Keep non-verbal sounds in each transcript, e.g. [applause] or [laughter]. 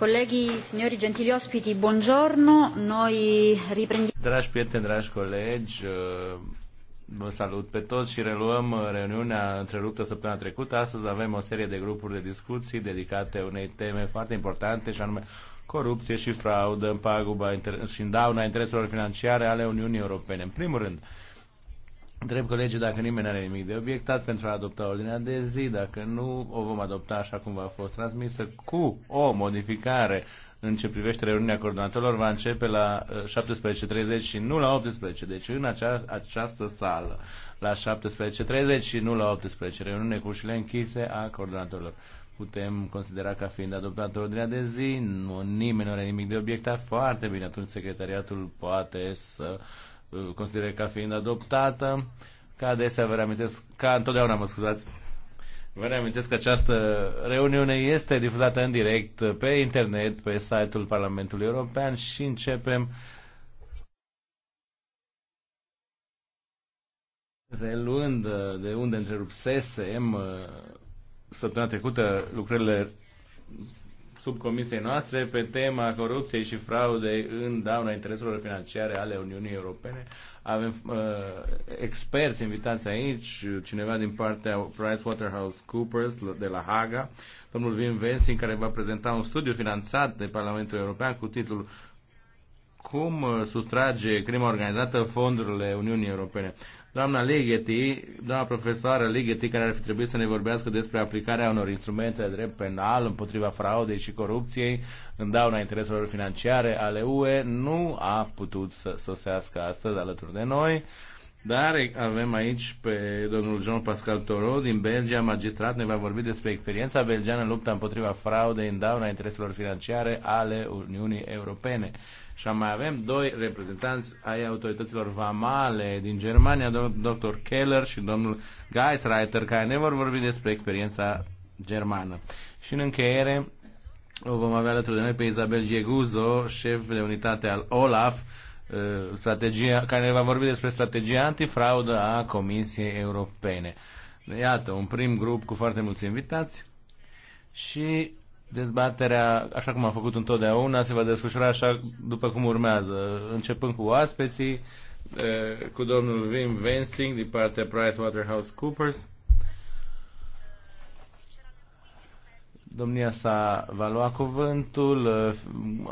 Colleghi, signori gentili ospiti, buongiorno. Noi riprendiamo. Dragi prieteni, dragi colegi, uh, vă salut pe toți și reluăm reuniunea întreruptă săptămâna trecută. Astăzi avem o serie de grupuri de discuții dedicate unei teme foarte importante și anume corupție și fraudă în paguba și în dauna intereselor financiare ale Uniunii Europene. În primul rând, Întreb colegii dacă nimeni are nimic de obiectat pentru a adopta ordinea de zi. Dacă nu, o vom adopta așa cum v-a fost transmisă cu o modificare în ce privește reuniunea coordonatorilor va începe la 17.30 uh, și nu la 18. Deci în acea, această sală la 17.30 și nu la 18. Reuniune cu ușile închise a coordonatorilor. Putem considera ca fiind adoptată ordinea de zi, nu, nimeni nu are nimic de obiectat, foarte bine, atunci secretariatul poate să Uh, consideră ca fiind adoptată. Ca adesea vă reamintesc, ca întotdeauna mă scuzați, vă reamintesc că această reuniune este difuzată în direct pe internet, pe site-ul Parlamentului European și începem Reluând uh, de unde întrerupsesem uh, săptămâna trecută lucrările subcomisiei noastre pe tema corupției și fraudei în dauna intereselor financiare ale Uniunii Europene. Avem uh, experți invitați aici, cineva din partea PricewaterhouseCoopers de la Haga, domnul Vin Vensin, care va prezenta un studiu finanțat de Parlamentul European cu titlul cum uh, sustrage crima organizată fondurile Uniunii Europene. Doamna Ligeti, doamna profesoară Ligeti, care ar fi trebuit să ne vorbească despre aplicarea unor instrumente de drept penal împotriva fraudei și corupției în dauna intereselor financiare ale UE, nu a putut să sosească astăzi alături de noi. Dar avem aici pe domnul Jean-Pascal Toro din Belgia, magistrat, ne va vorbi despre experiența belgeană în lupta împotriva fraudei în dauna intereselor financiare ale Uniunii Europene. Și mai avem doi reprezentanți ai autorităților vamale din Germania, dr. Keller și domnul Geisreiter, care ne vor vorbi despre experiența germană. Și în încheiere o vom avea alături de noi pe Isabel Gieguzo, șef de unitate al OLAF, Uh, strategia, care va vorbi despre strategia antifraudă a Comisiei Europene. Iată, un prim grup cu foarte mulți invitați și dezbaterea, așa cum am făcut întotdeauna, se va desfășura așa după cum urmează, începând cu oaspeții, uh, cu domnul Wim Vensing din partea PricewaterhouseCoopers, Domnia sa va lua cuvântul, uh,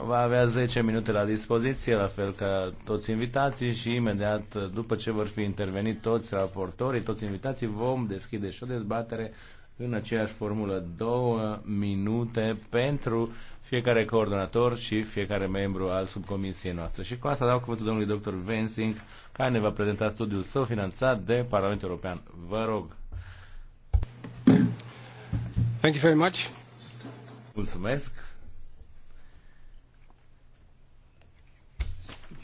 va avea 10 minute la dispoziție, la fel ca toți invitații și imediat uh, după ce vor fi intervenit toți raportorii, toți invitații, vom deschide și o dezbatere în aceeași formulă, două minute pentru fiecare coordonator și fiecare membru al subcomisiei noastre. Și cu asta dau cuvântul domnului dr. Vensing, care ne va prezenta studiul său finanțat de Parlamentul European. Vă rog. Thank you very much. Mulțumesc.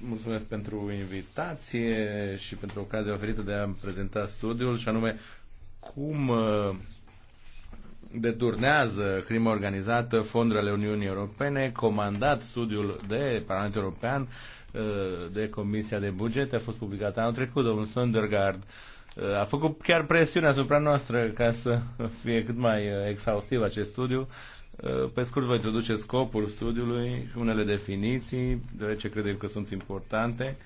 Mulțumesc pentru invitație și pentru ocazia oferită de a prezenta studiul și anume cum uh, deturnează crima organizată fondurile Uniunii Europene, comandat studiul de Parlamentul European uh, de Comisia de Buget, a fost publicat anul trecut, domnul Sondergaard uh, a făcut chiar presiune asupra noastră ca să fie cât mai exhaustiv acest studiu Uh, pe scurt, vă introduce scopul studiului și unele definiții, deoarece credem că sunt importante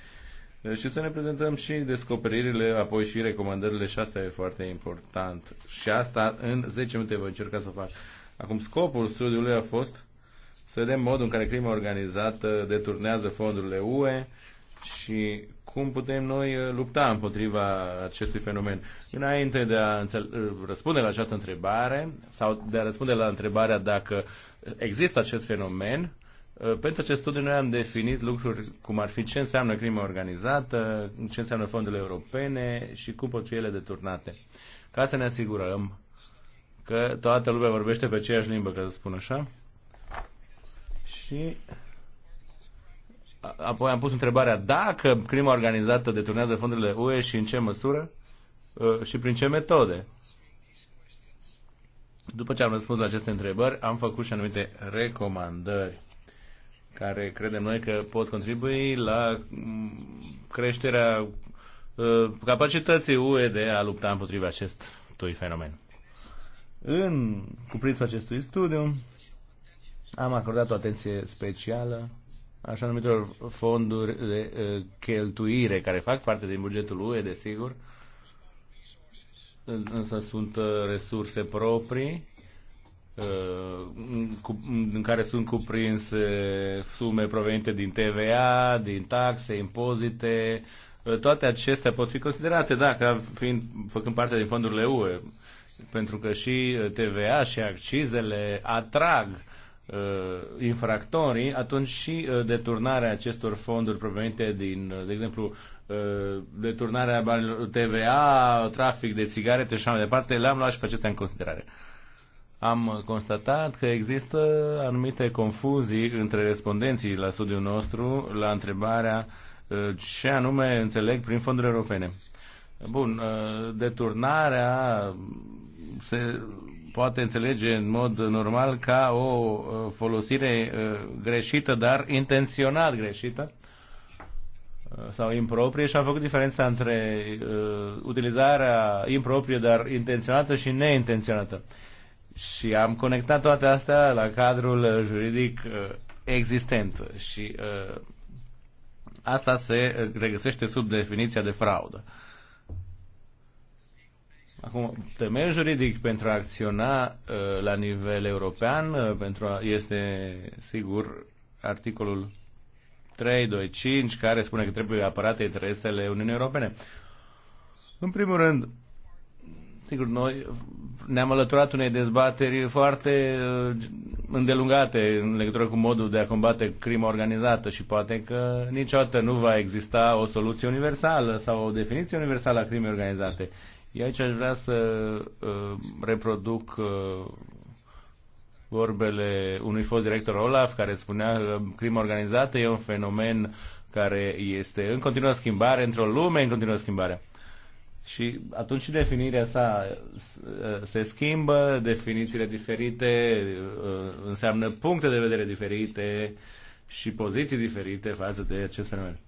uh, și să ne prezentăm și descoperirile, apoi și recomandările și asta e foarte important. Și asta în 10 minute voi încerca să o fac. Acum, scopul studiului a fost să vedem modul în care crima organizată deturnează fondurile UE și cum putem noi uh, lupta împotriva acestui fenomen. Înainte de a uh, răspunde la această întrebare sau de a răspunde la întrebarea dacă există acest fenomen, uh, pentru acest studiu noi am definit lucruri cum ar fi ce înseamnă crimă organizată, ce înseamnă fondurile europene și cum pot fi ele deturnate. Ca să ne asigurăm că toată lumea vorbește pe aceeași limbă, ca să spun așa. Și Apoi am pus întrebarea dacă crima organizată deturnează fondurile UE și în ce măsură uh, și prin ce metode. După ce am răspuns la aceste întrebări, am făcut și anumite recomandări care credem noi că pot contribui la mm, creșterea uh, capacității UE de a lupta împotriva acestui fenomen. În cuprinsul acestui studiu am acordat o atenție specială așa numitelor fonduri de cheltuire, care fac parte din bugetul UE, desigur, însă sunt resurse proprii în care sunt cuprinse sume provenite din TVA, din taxe, impozite, toate acestea pot fi considerate, da, ca fiind, făcând parte din fondurile UE, pentru că și TVA și accizele atrag uh, infractorii, atunci și uh, deturnarea acestor fonduri provenite din, uh, de exemplu, uh, deturnarea banilor TVA, trafic de țigarete și așa mai departe, le-am luat și pe acestea în considerare. Am constatat că există anumite confuzii între respondenții la studiul nostru la întrebarea uh, ce anume înțeleg prin fonduri europene. Bun, uh, deturnarea se poate înțelege în mod normal ca o uh, folosire uh, greșită, dar intenționat greșită uh, sau improprie și a făcut diferența între uh, utilizarea improprie, dar intenționată și neintenționată. Și am conectat toate astea la cadrul juridic uh, existent și uh, asta se regăsește sub definiția de fraudă. Uh, Acum, temeiul juridic pentru a acționa uh, la nivel european uh, pentru a, este, sigur, articolul 325, care spune că trebuie apărate interesele Uniunii Europene. În primul rând, sigur, noi ne-am alăturat unei dezbateri foarte uh, îndelungate în legătură cu modul de a combate crima organizată și poate că niciodată nu va exista o soluție universală sau o definiție universală a crimei organizate. Eu aici aș vrea să uh, reproduc uh, vorbele unui fost director Olaf care spunea că uh, crima organizată e un fenomen care este în continuă schimbare, într-o lume în continuă schimbare. Și atunci și definirea sa uh, se schimbă, definițiile diferite uh, înseamnă puncte de vedere diferite și poziții diferite față de acest fenomen.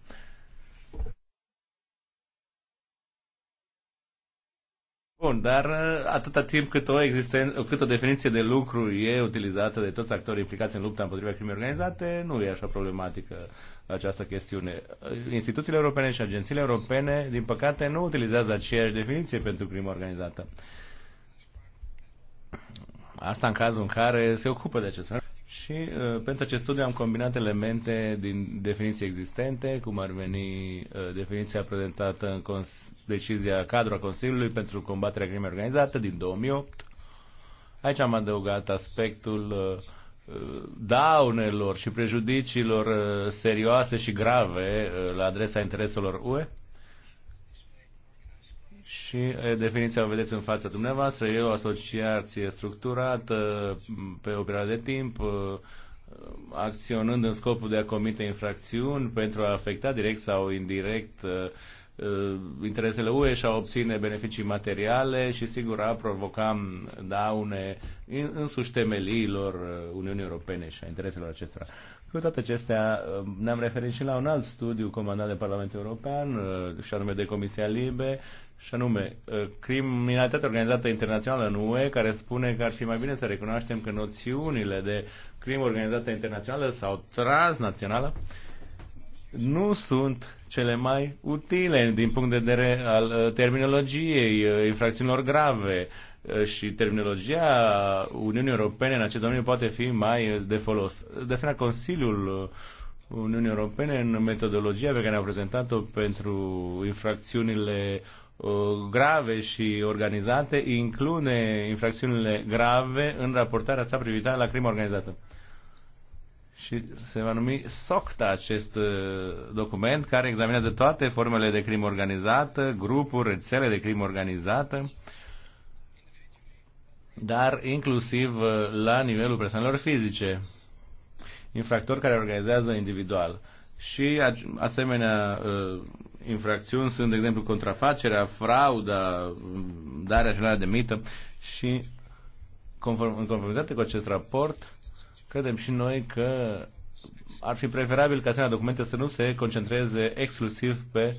Bun, dar uh, atâta timp cât o, existen- cât o definiție de lucru e utilizată de toți actorii implicați în lupta împotriva crimei organizate, nu e așa problematică această chestiune. Instituțiile europene și agențiile europene, din păcate, nu utilizează aceeași definiție pentru crimă organizată. Asta în cazul în care se ocupă de acest și uh, pentru acest studiu am combinat elemente din definiții existente, cum ar veni uh, definiția prezentată în cons- decizia cadru a Consiliului pentru combaterea crimei organizate din 2008. Aici am adăugat aspectul uh, uh daunelor și prejudiciilor uh, serioase și grave uh, la adresa intereselor UE și definiția o vedeți în fața dumneavoastră. E o asociație structurată pe o perioadă de timp, uh, acționând în scopul de a comite infracțiuni pentru a afecta direct sau indirect uh, uh, interesele UE și a obține beneficii materiale și sigur a provoca daune însuși temeliilor Uniunii Europene și a intereselor acestora. Cu toate acestea, ne-am referit și la un alt studiu comandat de Parlamentul European și anume de Comisia Libe și anume ă, criminalitatea organizată internațională în UE, care spune că ar fi mai bine să recunoaștem că noțiunile de crimă organizată internațională sau transnațională nu sunt cele mai utile din punct de vedere al ă, terminologiei, ă, infracțiunilor grave și terminologia Uniunii Europene în acest domeniu poate fi mai de folos. De asemenea, Consiliul Uniunii Europene în metodologia pe care ne-a prezentat-o pentru infracțiunile uh, Uh, grave și organizate include infracțiunile grave în raportarea sa privitoare la crimă organizată. Și se va numi SOCTA acest uh, document care examinează toate formele de crimă organizată, grupuri, rețele de crimă organizată, dar inclusiv uh, la nivelul persoanelor fizice, infractori care organizează individual. Și asemenea infracțiuni sunt, de exemplu, contrafacerea, frauda, darea generală de mită și conform, în conformitate cu acest raport, credem și noi că ar fi preferabil ca asemenea documente să nu se concentreze exclusiv pe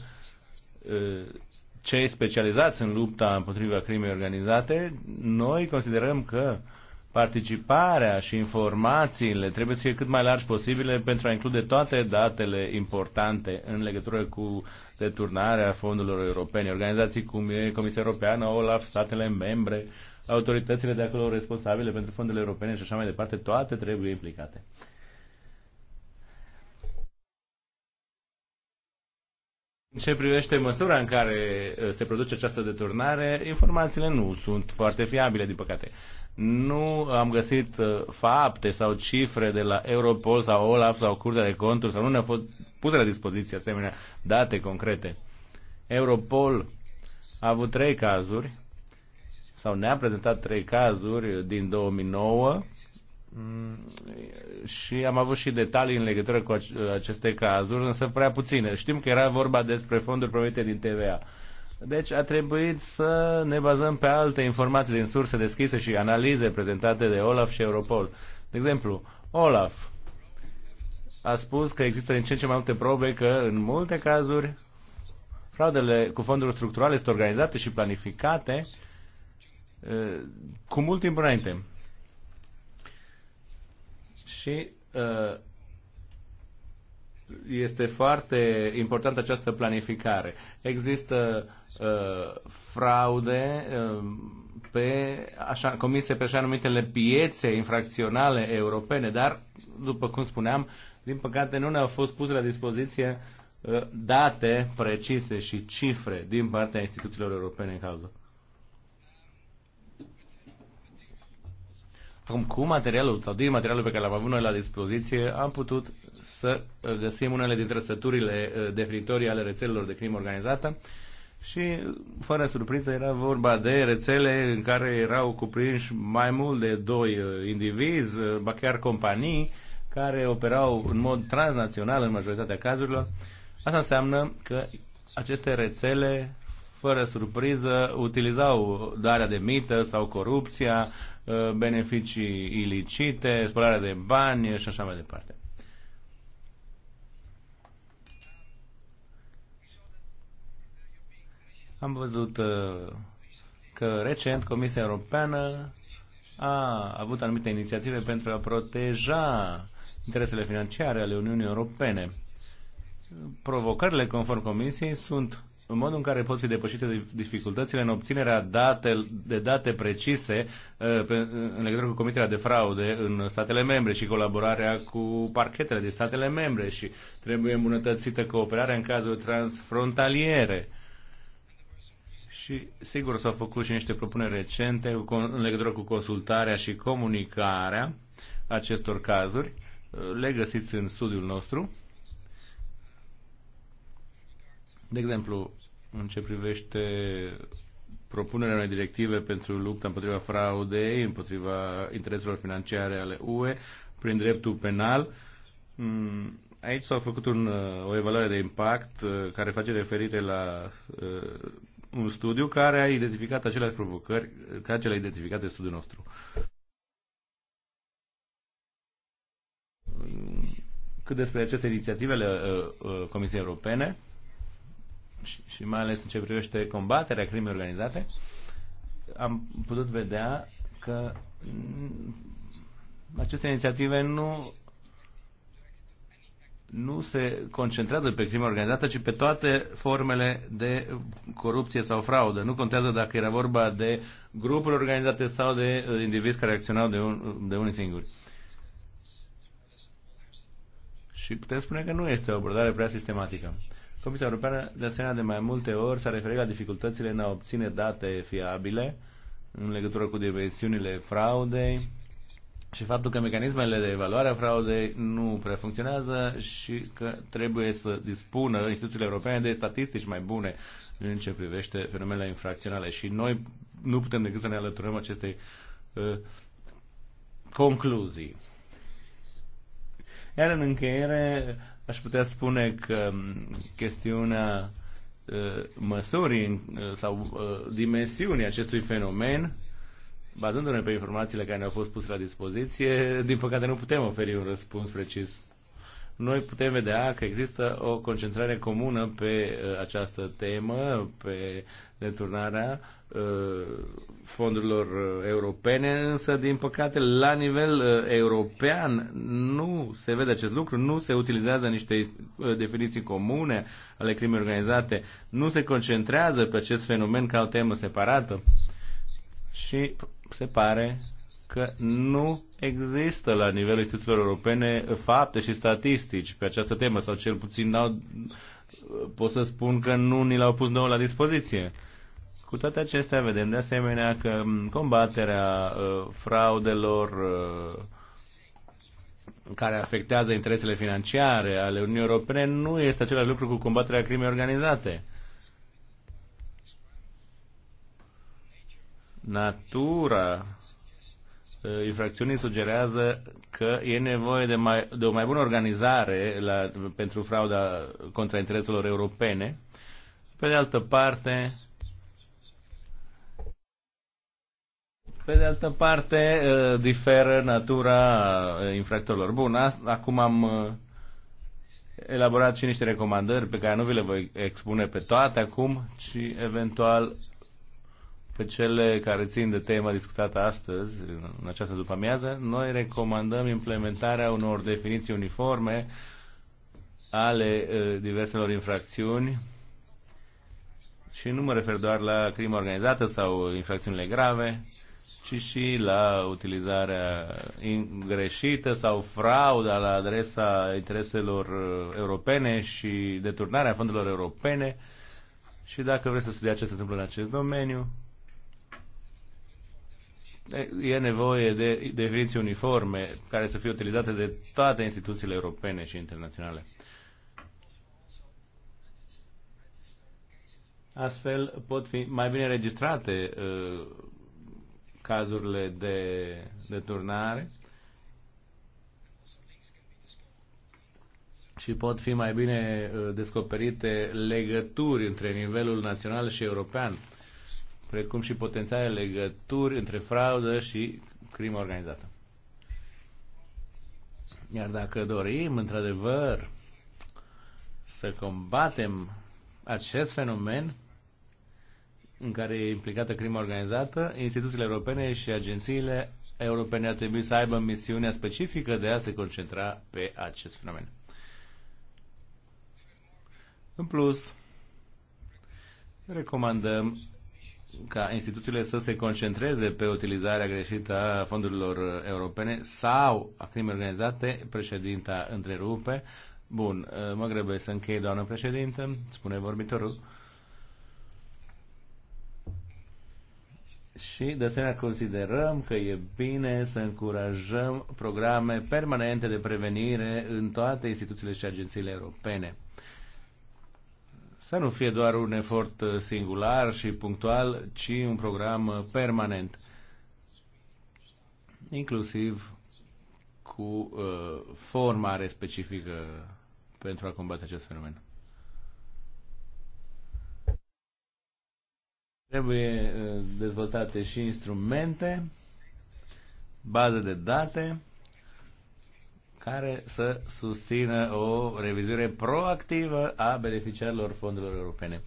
cei specializați în lupta împotriva crimei organizate. Noi considerăm că uh, participarea și informațiile trebuie să fie cât mai largi posibile pentru a include toate datele importante în legătură cu deturnarea fondurilor europene, organizații cum e Comisia Europeană, OLAF, statele membre, autoritățile de acolo responsabile pentru fondurile europene și așa mai departe, toate trebuie implicate. În ce privește măsura în care uh, se produce această deturnare, informațiile nu sunt foarte fiabile, din păcate nu am găsit uh, fapte sau cifre de la Europol sau Olaf sau Curtea de Conturi sau nu ne-au fost puse la dispoziție asemenea date concrete. Europol a avut trei cazuri sau ne-a prezentat trei cazuri din 2009 mm, și am avut și detalii în legătură cu aceste cazuri, însă prea puține. Știm că era vorba despre fonduri promite din TVA. Deci a trebuit să ne bazăm pe alte informații din surse deschise și analize prezentate de Olaf și Europol. De exemplu, Olaf a spus că există din ce în ce mai multe probe că în multe cazuri fraudele cu fonduri structurale sunt organizate și planificate cu mult timp înainte. Și uh, este foarte importantă această planificare. Există uh, fraude uh, pe așa, comise pe așa numitele piețe infracționale europene, dar, după cum spuneam, din păcate nu ne-au fost puse la dispoziție uh, date precise și cifre din partea instituțiilor europene în cauză. Acum, cu materialul sau din materialul pe care l-am avut noi la dispoziție, am putut să uh, găsim unele dintre săturile uh, definitorii ale rețelelor de crimă organizată și, fără surpriză, era vorba de rețele în care erau cuprinși mai mult de doi uh, indivizi, ba chiar companii, care operau în mod transnațional în majoritatea cazurilor. Asta înseamnă că aceste rețele fără surpriză, utilizau darea de mită sau corupția, Uh, beneficii ilicite, spălare de bani și așa mai departe. Am văzut uh, că recent Comisia Europeană a avut anumite inițiative pentru a proteja interesele financiare ale Uniunii Europene. Provocările, conform Comisiei, sunt în modul în care pot fi depășite dificultățile în obținerea date, de date precise uh, uh, în legătură cu comiterea de fraude în statele membre și colaborarea cu parchetele din statele membre și trebuie îmbunătățită cooperarea în cazuri transfrontaliere. Și, sigur, s-au făcut și niște propuneri recente în legătură cu consultarea și comunicarea acestor cazuri. Uh, le găsiți în studiul nostru. De exemplu, în ce privește propunerea unei directive pentru lupta împotriva fraudei, împotriva intereselor financiare ale UE, prin dreptul penal, mm, aici s-a făcut un, uh, o evaluare de impact uh, care face referire la uh, un studiu care a identificat aceleași provocări ca cele identificate în studiul nostru. Mm, cât despre aceste inițiative ale Comisiei Europene, și, și mai ales în ce privește combaterea crimei organizate, am putut vedea că aceste inițiative nu nu se concentrează pe crimă organizată, ci pe toate formele de corupție sau fraudă. Nu contează dacă era vorba de grupuri organizate sau de uh, indivizi care acționau de, un, de unii singuri. Și putem spune că nu este o abordare prea sistematică. Comisia Europeană, de asemenea, de mai multe ori s-a referit la dificultățile în a obține date fiabile în legătură cu dimensiunile fraudei și faptul că mecanismele de evaluare a fraudei nu prea funcționează și că trebuie să dispună instituțiile europene de statistici mai bune în ce privește fenomenele infracționale. Și noi nu putem decât să ne alăturăm acestei uh, concluzii. Iar în încheiere aș putea spune că mm, chestiunea măsurii sau dimensiunii acestui fenomen, bazându-ne pe informațiile care ne-au fost puse la dispoziție, din păcate nu putem oferi un răspuns precis noi putem vedea că există o concentrare comună pe uh, această temă, pe deturnarea uh, fondurilor uh, europene, însă, din păcate, la nivel european nu se vede acest lucru, nu se utilizează niște definiții comune ale crimei organizate, nu se concentrează pe acest fenomen ca o temă separată și se pare că nu există la nivelul instituțiilor europene fapte și statistici pe această temă, sau cel puțin n-au, pot să spun că nu ni l-au pus nouă la dispoziție. Cu toate acestea, vedem de asemenea că combaterea uh, fraudelor uh, care afectează interesele financiare ale Uniunii Europene nu este același lucru cu combaterea crimei organizate. Natura Uh, infracțiunii sugerează că e nevoie de, mai, de o mai bună organizare la, pentru frauda contra intereselor europene. Pe de altă parte, Pe de altă parte, uh, diferă natura uh, infractorilor. Bun, acum am elaborat și niște recomandări pe care nu vi le voi expune pe toate acum, ci eventual pe cele care țin de tema discutată astăzi, în această după-amiază, noi recomandăm implementarea unor definiții uniforme ale diverselor infracțiuni și nu mă refer doar la crimă organizată sau infracțiunile grave, ci și la utilizarea greșită sau frauda la adresa intereselor europene și deturnarea fondurilor europene. Și dacă vreți să studiați ce se întâmplă în acest domeniu, E nevoie de definiții uniforme care să fie utilizate de toate instituțiile europene și internaționale. Astfel pot fi mai bine registrate uh, cazurile de de turnare și pot fi mai bine uh, descoperite legături între nivelul național și european precum și potențiale legături între fraudă și crimă organizată. Iar dacă dorim, într-adevăr, să combatem acest fenomen în care e implicată crima organizată, instituțiile europene și agențiile europene ar trebui să aibă misiunea specifică de a se concentra pe acest fenomen. În plus, recomandăm ca instituțiile să se concentreze pe utilizarea greșită a fondurilor europene sau a crimei organizate, președinta întrerupe. Bun, eh, mă grăbesc să închei, doamnă președintă, spune vorbitorul. Și, de asemenea, considerăm că e bine să încurajăm programe permanente de prevenire în toate instituțiile și agențiile europene să nu fie doar un efort uh, singular și punctual, ci un program uh, permanent, inclusiv cu uh, formare specifică pentru a combate acest fenomen. Trebuie uh, dezvoltate și instrumente, bază de date, care să susțină o revizuire proactivă a beneficiarilor fondurilor europene.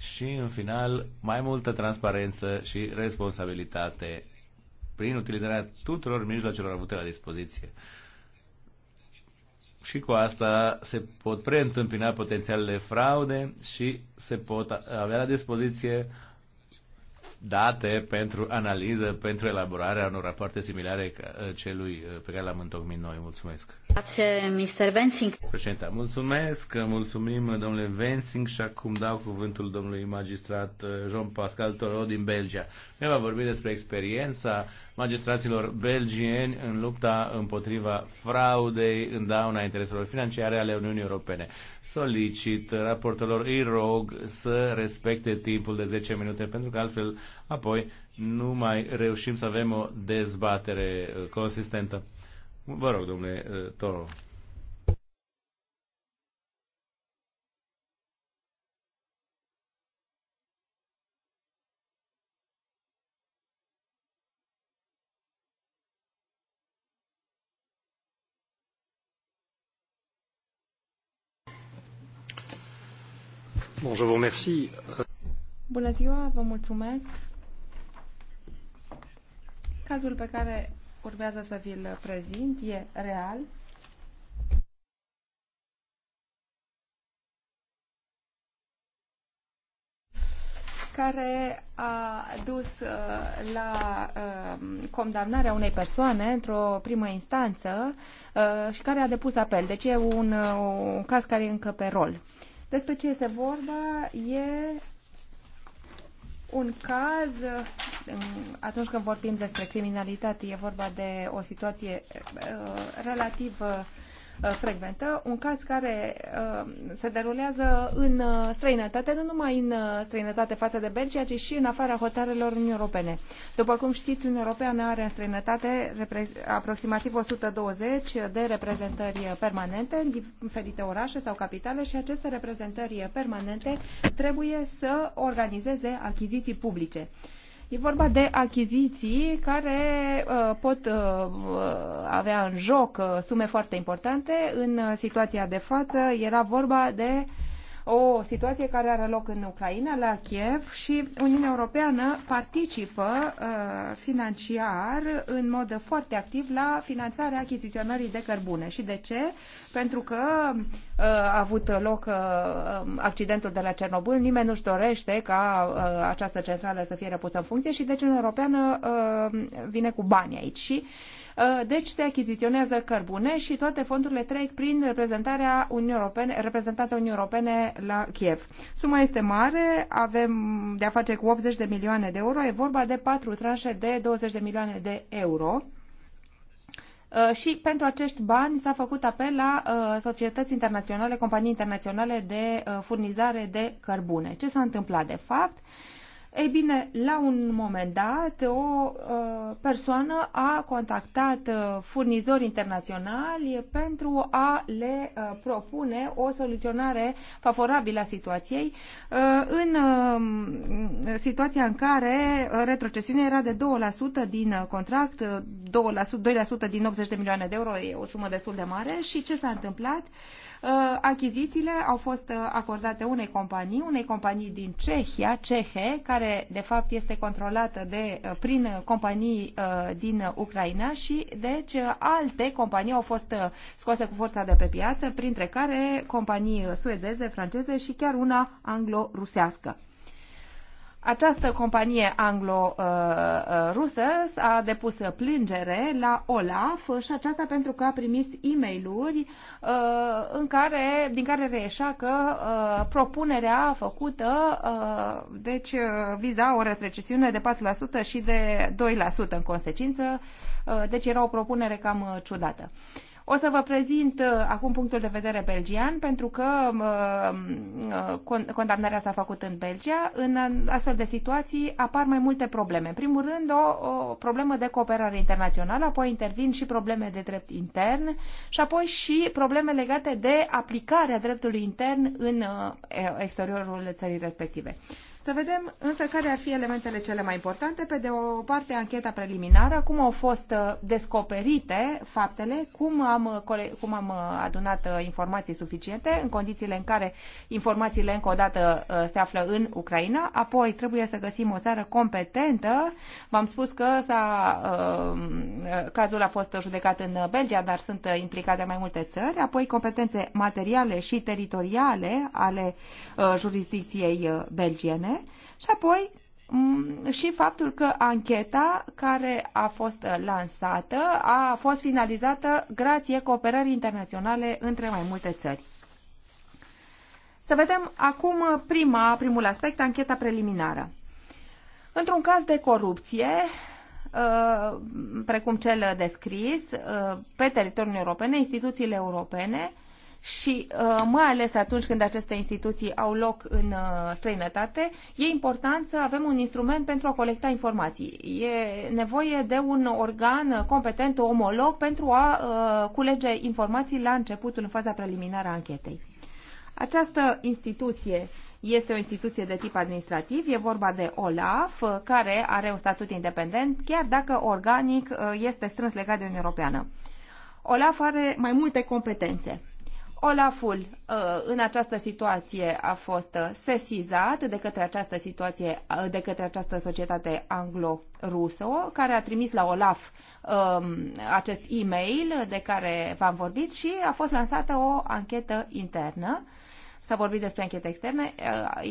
Și, în final, mai multă transparență și responsabilitate prin utilizarea tuturor mijloacelor avute la dispoziție. Și cu asta se pot preîntâmpina potențialele fraude și se pot avea la dispoziție date pentru analiză, pentru elaborarea unor rapoarte similare uh, celui uh, pe care l-am întocmit noi. Mulțumesc. Uh, Mr. Vensing. Președinte, mulțumesc, mulțumim domnule Vensing și acum dau cuvântul domnului magistrat Jean-Pascal Toro din Belgia. Ne va vorbi despre experiența magistraților belgieni în lupta împotriva fraudei în dauna intereselor financiare ale Uniunii Europene. Solicit raportelor, îi rog să respecte timpul de 10 minute, pentru că altfel apoi nu mai reușim să avem o dezbatere uh, consistentă. Vă rog, domnule uh, Toro. je vous remercie. Bună ziua, vă mulțumesc. Cazul pe care urmează să vi-l prezint e real. care a dus uh, la uh, condamnarea unei persoane într-o primă instanță uh, și care a depus apel. Deci e un, un caz care e încă pe rol. Despre ce este vorba? E un caz, um, atunci când vorbim despre criminalitate, e vorba de o situație uh, relativ uh, Uh, frecventă, un caz care uh, se derulează în uh, străinătate, nu numai în străinătate față de Belgia, ci și în afara hotarelor Uniunii Europene. După cum știți, Uniunea Europeană are în străinătate aproximativ 120 de reprezentări permanente în diferite orașe sau capitale și aceste reprezentări permanente trebuie să organizeze achiziții publice. E vorba de achiziții care uh, pot uh, avea în joc uh, sume foarte importante. În situația de față era vorba de o situație care are loc în Ucraina, la Kiev și Uniunea Europeană participă uh, financiar în mod foarte activ la finanțarea achiziționării de cărbune. Și de ce? Pentru că uh, a avut loc uh, um, accidentul de la Cernobâl, nimeni nu-și dorește ca uh, această centrală să fie repusă în funcție și deci Uniunea Europeană uh, vine cu bani aici și uh, Uh, deci se achiziționează cărbune și toate fondurile trec prin reprezentarea Uniunii Europene, reprezentanța Uniunii Europene la Kiev. Suma este mare, avem de a face cu 80 de milioane de euro, e vorba de patru tranșe de 20 de milioane de euro. Uh, și pentru acești bani s-a făcut apel la uh, societăți internaționale, companii internaționale de furnizare de cărbune. Ce s-a întâmplat de fapt? Ei bine, la un moment dat, o uh, persoană a contactat uh, furnizori internaționali pentru a le uh, propune o soluționare favorabilă a situației în um, situația în care retrocesiunea era de 2% din contract, 2%, 2% din 80 de milioane de euro, e o sumă destul de mare și ce s-a întâmplat? Uh, Uh, achizițiile au fost uh, acordate unei companii, unei companii din Cehia, Cehe, care de fapt este controlată de, uh, prin companii din Ucraina și deci alte companii au fost scoase cu forța de pe piață, printre care companii suedeze, franceze și chiar una anglo-rusească. Această companie anglo-rusă a depus plângere la OLAF și aceasta pentru că a primit e mail uh, în care, din care reieșea că uh, propunerea făcută uh, deci viza o retrecesiune de 4% și de 2% în consecință, deci era o propunere cam ciudată. Uh, o să vă prezint uh, acum punctul de vedere belgian, pentru că uh, uh, condamnarea s-a făcut în Belgia. În astfel de situații apar mai multe probleme. În primul rând, o, o problemă de cooperare internațională, apoi intervin și probleme de drept intern și apoi și probleme legate de aplicarea dreptului intern în exteriorul țării respective. Să vedem însă care ar fi elementele cele mai importante. Pe de o parte, ancheta preliminară, cum au fost uh, descoperite faptele, cum am, uh, cum am uh, adunat informații suficiente în condițiile în care informațiile încă o dată se află în Ucraina. Apoi trebuie să găsim o țară competentă. V-am spus că s-a, cazul a fost judecat în Belgia, dar sunt implicate mai multe țări. Apoi competențe materiale și teritoriale ale jurisdicției belgiene europene și apoi mm, și faptul că ancheta care a fost uh, lansată a fost finalizată grație cooperării internaționale între mai multe țări. Să vedem acum uh, prima, primul aspect, ancheta preliminară. Într-un caz de corupție, uh, precum cel descris, pe teritoriul europene, instituțiile europene și uh, mai ales atunci când aceste instituții au loc în uh, străinătate, e important să avem un instrument pentru a colecta informații. E nevoie de un organ competent, omolog, pentru a uh, culege informații la începutul, în faza preliminară a anchetei. Această instituție este o instituție de tip administrativ, e vorba de OLAF, care are un statut independent, chiar dacă organic este strâns legat de Uniunea Europeană. OLAF are mai multe competențe. Olaful uh, în această situație a fost uh, sesizat de către această situație, uh, de către această societate anglo-rusă, care a trimis la Olaf um, acest e-mail de care v-am vorbit și a fost lansată o anchetă internă S-a vorbit despre anchete externe,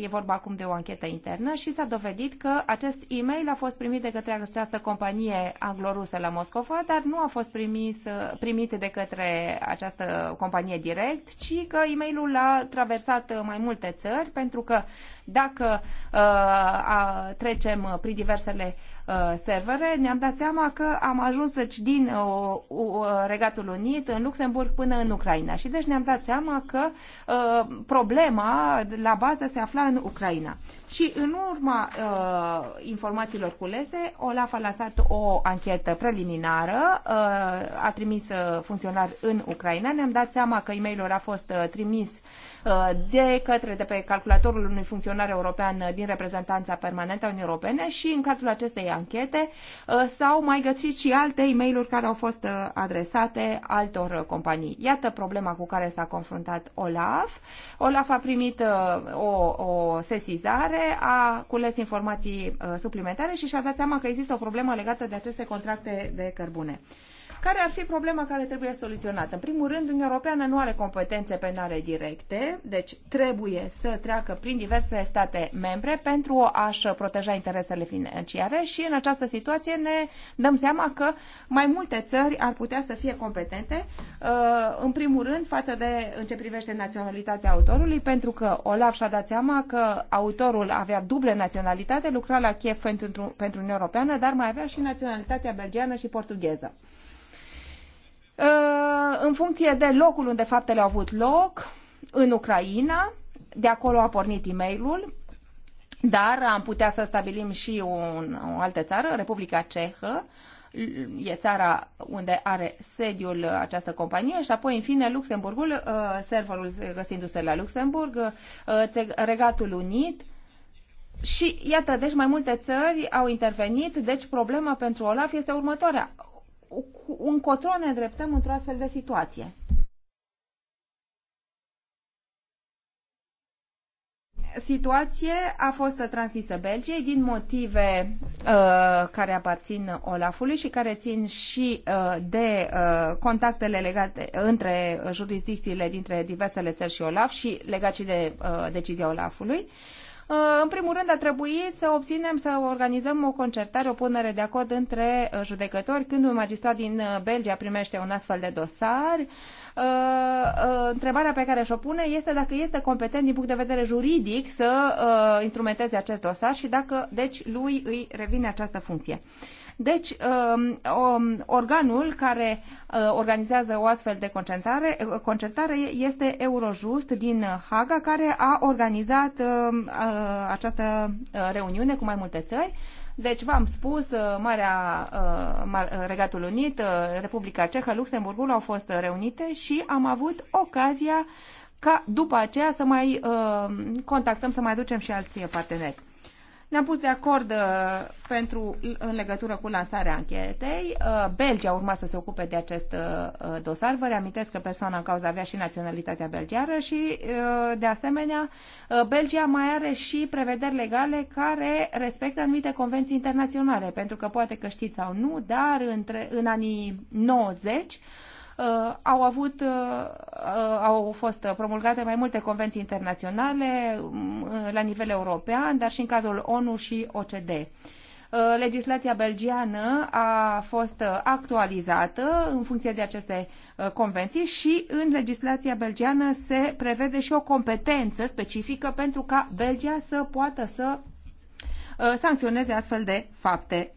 e vorba acum de o anchetă internă și s-a dovedit că acest e-mail a fost primit de către această companie anglorusă la Moscova, dar nu a fost primis, primit de către această companie direct, ci că e-mailul a traversat mai multe țări, pentru că dacă uh, a, trecem prin diversele uh, Uh, servere, ne-am dat seama că am ajuns deci din uh, uh, Regatul Unit în Luxemburg până în Ucraina. Și deci ne-am dat seama că problema la bază se afla în Ucraina. Și în urma uh, informațiilor culese, Olaf a lăsat o anchetă preliminară, uh, a trimis funcționari în Ucraina, ne-am dat seama că e a fost uh, trimis uh, de către de pe calculatorul unui funcționar european din reprezentanța permanentă a Uniunii Europene și în cadrul acestei anchete uh, s-au mai găsit și alte e mail care au fost uh, adresate altor uh, companii. Iată problema cu care s-a confruntat Olaf. Olaf a primit o, o sesizare, a cules informații suplimentare și și-a dat seama că există o problemă legată de aceste contracte de cărbune. Care ar fi problema care trebuie soluționată? În primul rând, Uniunea Europeană nu are competențe penale directe, deci trebuie să treacă prin diverse state membre pentru a-și proteja interesele financiare și în această situație ne dăm seama că mai multe țări ar putea să fie competente, uh, în primul rând față de în ce privește naționalitatea autorului, pentru că Olaf și-a dat seama că autorul avea duble naționalitate, lucra la Kiev pentru, Uniunea Europeană, dar mai avea și naționalitatea belgiană și portugheză. Uh, în funcție de locul unde faptele au avut loc, în Ucraina, de acolo a pornit e mail dar am putea să stabilim și un, o altă țară, Republica Cehă, e țara unde are sediul această companie și apoi, în fine, Luxemburgul, uh, serverul găsindu-se la Luxemburg, uh, Regatul Unit, și iată, deci mai multe țări au intervenit, deci problema pentru Olaf este următoarea încotro ne dreptăm într-o astfel de situație. situație a fost transmisă Belgiei din motive uh, care aparțin Olafului și care țin și uh, de uh, contactele legate între jurisdicțiile dintre diversele țări și Olaf și legat și de uh, decizia Olafului. Uh, Uh, în primul rând a trebuit să obținem să organizăm o concertare, o punere de acord între uh, judecători când un magistrat din uh, Belgia primește un astfel de dosar. Întrebarea pe care și-o pune este dacă este competent din punct de vedere juridic să instrumenteze acest dosar și dacă, deci, lui îi revine această funcție. Deci, um, um, organul care uh, organizează o astfel de concertare, uh, concertare este Eurojust din Haga, care a organizat um, uh, această reuniune cu mai multe țări. Deci, v-am spus, Marea Regatul Unit, Republica Cehă, Luxemburgul au fost reunite și am avut ocazia ca după aceea să mai contactăm, să mai aducem și alții parteneri. Ne-am pus de acord uh, pentru, în legătură cu lansarea anchetei. Uh, Belgia urma să se ocupe de acest uh, dosar. Vă reamintesc că persoana în cauză avea și naționalitatea belgiară și, de asemenea, Belgia mai are și prevederi legale care respectă anumite convenții internaționale, pentru că poate că știți sau nu, dar între, în anii 90 Uh, au, avut, uh, uh, au fost promulgate mai multe convenții internaționale mm, la nivel european, dar și în cadrul ONU și OCDE legislația belgiană a fost actualizată în funcție de aceste convenții și în legislația belgiană se prevede și o competență specifică pentru ca Belgia să poată să sancționeze astfel de fapte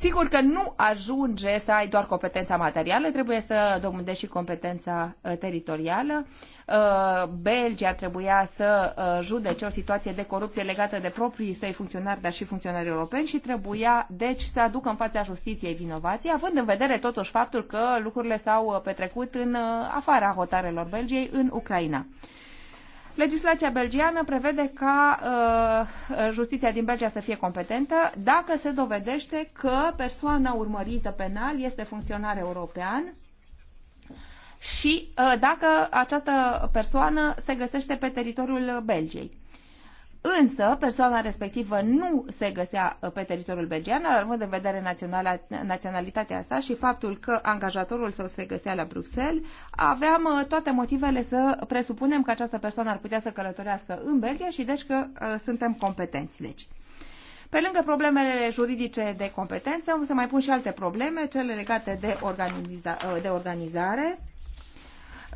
Sigur că nu ajunge să ai doar competența materială, trebuie să dobândești și competența uh, teritorială. Uh, Belgia trebuia să uh, judece o situație de corupție legată de proprii săi funcționari, dar și funcționari europeni și trebuia, deci, să aducă în fața justiției vinovații, având în vedere totuși faptul că lucrurile s-au petrecut în afara hotarelor Belgiei, în Ucraina. Legislația belgiană prevede ca uh, justiția din Belgia să fie competentă dacă se dovedește că persoana urmărită penal este funcționar european și uh, dacă această persoană se găsește pe teritoriul Belgiei. Însă, persoana respectivă nu se găsea uh, pe teritoriul belgian, dar având în vedere naționala, naționalitatea sa și faptul că angajatorul său se găsea la Bruxelles, aveam uh, toate motivele să presupunem că această persoană ar putea să călătorească în Belgia și deci că uh, suntem competenți. Deci. Pe lângă problemele juridice de competență, se mai pun și alte probleme, cele legate de, organiza- uh, de organizare,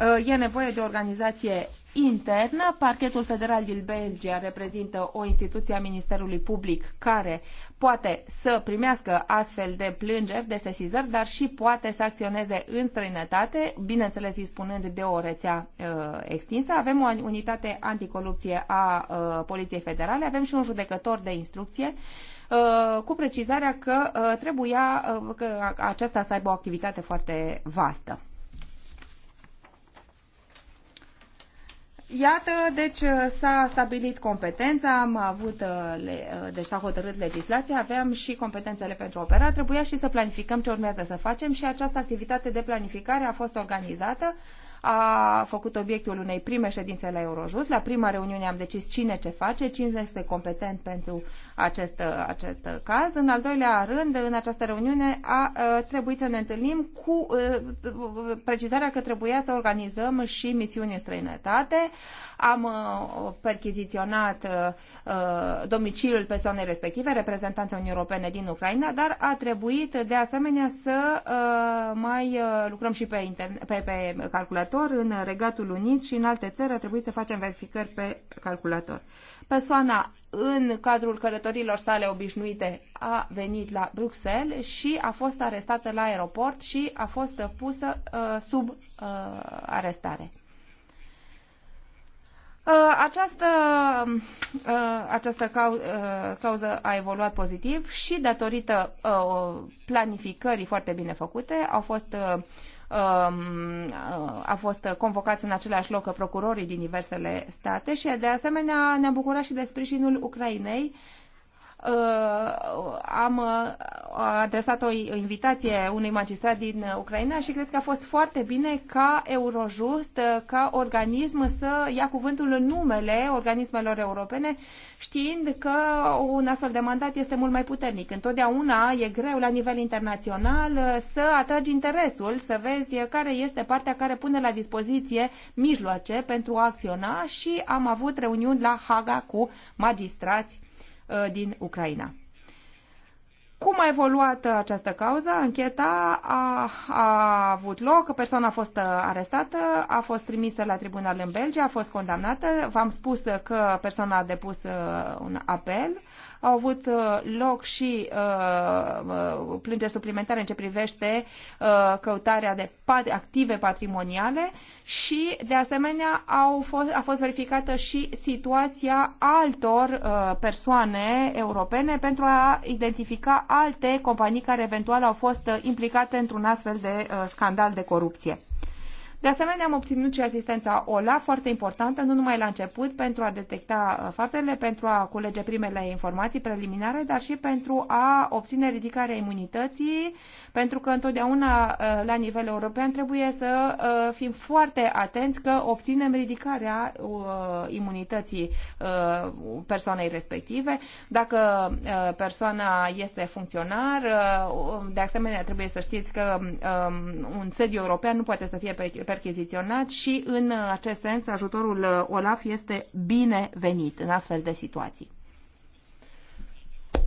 Uh, e nevoie de organizație internă. Parchetul Federal din Belgia reprezintă o instituție a Ministerului Public care poate să primească astfel de plângeri, de sesizări, dar și poate să acționeze în străinătate, bineînțeles dispunând de o rețea uh, extinsă. Avem o unitate anticorupție a uh, Poliției Federale, avem și un judecător de instrucție uh, cu precizarea că uh, trebuia că aceasta să aibă o activitate foarte vastă. Iată, deci uh, s-a stabilit competența, am avut, uh, uh, deci s-a hotărât legislația, aveam și competențele pentru opera, trebuia și să planificăm ce urmează să facem și această activitate de planificare a fost organizată a făcut obiectul unei prime ședințe la Eurojust. La prima reuniune am decis cine ce face, cine este competent pentru acest, acest caz. În al doilea rând, în această reuniune a, a trebuit să ne întâlnim cu a, precizarea că trebuia să organizăm și misiuni în străinătate am uh, perchiziționat uh, domiciliul persoanei respective, reprezentanța Uniunii Europene din Ucraina, dar a trebuit de asemenea să uh, mai lucrăm și pe, interne- pe, pe calculator în Regatul Unit și în alte țări a trebuit să facem verificări pe calculator. Persoana în cadrul călătorilor sale obișnuite a venit la Bruxelles și a fost arestată la aeroport și a fost pusă uh, sub uh, arestare. Uh, această, uh, această uh, cauză a evoluat pozitiv și datorită planificării foarte bine făcute au fost um, a fost convocați în același loc procurorii din diversele state și de asemenea ne-am bucurat și de sprijinul Ucrainei Uh, am uh, adresat o invitație unui magistrat din Ucraina și cred că a fost foarte bine ca Eurojust, uh, ca organism să ia cuvântul în numele organismelor europene, știind că un astfel de mandat este mult mai puternic. Întotdeauna e greu la nivel internațional să atragi interesul, să vezi care este partea care pune la dispoziție mijloace pentru a acționa și am avut reuniuni la Haga cu magistrați Uh, din Ucraina. Cum a evoluat uh, această cauză? Încheta a, a avut loc, persoana a fost uh, arestată, a fost trimisă la tribunal în Belgia, a fost condamnată. V-am spus că persoana a depus un apel, au avut uh, loc și uh, uh, plângeri suplimentare în ce privește căutarea de active patrimoniale și, de asemenea, au fost, a fost verificată și situația altor persoane europene pentru a identifica alte companii care eventual au fost implicate într-un astfel de scandal de corupție. De asemenea, am obținut și asistența OLA, foarte importantă, nu numai la început, pentru a detecta uh, faptele, pentru a culege primele informații preliminare, dar și pentru a obține ridicarea imunității, pentru că întotdeauna uh, la nivel european trebuie să uh, fim foarte atenți că obținem ridicarea imunității persoanei respective. Dacă persoana este funcționar, de asemenea trebuie să știți că um, un sediu european nu poate să fie pe perchiziționat și în acest sens ajutorul uh, OLAF este binevenit în astfel de situații.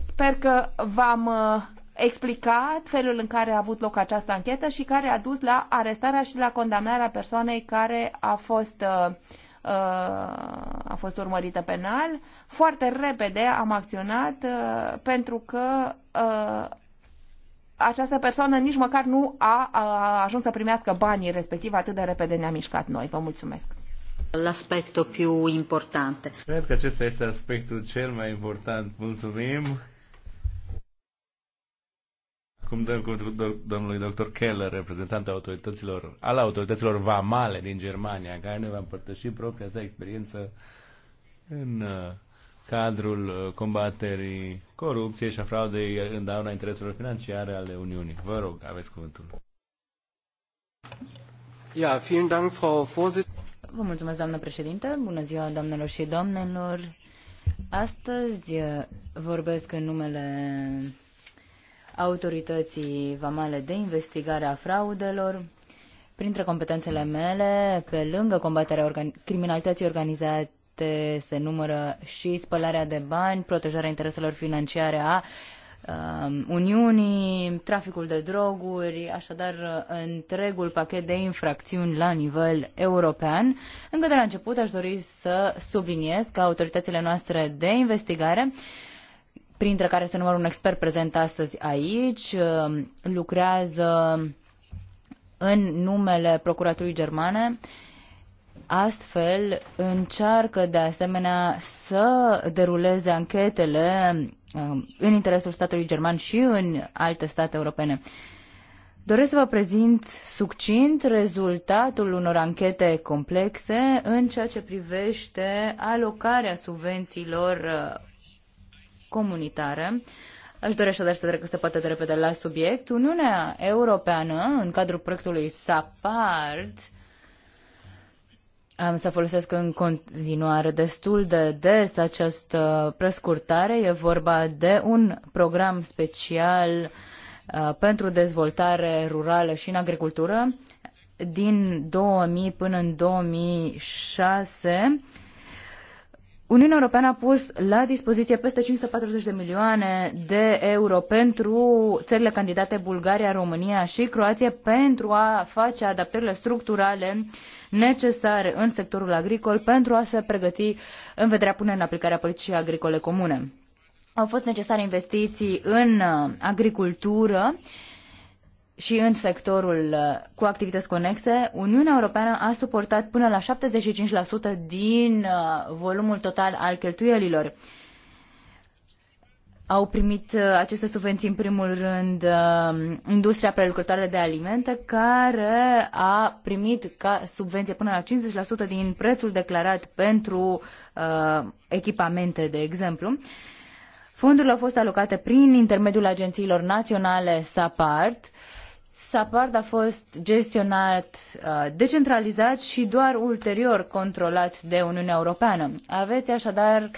Sper că v-am uh, explicat felul în care a avut loc această anchetă și care a dus la arestarea și la condamnarea persoanei care a fost uh, a fost urmărită penal. Foarte repede am acționat pentru că această persoană nici măcar nu a, a ajuns să primească banii respectiv atât de repede ne-a mișcat noi. Vă mulțumesc! L'aspetto più importante. Cred că acesta este aspectul cel mai important. Mulțumim! Acum dăm cuvântul domnului dr. Keller, reprezentant al autorităților, al autorităților vamale din Germania, care ne va împărtăși propria sa experiență în uh, cadrul uh, combaterii corupției și a fraudei în dauna intereselor financiare ale Uniunii. Vă rog, aveți cuvântul. Ja, vielen Dank, Frau Vă mulțumesc, doamnă președinte. Bună ziua, doamnelor și domnilor. Astăzi uh, vorbesc în numele autorității vamale de investigare a fraudelor. Printre competențele mele, pe lângă combaterea organi- criminalității organizate, proiecte se numără și spălarea de bani, protejarea intereselor financiare a um, Uniunii, traficul de droguri, așadar întregul pachet de infracțiuni la nivel european. Încă de la început aș dori să subliniez că autoritățile noastre de investigare printre care se numără un expert prezent astăzi aici, um, lucrează în numele Procuraturii Germane Astfel, încearcă de asemenea să deruleze anchetele um, în interesul statului german și în alte state europene. Doresc să vă prezint succint rezultatul unor anchete complexe în ceea ce privește alocarea subvențiilor uh, comunitare. Aș dori așadar să trec să poate de repede la subiect. Uniunea Europeană, în cadrul proiectului SAPARD, am să folosesc în continuare destul de des această prescurtare. E vorba de un program special uh, pentru dezvoltare rurală și în agricultură din 2000 până în 2006 Uniunea Europeană a pus la dispoziție peste 540 de milioane de euro pentru țările candidate Bulgaria, România și Croația pentru a face adaptările structurale necesare în sectorul agricol pentru a se pregăti în vederea punerii în aplicare a politicii agricole comune. Au fost necesare investiții în uh, agricultură, și în sectorul uh, cu activități conexe, Uniunea Europeană a suportat până la 75% din uh, volumul total al cheltuielilor. Au primit uh, aceste subvenții în primul rând industria prelucrătoare de alimente, care a primit ca subvenție până la 50% din prețul declarat pentru uh, echipamente, de exemplu. Fondurile au fost alocate prin intermediul agențiilor naționale SAPART, uh, SAPARD a fost gestionat uh, decentralizat și doar ulterior controlat de Uniunea Europeană. Aveți așadar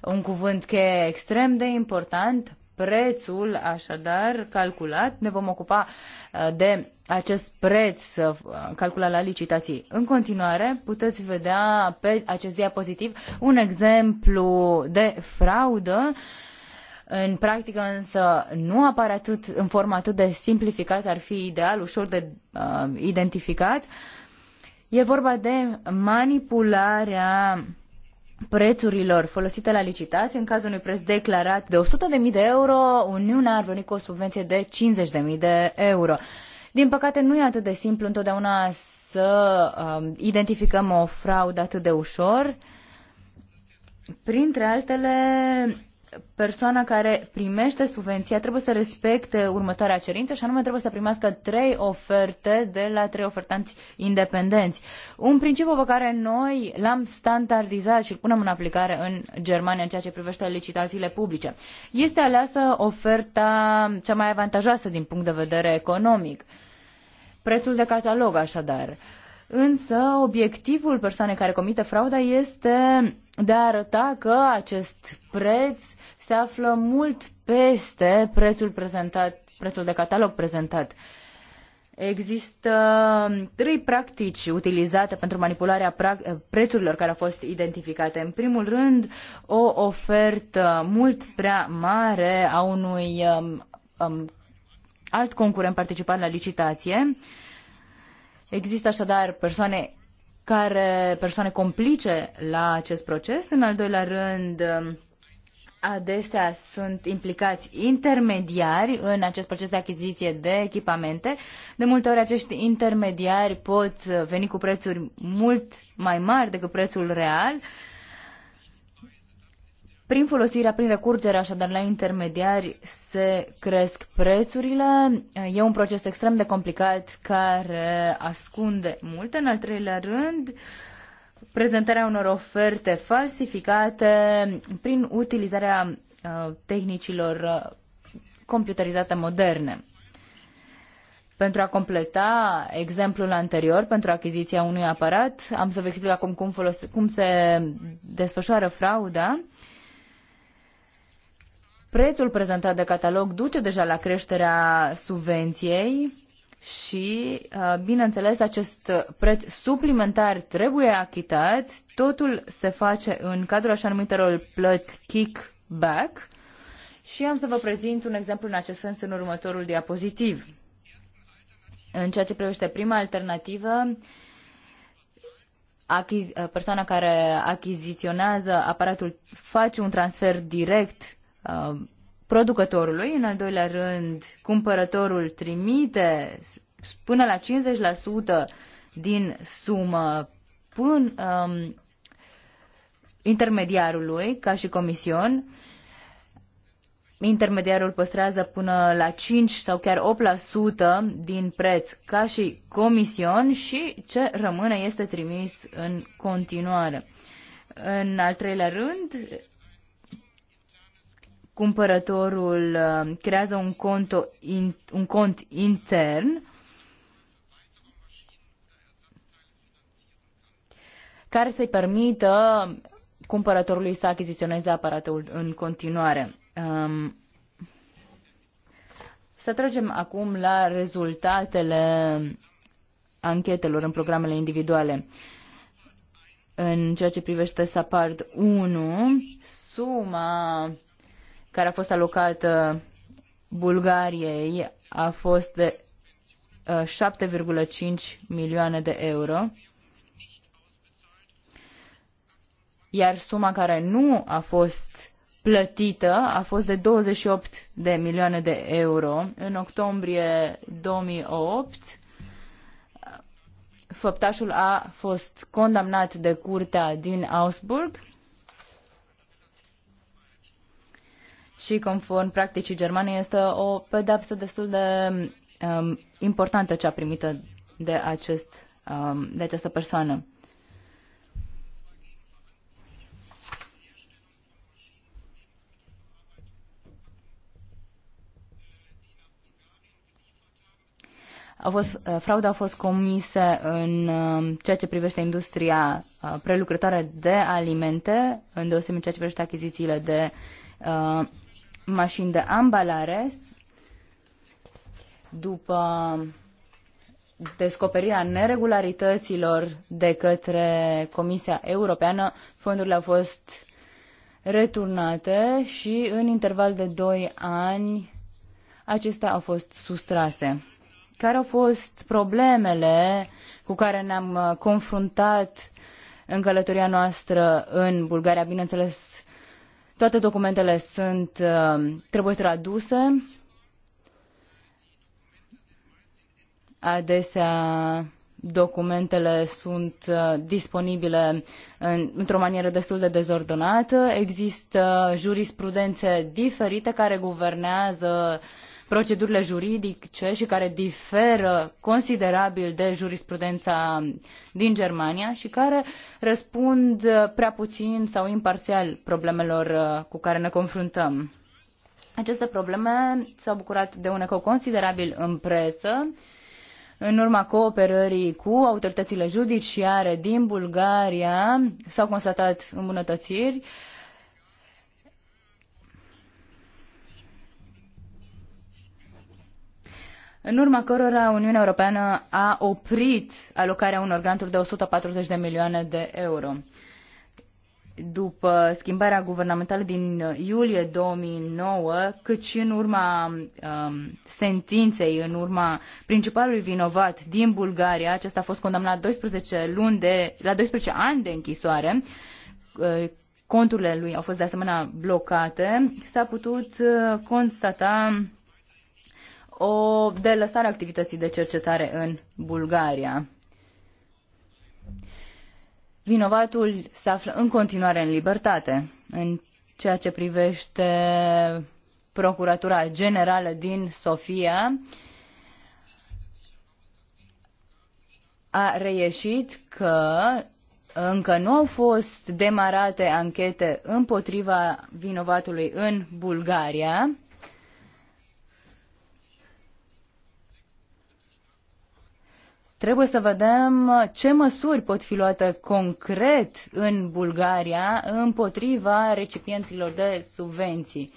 un cuvânt e extrem de important, prețul așadar calculat. Ne vom ocupa uh, de acest preț uh, calculat la licitații. În continuare, puteți vedea pe acest diapozitiv un exemplu de fraudă uh, în practică însă nu apare atât în formă atât de simplificată, ar fi ideal, ușor de uh, identificat. E vorba de manipularea prețurilor folosite la licitații. În cazul unui preț declarat de 100.000 de euro, Uniunea ar veni cu o subvenție de 50.000 de euro. Din păcate, nu e atât de simplu întotdeauna să uh, identificăm o fraudă atât de ușor. Printre altele, persoana care primește subvenția trebuie să respecte următoarea cerință și anume trebuie să primească trei oferte de la trei ofertanți independenți. Un principiu pe care noi l-am standardizat și îl punem în aplicare în Germania în ceea ce privește licitațiile publice. Este aleasă oferta cea mai avantajoasă din punct de vedere economic. Prețul de catalog, așadar. Însă, obiectivul persoanei care comite frauda este de a arăta că acest preț se află mult peste prețul prezentat, prețul de catalog prezentat. Există trei practici utilizate pentru manipularea eh, prețurilor care au fost identificate. În primul rând, o ofertă mult prea mare a unui um, um, alt concurent participant la licitație. Există așadar persoane care persoane complice la acest proces. În al doilea rând, um, adesea sunt implicați intermediari în acest proces de achiziție de echipamente. De multe ori acești intermediari pot veni cu prețuri mult mai mari decât prețul real. Prin folosirea, prin recurgerea așadar la intermediari se cresc prețurile. E un proces extrem de complicat care ascunde multe. În al treilea rând, uh, prezentarea unor oferte falsificate prin utilizarea uh, tehnicilor uh, computerizate moderne. Pentru a completa exemplul anterior, pentru achiziția unui aparat, am să vă explic acum cum, folose, cum se desfășoară frauda. Prețul prezentat de catalog duce deja la creșterea subvenției, și, uh, bineînțeles, acest preț suplimentar trebuie achitat. Totul se face în cadrul așa numitelor plăți kickback și am să vă prezint un exemplu în acest sens în următorul diapozitiv. În ceea ce privește prima alternativă, uh, persoana care achiziționează aparatul face un transfer direct uh, producătorului, în al doilea rând, cumpărătorul trimite până la 50% din sumă până um, intermediarului ca și comision. Intermediarul păstrează până la 5 sau chiar 8% din preț ca și comision și ce rămâne este trimis în continuare. În al treilea rând, cumpărătorul uh, creează un, conto, un cont intern care să-i permită cumpărătorului să achiziționeze aparatul în continuare. Um, să trecem acum la rezultatele anchetelor în programele individuale. În ceea ce privește SAPARD 1, suma care a fost alocată uh, Bulgariei a fost de 7,5 uh, milioane de euro, iar suma care nu a fost plătită a fost de 28 de milioane de euro. În octombrie 2008, făptașul a fost condamnat de curtea din Augsburg și conform practicii germane este o pedeapsă destul de um, importantă cea primită de, acest, um, de această persoană. A fost, uh, fraude au fost comise în um, ceea ce privește industria uh, prelucrătoare de alimente, în deosebire ceea ce privește achizițiile de uh, mașini de ambalare după descoperirea neregularităților de către Comisia Europeană, fondurile au fost returnate și în interval de 2 ani acestea au fost sustrase. Care au fost problemele cu care ne-am confruntat în călătoria noastră în Bulgaria? Bineînțeles, toate documentele sunt, uh, trebuie traduse. Adesea documentele sunt uh, disponibile într-o manieră destul de dezordonată. Există jurisprudențe diferite care guvernează uh, procedurile juridice și care diferă considerabil de jurisprudența din Germania și care răspund prea puțin sau imparțial problemelor uh, cu care ne confruntăm. Aceste probleme s-au bucurat de un eco considerabil în presă, în urma cooperării cu autoritățile judiciare din Bulgaria s-au constatat îmbunătățiri în urma cărora Uniunea Europeană a oprit alocarea unor granturi de 140 de milioane de euro. După schimbarea guvernamentală din iulie 2009, cât și în urma um, sentinței, în urma principalului vinovat din Bulgaria, acesta a fost condamnat 12, luni de, la 12 ani de închisoare, uh, conturile lui au fost de asemenea blocate, s-a putut uh, constata o delăsare a activității de cercetare în Bulgaria. Vinovatul se află în continuare în libertate. În ceea ce privește Procuratura Generală din Sofia, a reieșit că încă nu au fost demarate anchete împotriva vinovatului în Bulgaria Trebuie să vedem ce măsuri pot fi luate concret în Bulgaria împotriva recipienților de subvenții.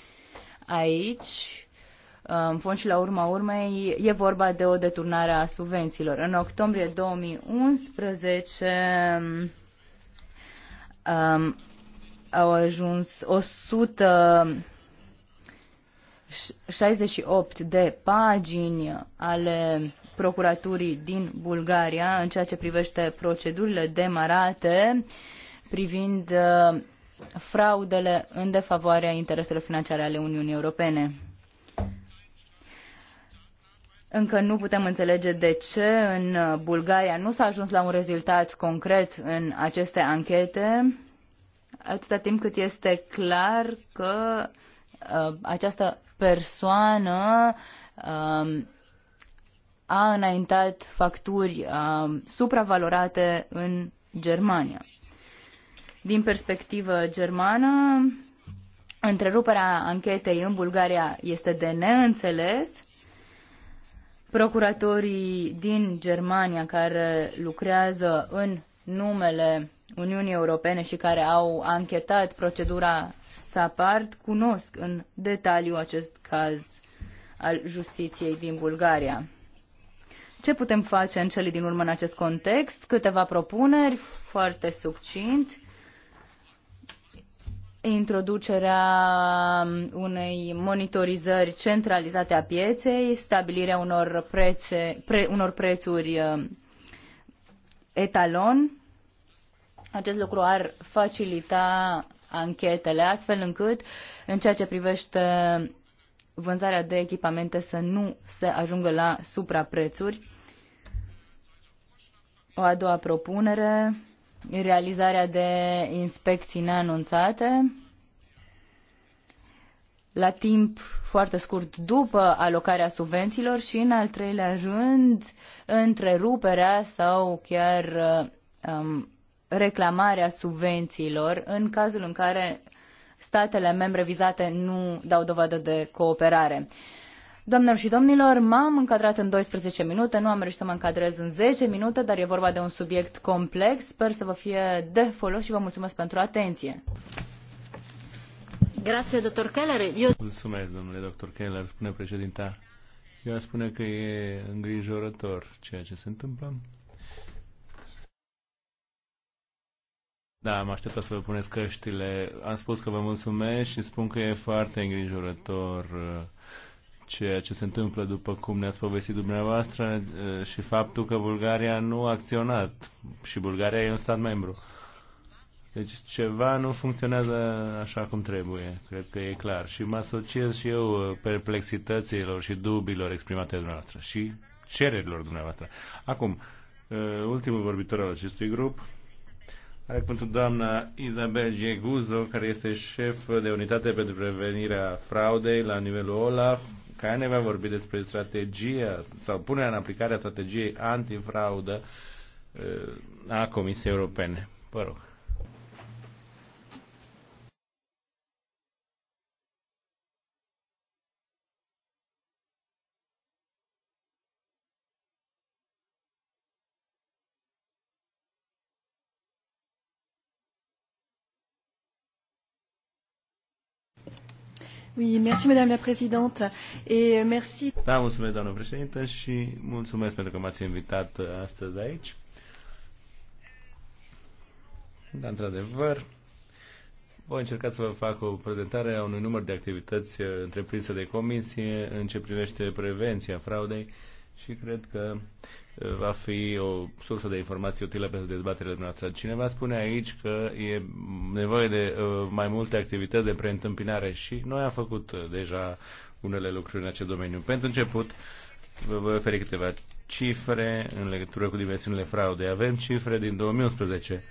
Aici, în fond și la urma urmei, e vorba de o deturnare a subvențiilor. În octombrie 2011 um, au ajuns 168 de pagini ale procuraturii din Bulgaria în ceea ce privește procedurile demarate privind uh, fraudele în defavoarea intereselor financiare ale Uniunii Europene. Încă nu putem înțelege de ce în Bulgaria nu s-a ajuns la un rezultat concret în aceste anchete, atâta timp cât este clar că uh, această persoană uh, a înaintat facturi uh, supravalorate în Germania. Din perspectivă germană, întreruperea anchetei în Bulgaria este de neînțeles. Procuratorii din Germania care lucrează în numele Uniunii Europene și care au anchetat procedura SAPART cunosc în detaliu acest caz al justiției din Bulgaria. Ce putem face în cele din urmă în acest context? Câteva propuneri, foarte succint. Introducerea unei monitorizări centralizate a pieței, stabilirea unor, prețe, pre, unor prețuri uh, etalon. Acest lucru ar facilita anchetele, astfel încât, în ceea ce privește vânzarea de echipamente, să nu se ajungă la supraprețuri. O a doua propunere, realizarea de inspecții neanunțate la timp foarte scurt după alocarea subvențiilor și, în al treilea rând, întreruperea sau chiar um, reclamarea subvențiilor în cazul în care statele membre vizate nu dau dovadă de cooperare. Uh, Doamnelor și domnilor, m-am încadrat în 12 minute, nu am reușit să mă încadrez în 10 minute, dar e vorba de un subiect complex. Sper să vă fie de folos și vă mulțumesc pentru atenție. Grație, doctor Keller. Eu... Mulțumesc, domnule doctor Keller, spune președinta. Eu aș spune că e îngrijorător ceea ce se întâmplă. Da, am așteptat să vă puneți căștile. Am spus că vă mulțumesc și spun că e foarte îngrijorător uh, ceea ce se întâmplă, după cum ne-ați povestit dumneavoastră, și faptul că Bulgaria nu a acționat și Bulgaria e un stat membru. Deci ceva nu funcționează așa cum trebuie, cred că e clar. Și mă asociez și eu perplexităților și dubilor exprimate de dumneavoastră și cererilor dumneavoastră. Acum, ultimul vorbitor al acestui grup, are cuvântul doamna Isabel Geguzo, care este șef de unitate pentru prevenirea fraudei la nivelul OLAF, Cane va vorbi despre strategia sau punerea în aplicare a strategiei antifraudă eh, a Comisiei Europene. Vă rog. Oui, merci Madame la Présidente et merci. Da, mulțumesc doamnă președintă și mulțumesc pentru că m-ați invitat uh, astăzi aici. Da, într-adevăr, voi încerca să vă fac o prezentare a unui număr de activități uh, întreprinse de comisie în ce privește prevenția fraudei și cred că uh, va fi o sursă de informații utilă pentru dezbaterea noastră. Cineva spune aici că e nevoie de uh, mai multe activități de preîntâmpinare și noi am făcut uh, deja unele lucruri în acest domeniu. Pentru început, vă voi oferi câteva cifre în legătură cu dimensiunile fraudei. Avem cifre din 2011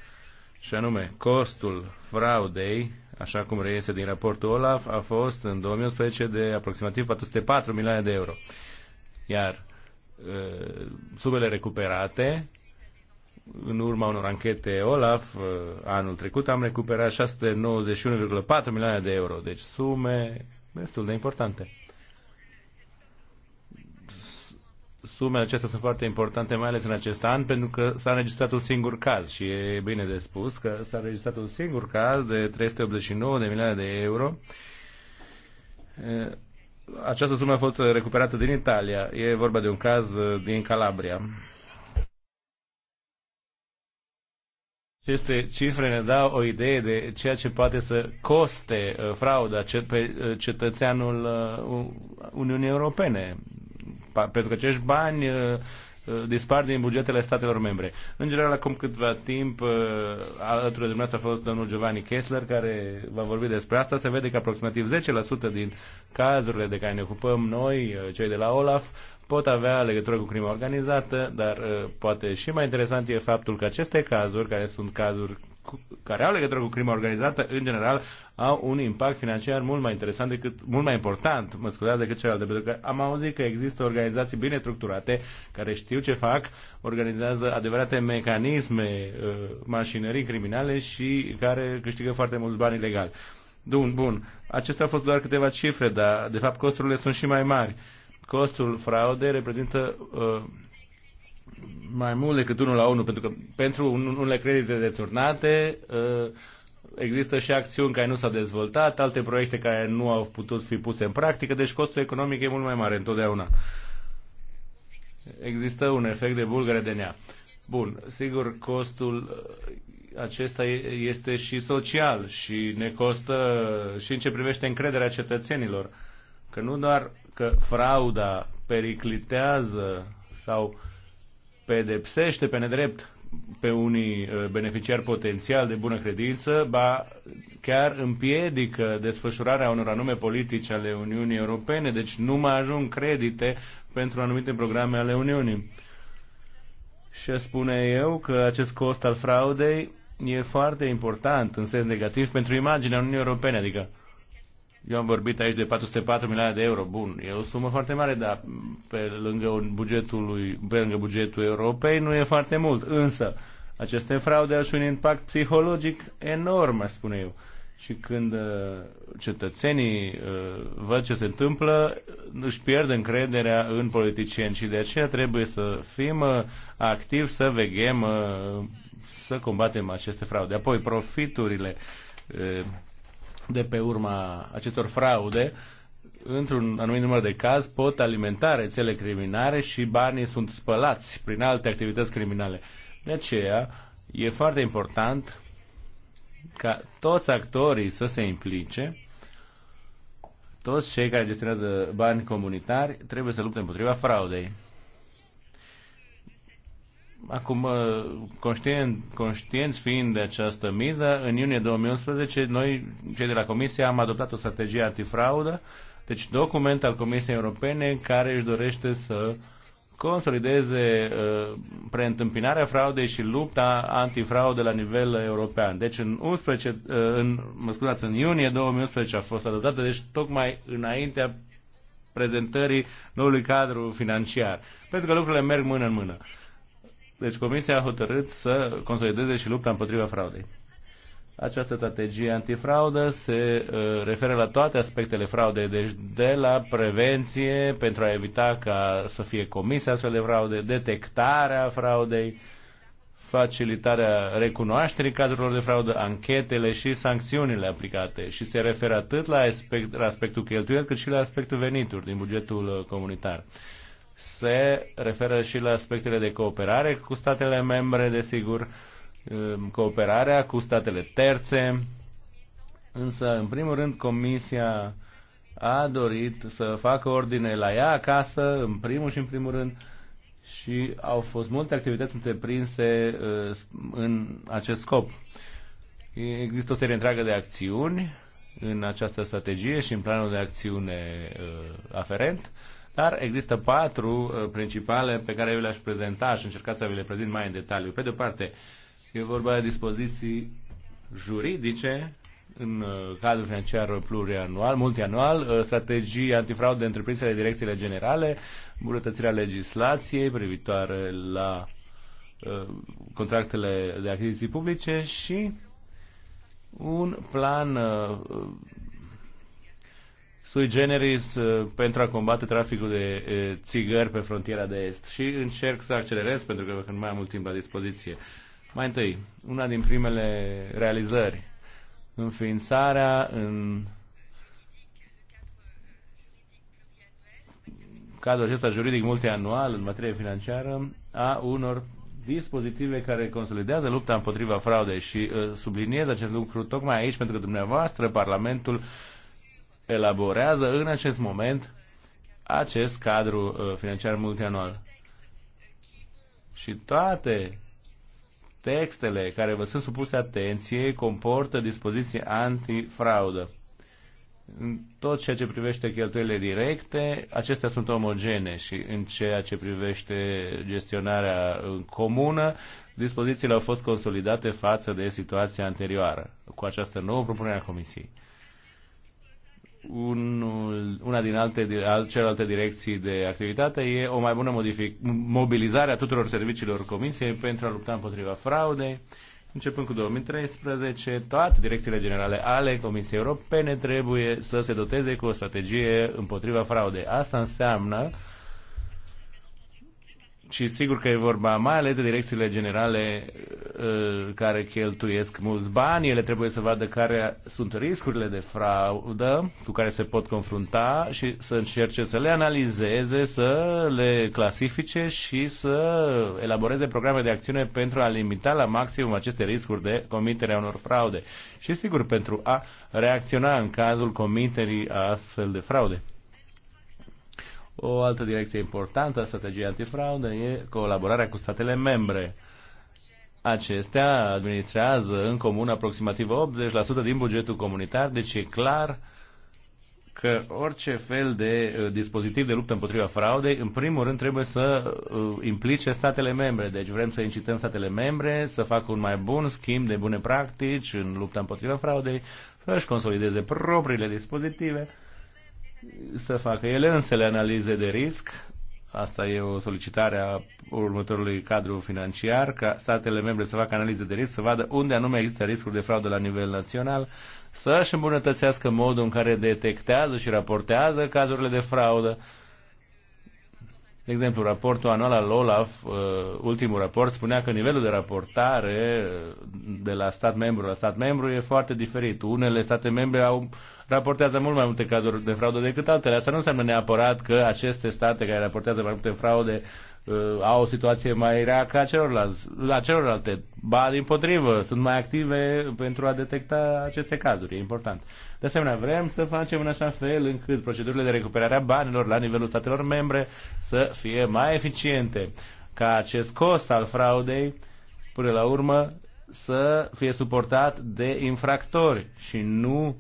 și anume costul fraudei, așa cum reiese din raportul OLAF, a fost în 2011 de aproximativ 404 milioane de euro. Iar Uh, sumele recuperate în urma unor anchete Olaf, uh, anul trecut am recuperat 691,4 milioane de euro, deci sume destul de importante. Sumele acestea sunt foarte importante, mai ales în acest an, pentru că s-a înregistrat un singur caz și e bine de spus că s-a înregistrat un singur caz de 389 de milioane de euro uh, această sumă a fost recuperată din Italia. E vorba de un caz uh, din Calabria. Aceste cifre ne dau o idee de ceea ce poate să coste uh, frauda pe uh, cetățeanul Uniunii Europene. Pentru că acești bani Uh, dispar din bugetele statelor membre. În general, acum câtva timp, uh, alături de dumneavoastră a fost domnul Giovanni Kessler, care va vorbi despre asta. Se vede că aproximativ 10% din cazurile de care ne ocupăm noi, uh, cei de la OLAF, pot avea legătură cu crima organizată, dar poate și mai interesant e faptul că aceste cazuri, care sunt cazuri care au legătură cu crima organizată, în general, au un impact financiar mult mai interesant decât, mult mai important, mă scuzați, decât celelalte, pentru că am auzit că există organizații bine structurate, care știu ce fac, organizează adevărate mecanisme, uh, mașinării criminale și care câștigă foarte mulți bani ilegal. Bun, bun. Acestea au fost doar câteva cifre, dar de fapt costurile sunt și mai mari. Costul fraudei reprezintă uh, mai mult decât unul la unul, pentru că pentru unele credite deturnate uh, există și acțiuni care nu s-au dezvoltat, alte proiecte care nu au putut fi puse în practică, deci costul economic e mult mai mare întotdeauna. Există un efect de bulgare de nea. Bun, sigur, costul uh, acesta este și social și ne costă și în ce privește încrederea cetățenilor. Că nu doar că frauda periclitează sau pedepsește pe nedrept pe unii uh, beneficiari potențial de bună credință, ba chiar împiedică desfășurarea unor anume politici ale Uniunii Europene, deci nu mai ajung credite pentru anumite programe ale Uniunii. Și spune eu că acest cost al fraudei e foarte important în sens negativ pentru imaginea Uniunii Europene, adică eu am vorbit aici de 404 milioane de euro. Bun, e o sumă foarte mare, dar pe lângă, un bugetul, lui, pe lângă bugetul europei nu e foarte mult. Însă, aceste fraude au și un impact psihologic enorm, aș spune eu. Și când uh, cetățenii uh, văd ce se întâmplă, își pierd încrederea în politicieni și de aceea trebuie să fim uh, activi, să veghem, să combatem aceste fraude. Apoi, profiturile de pe urma acestor fraude, într-un anumit număr de caz, pot alimenta rețele criminale și banii sunt spălați prin alte activități criminale. De aceea, e foarte important ca toți actorii să se implice, toți cei care gestionează bani comunitari trebuie să lupte împotriva fraudei. Acum, uh, conștient, conștienți fiind de această miză, în iunie 2011 noi, cei de la Comisie, am adoptat o strategie antifraudă, deci document al Comisiei Europene care își dorește să consolideze uh, preîntâmpinarea fraudei și lupta antifraudă la nivel european. Deci în 11, uh, în, mă scuzați, în iunie 2011 a fost adoptată, deci tocmai înaintea prezentării noului cadru financiar. Pentru că lucrurile merg mână în mână. Uh, deci Comisia a hotărât să consolideze și lupta împotriva fraudei. Această strategie antifraudă se uh, referă la toate aspectele fraudei, deci de la prevenție pentru a evita ca să fie comise astfel de fraude, detectarea fraudei, facilitarea recunoașterii cadrelor de fraudă, anchetele și sancțiunile aplicate și se referă atât la, aspect, la aspectul cheltuieli cât și la aspectul venituri din bugetul uh, comunitar se referă și la aspectele de cooperare cu statele membre, desigur, um, cooperarea cu statele terțe, însă, în primul rând, Comisia a dorit să facă ordine la ea acasă, în primul și în primul rând, și au fost multe activități întreprinse uh, în acest scop. Există o serie întreagă de acțiuni în această strategie și în planul de acțiune uh, aferent dar există patru uh, principale pe care eu le-aș prezenta și încercat să vi le prezint mai în detaliu. Pe de o parte, e vorba de dispoziții juridice în uh, cadrul financiar plurianual, multianual, uh, strategii antifraudă întreprinse prințele direcțiile generale, îmbunătățirea legislației privitoare la contractele de achiziții publice și un plan sui generis uh, pentru a combate traficul de uh, țigări pe frontiera de est și încerc să accelerez pentru că nu mai am mult timp la dispoziție. Mai întâi, una din primele realizări, înființarea în cadrul acesta juridic multianual în materie financiară a unor dispozitive care consolidează lupta împotriva fraudei și uh, subliniez acest lucru tocmai aici pentru că dumneavoastră, Parlamentul, uh, elaborează în acest moment acest cadru uh, financiar multianual. Și toate textele care vă sunt supuse atenției comportă dispoziții antifraudă. În tot ceea ce privește cheltuielile directe, acestea sunt omogene și în ceea ce privește gestionarea uh, comună, dispozițiile au fost consolidate față de situația anterioară cu această nouă propunere a Comisiei unul, una din alte, al, celelalte direcții de activitate e o mai bună modific, mobilizare a tuturor serviciilor Comisiei pentru a lupta împotriva fraudei. Începând cu 2013, toate direcțiile generale ale Comisiei Europene trebuie să se doteze cu o strategie împotriva fraudei. Asta înseamnă și sigur că e vorba mai ales de direcțiile generale uh, care cheltuiesc mulți bani, ele trebuie să vadă care sunt riscurile de fraudă cu care se pot confrunta și să încerce să le analizeze, să le clasifice și să elaboreze programe de acțiune pentru a limita la maximum aceste riscuri de comitere a unor fraude și sigur pentru a reacționa în cazul comiterii astfel de fraude. O altă direcție importantă a strategiei antifraudă e colaborarea cu statele membre. Acestea administrează în comun aproximativ 80% din bugetul comunitar, deci e clar că orice fel de uh, dispozitiv de luptă împotriva fraudei, în primul rând trebuie să uh, implice statele membre. Deci vrem să incităm statele membre să facă un mai bun schimb de bune practici în lupta împotriva fraudei, să-și consolideze propriile dispozitive să facă ele însele analize de risc. Asta e o solicitare a următorului cadru financiar, ca statele membre să facă analize de risc, să vadă unde anume există riscuri de fraudă la nivel național, să-și îmbunătățească modul în care detectează și raportează cazurile de fraudă, de exemplu, raportul anual al OLAF, uh, ultimul raport, spunea că nivelul de raportare uh, de la stat membru la stat membru e foarte diferit. Unele state membre au, raportează mult mai multe cazuri de fraudă decât altele. Asta nu înseamnă neapărat că aceste state care raportează mai multe fraude Uh, au o situație mai rea ca celorlalți, la celorlalte. Ba, din potrivă, sunt mai active pentru a detecta aceste cazuri. E important. De asemenea, vrem să facem în așa fel încât procedurile de recuperare a banilor la nivelul statelor membre să fie mai eficiente, ca acest cost al fraudei, până la urmă, să fie suportat de infractori și nu uh,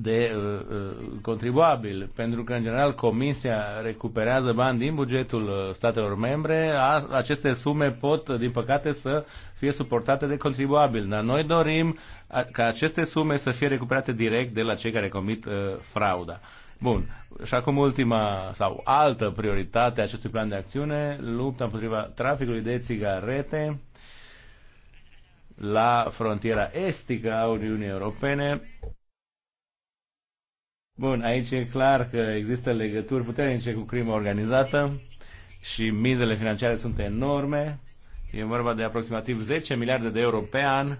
de uh, uh, contribuabil, pentru că, în general, Comisia recuperează bani din bugetul uh, statelor membre. A, aceste sume pot, uh, din păcate, să fie suportate de contribuabil. Dar noi dorim ca aceste sume să fie recuperate direct de la cei care comit uh, frauda. Bun. Și acum ultima sau altă prioritate a acestui plan de acțiune, lupta împotriva traficului de țigarete la frontiera estică a Uniunii Europene. Bun, aici e clar că există legături puternice cu crima organizată și mizele financiare sunt enorme. E vorba de aproximativ 10 miliarde de euro pe an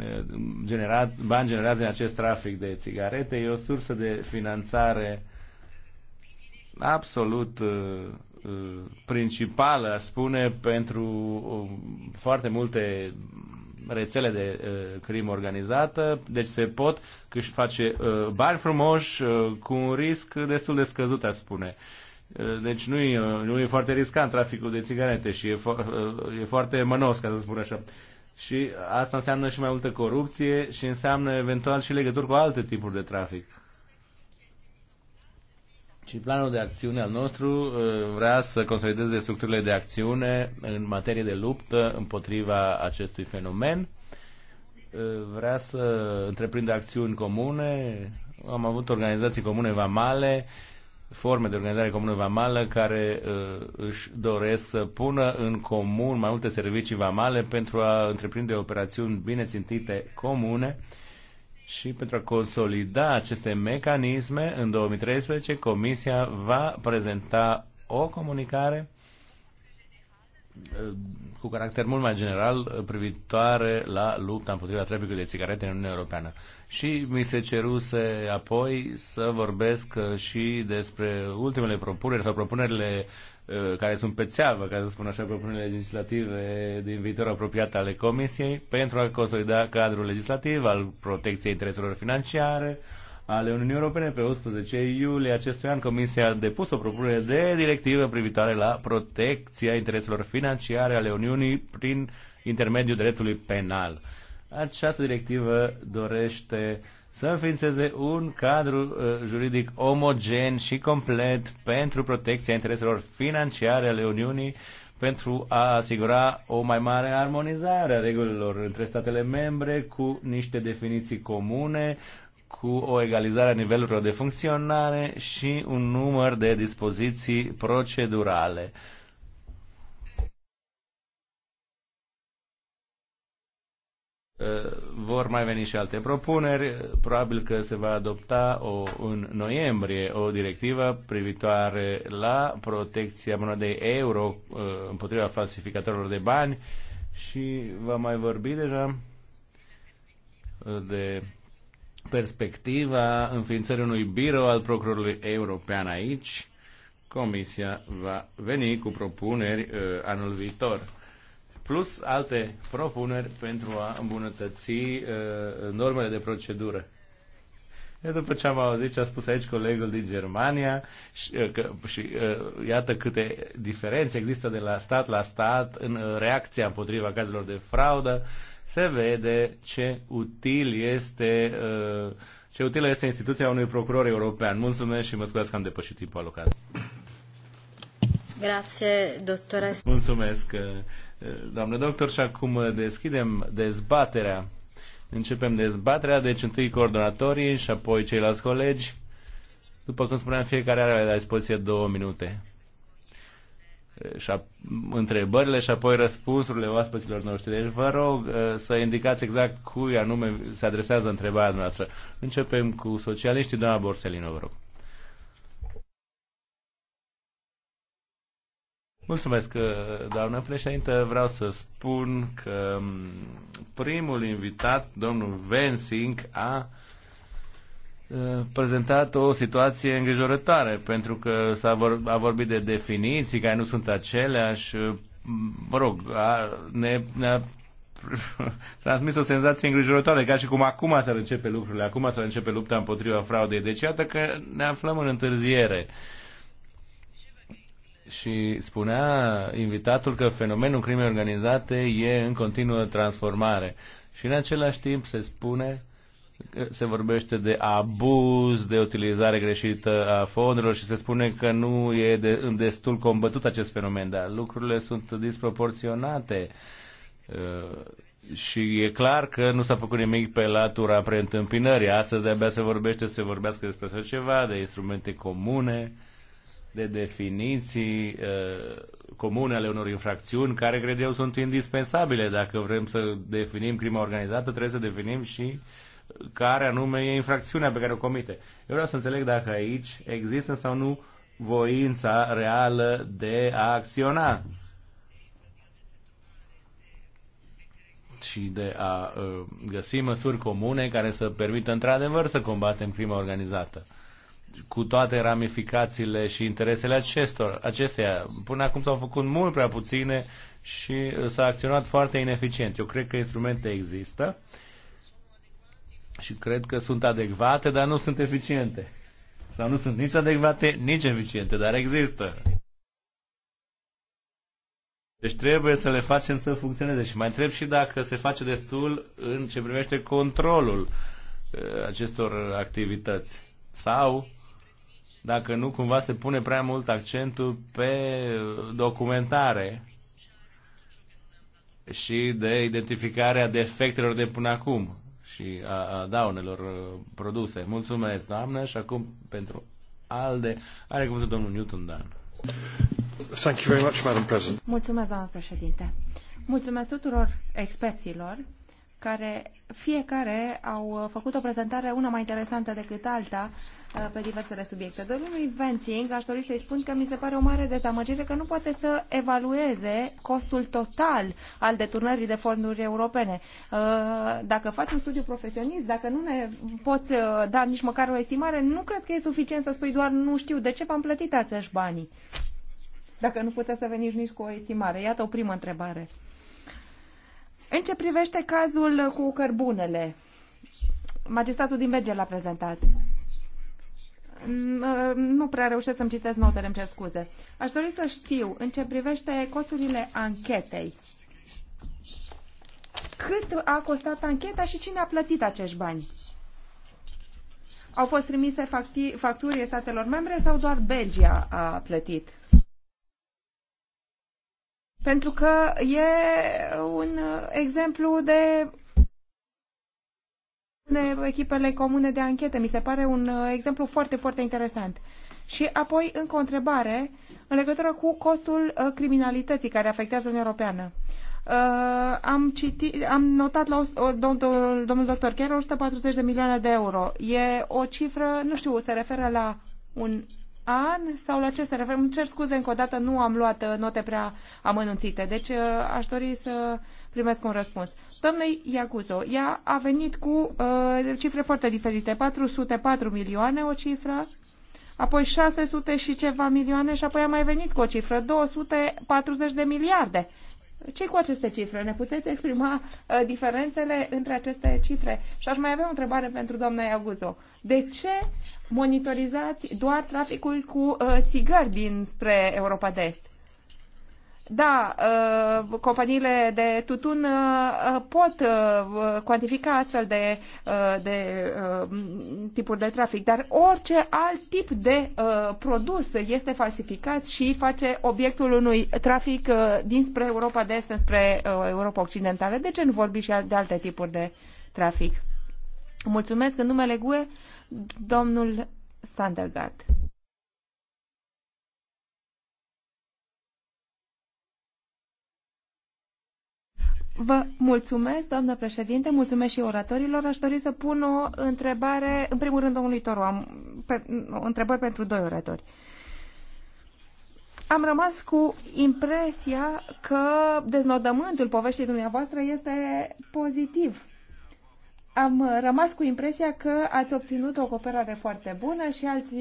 eh, generat, bani generați din acest trafic de țigarete. E o sursă de finanțare absolut eh, eh, principală, aș spune, pentru foarte multe rețele de uh, crimă organizată, deci se pot își face uh, bani frumoși uh, cu un risc destul de scăzut, aș spune. Uh, deci nu e, uh, nu e foarte riscant traficul de țigarete și e, fo- uh, e foarte mănos, ca să spun așa. Și asta înseamnă și mai multă corupție și înseamnă eventual și legături cu alte tipuri de trafic. Și planul de acțiune al nostru uh, vrea să consolideze structurile de acțiune în materie de luptă împotriva acestui fenomen. Uh, vrea să întreprindă acțiuni comune. Am avut organizații comune vamale, forme de organizare comună vamală care uh, își doresc să pună în comun mai multe servicii vamale pentru a întreprinde operațiuni bine țintite comune uh, și pentru a consolida aceste mecanisme, în 2013 Comisia va prezenta o comunicare eh, cu caracter mult mai general eh, privitoare la lupta împotriva traficului de țigarete în Uniunea Europeană. Și mi se ceruse apoi să vorbesc eh, și despre ultimele propuneri sau propunerile Uh, care sunt pe țeavă, ca să spun așa, propunerile legislative din viitor apropiat ale Comisiei pentru a consolida cadrul legislativ al protecției intereselor financiare ale Uniunii Europene. Pe 11 iulie acestui an, Comisia a depus o propunere de directivă privitoare la protecția intereselor financiare ale Uniunii prin intermediul dreptului penal. Această directivă dorește uh, să înființeze un cadru uh, juridic omogen și complet pentru protecția intereselor financiare ale Uniunii, pentru a asigura o mai mare armonizare a regulilor între statele membre cu niște definiții comune, cu o egalizare a nivelurilor de funcționare și un număr de dispoziții procedurale Eh, vor mai veni și alte propuneri. Probabil că se va adopta o, în noiembrie o directivă privitoare la protecția monedei euro eh, împotriva falsificatorilor de bani și va mai vorbi deja eh, de perspectiva înființării unui birou al procurorului european aici. Comisia va veni cu propuneri anul viitor plus alte propuneri pentru a îmbunătăți uh, normele de procedură. Eu după ce am auzit ce a spus aici colegul din Germania și, uh, că, și uh, iată câte diferențe există de la stat la stat în uh, reacția împotriva cazurilor de fraudă, se vede ce util este uh, ce utilă este instituția unui procuror european. Mulțumesc și mă scuzați că am depășit timpul alocat. Grazie, Mulțumesc, uh, Doamne doctor, și acum deschidem dezbaterea. Începem dezbaterea, deci întâi coordonatorii și apoi ceilalți colegi. După cum spuneam, fiecare are la dispoziție două minute. Și întrebările și apoi răspunsurile oaspeților noștri. Deci vă rog uh, să indicați exact cui anume se adresează întrebarea noastră. Începem cu socialiștii, doamna Borselino, vă rog. Mulțumesc, uh, doamnă președintă. Vreau să spun că um, primul invitat, domnul Vensing, a uh, prezentat o situație îngrijorătoare, pentru că s-a vor, a vorbit de definiții care nu sunt aceleași. Uh, mă rog, a, ne, ne-a [laughs] transmis o senzație îngrijorătoare, ca și cum acum s-ar începe lucrurile, acum s-ar începe lupta împotriva fraudei. Deci iată că ne aflăm în întârziere. Uh, și spunea invitatul că fenomenul crimei organizate e în continuă transformare. Și în același timp se spune se vorbește de abuz, de utilizare greșită a fondurilor și se spune că nu e de, destul combătut acest fenomen, dar lucrurile sunt disproporționate. Și e clar că nu s-a făcut nimic pe latura preîntâmpinării. Astăzi de-abia se vorbește să se vorbească despre așa ceva, de instrumente comune de definiții uh, comune ale unor infracțiuni care, cred eu, sunt indispensabile. Dacă vrem să definim crima organizată, trebuie să definim și care anume e infracțiunea pe care o comite. Eu vreau să înțeleg dacă aici există sau nu voința reală de a acționa și de a uh, găsi măsuri comune care să permită într-adevăr să combatem crima organizată cu toate ramificațiile și interesele acestor, acesteia. Până acum s-au făcut mult prea puține și s-a acționat foarte ineficient. Eu cred că instrumente există și cred că sunt adecvate, dar nu sunt eficiente. Sau nu sunt nici adecvate, nici eficiente, dar există. Deci trebuie să le facem să funcționeze. Și mai întreb și dacă se face destul în ce privește controlul uh, acestor activități. Sau dacă nu cumva se pune prea mult accentul pe documentare și de identificarea defectelor de până acum și a, a daunelor uh, produse. Mulțumesc, doamnă, și acum pentru ALDE are cuvântul domnul Newton Dan. Thank you very much, Madam President. Mulțumesc, doamnă președinte. Mulțumesc tuturor experților care fiecare au uh, făcut o prezentare, una mai interesantă decât alta, uh, pe diversele subiecte. Domnului Venting, aș dori să-i spun că mi se pare o mare dezamăgire că nu poate să evalueze costul total al deturnării de fonduri europene. Uh, dacă faci un studiu profesionist, dacă nu ne poți da nici măcar o estimare, nu cred că e suficient să spui doar nu știu de ce v-am plătit acești banii. Dacă nu puteți să veniți nici cu o estimare. Iată o primă întrebare. În ce privește cazul cu cărbunele, magistratul din Berger l-a prezentat. Nu prea reușesc să-mi citesc notele, îmi cer scuze. Aș dori să știu, în ce privește costurile anchetei, cât a costat ancheta și cine a plătit acești bani? Au fost trimise facturi statelor membre sau doar Belgia a plătit? Pentru că e un exemplu de echipele comune de anchetă. Mi se pare un exemplu foarte, foarte interesant. Și apoi, încă o întrebare în legătură cu costul uh, criminalității care afectează Uniunea Europeană. Uh, am, citit, am notat la o, domnul, domnul doctor chiar 140 de milioane de euro. E o cifră, nu știu, se referă la un an sau la ce se referă? Îmi cer scuze încă o dată, nu am luat uh, note prea amănunțite, deci uh, aș dori să primesc un răspuns. Doamnei Iacuzo, ea a venit cu uh, cifre foarte diferite, 404 milioane o cifră, apoi 600 și ceva milioane și apoi a mai venit cu o cifră, 240 de miliarde ce cu aceste cifre? Ne puteți exprima uh, diferențele între aceste cifre? Și aș mai avea o întrebare pentru doamna Iaguzo. De ce monitorizați doar traficul cu uh, țigări dinspre Europa de Est? Da, uh, companiile de tutun uh, uh, pot cuantifica astfel de, de tipuri de trafic, dar orice alt tip de produs este falsificat și face obiectul unui trafic dinspre Europa de Est, înspre Europa Occidentală. De ce nu vorbi și de alte tipuri de trafic? Mulțumesc în numele GUE, domnul Sandergaard. Vă mulțumesc, doamnă președinte, mulțumesc și oratorilor. Aș dori să pun o întrebare, în primul rând, domnului Toru. Am pe, întrebări pentru doi oratori. Am rămas cu impresia că deznodământul poveștii dumneavoastră este pozitiv. Am rămas cu impresia că ați obținut o cooperare foarte bună și alți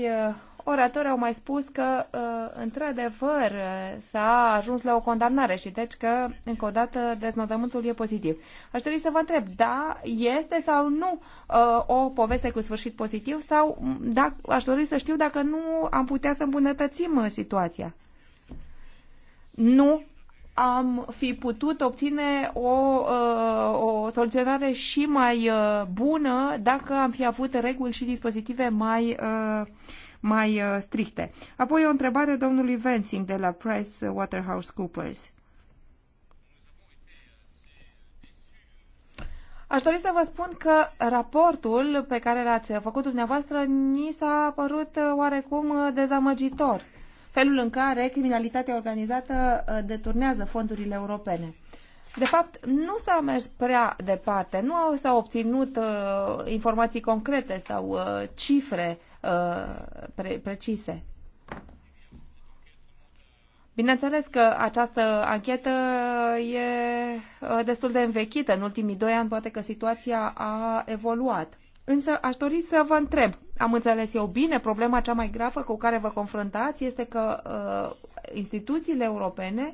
oratori au mai spus că, uh, într-adevăr, uh, s-a ajuns la o condamnare și deci că, încă o dată, deznodământul e pozitiv. Aș dori să vă întreb, da, este sau nu uh, o poveste cu sfârșit pozitiv sau da, aș dori să știu dacă nu am putea să îmbunătățim situația. Nu am fi putut obține o, o soluționare și mai bună dacă am fi avut reguli și dispozitive mai mai uh, stricte. Apoi o întrebare domnului Vensing de la Price Waterhouse Coopers. Aș dori să vă spun că raportul pe care l-ați făcut dumneavoastră ni s-a părut uh, oarecum uh, dezamăgitor. Felul în care criminalitatea organizată deturnează fondurile europene. De fapt, nu s-a mers prea departe, nu s-au obținut uh, informații concrete sau uh, cifre Uh, pre- precise. Bineînțeles că această anchetă e uh, destul de învechită. În ultimii doi ani poate că situația a evoluat. Însă aș dori să vă întreb, am înțeles eu bine, problema cea mai gravă cu care vă confruntați este că uh, instituțiile europene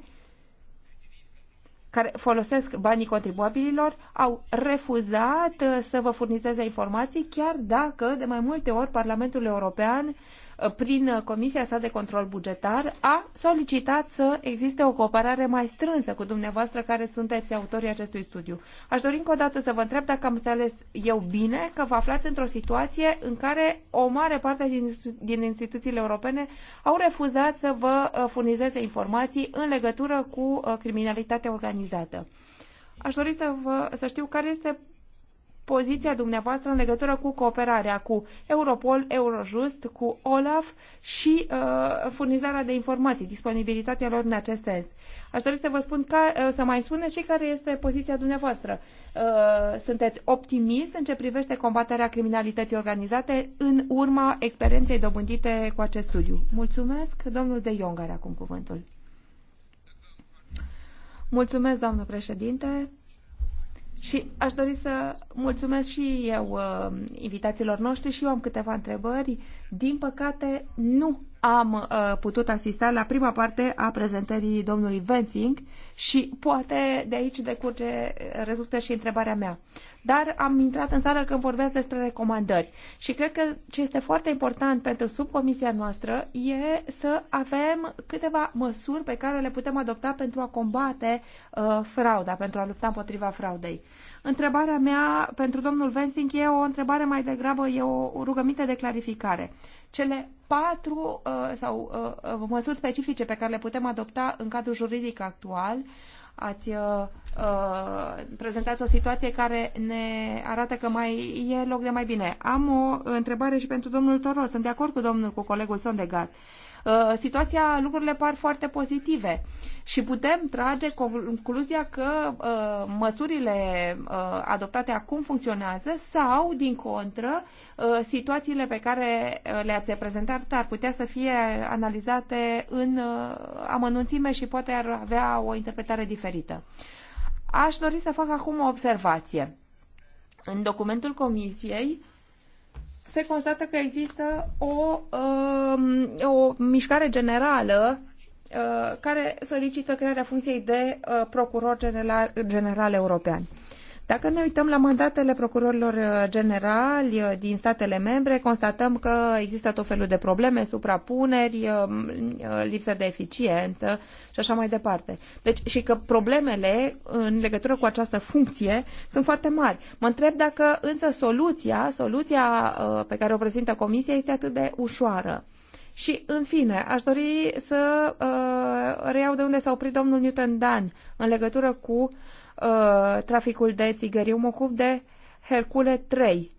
care folosesc banii contribuabililor au refuzat uh, să vă furnizeze informații, chiar dacă de mai multe ori Parlamentul European Uh, prin uh, Comisia sa de control bugetar, a solicitat să existe o cooperare mai strânsă cu dumneavoastră care sunteți autorii acestui studiu. Aș dori încă o dată să vă întreb dacă am înțeles eu bine că vă aflați într-o situație în care o mare parte din, din instituțiile europene au refuzat să vă uh, furnizeze informații în legătură cu criminalitatea organizată. Aș dori să, vă, să știu care este poziția dumneavoastră în legătură cu cooperarea cu Europol, Eurojust, cu OLAF și uh, furnizarea de informații, disponibilitatea lor în acest sens. Aș dori să vă spun ca, uh, să mai spună și care este poziția dumneavoastră. Uh, sunteți optimist în ce privește combaterea criminalității organizate în urma experienței dobândite cu acest studiu. Mulțumesc. Domnul De Iong are acum cuvântul. Mulțumesc, doamnă președinte. Și aș dori să mulțumesc și eu uh, invitațiilor noștri și eu am câteva întrebări. Din păcate, nu am uh, putut asista la prima parte a prezentării domnului Vensing și poate de aici decurge, uh, rezultă și întrebarea mea dar am intrat în sală când vorbesc despre recomandări. Și cred că ce este foarte important pentru subcomisia noastră e să avem câteva măsuri pe care le putem adopta pentru a combate uh, frauda, pentru a lupta împotriva fraudei. Întrebarea mea pentru domnul Vensing e o întrebare mai degrabă, e o rugăminte de clarificare. Cele patru uh, sau uh, uh măsuri specifice pe care le putem adopta în cadrul juridic actual uh, Ați uh, uh, prezentat o situație care ne arată că mai e loc de mai bine. Am o întrebare și pentru domnul Toros. Sunt de acord cu domnul, cu colegul Sondegar. Uh, Uh, situația, lucrurile par foarte pozitive și putem trage concluzia că uh, măsurile uh, adoptate acum funcționează sau, din contră, situațiile pe care le-ați prezentat ar putea să fie analizate în amănunțime și poate ar avea o interpretare diferită. Aș dori să fac acum o observație. În documentul Comisiei, se constată că există o, um, o mișcare generală uh, care solicită crearea funcției de uh, procuror general, general european. Dacă ne uităm la mandatele procurorilor uh, generali uh, din statele membre, constatăm că există tot felul de probleme, suprapuneri, um, uh, lipsă de eficiență și așa mai departe. Deci și că problemele în legătură cu această funcție sunt foarte mari. Mă întreb dacă însă soluția, soluția pe care o prezintă Comisia este atât de ușoară. Și, în fine, aș dori să uh, reiau de unde s-a oprit domnul Newton Dan în legătură cu Uh, traficul de țigări. Eu mă ocup de Hercule 3.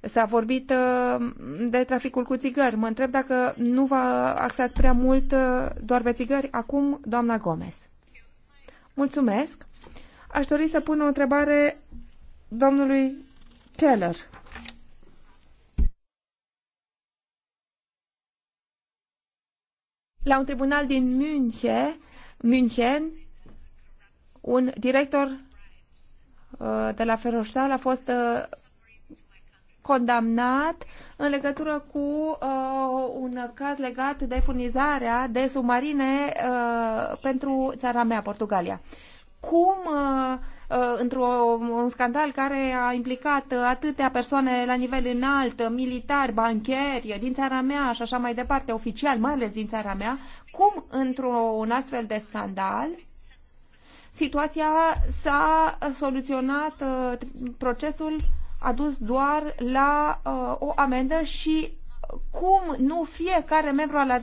S-a vorbit uh, de traficul cu țigări. Mă întreb dacă nu vă axați prea mult uh, doar pe țigări. Acum, doamna Gomez. Mulțumesc. Aș dori să pun o întrebare domnului Keller. La un tribunal din München, München un director uh, de la Feroșal a fost uh, condamnat în legătură cu uh, un caz legat de furnizarea de submarine uh, pentru țara mea, Portugalia. Cum, uh, uh, într-un scandal care a implicat atâtea persoane la nivel înalt, militari, bancheri din țara mea și așa mai departe, oficial, mai ales din țara mea, cum într-un astfel de scandal uh, situația s-a soluționat, uh, procesul a dus doar la uh, o amendă și cum nu fiecare membru al,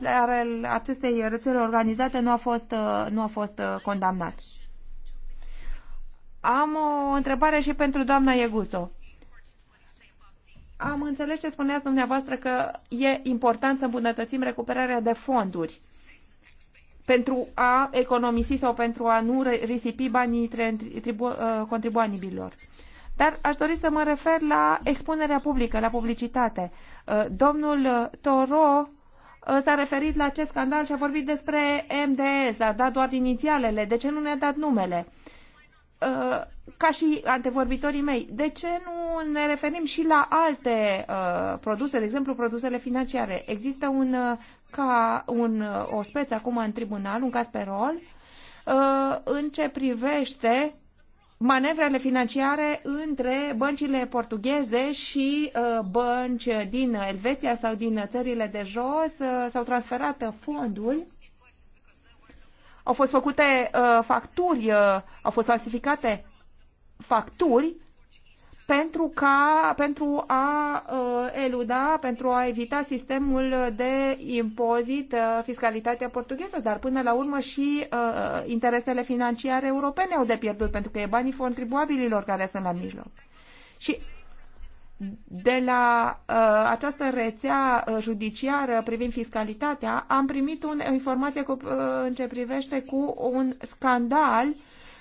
acestei rețele organizate nu a fost, uh, nu a fost condamnat. Am o întrebare și pentru doamna Ieguso. Am înțeles ce spuneați dumneavoastră că e important să îmbunătățim recuperarea de fonduri pentru a economisi sau pentru a nu risipi banii tribu- uh, contribuabililor. Dar aș dori să mă refer la expunerea publică, la publicitate. Uh, domnul uh, Toro s-a referit la acest scandal și a vorbit despre MDS, a dat doar inițialele, de ce nu ne-a dat numele? Ca și antevorbitorii mei, de ce nu ne referim și la alte produse, de exemplu produsele financiare? Există un ca un, o speță acum în tribunal, un caz pe rol, uh, în ce privește manevrele financiare între băncile portugheze și uh, bănci din Elveția sau din țările de jos. Uh, s-au transferat fonduri, au fost făcute facturi, au fost falsificate facturi pentru, ca, pentru a uh, eluda, pentru a evita sistemul de impozit, uh, fiscalitatea portugheză, dar până la urmă și uh, interesele financiare europene au de pierdut, pentru că e banii contribuabililor care sunt la mijloc. Și de la uh, această rețea uh, judiciară privind fiscalitatea am primit un, o informație cu, uh, în ce privește cu un scandal uh,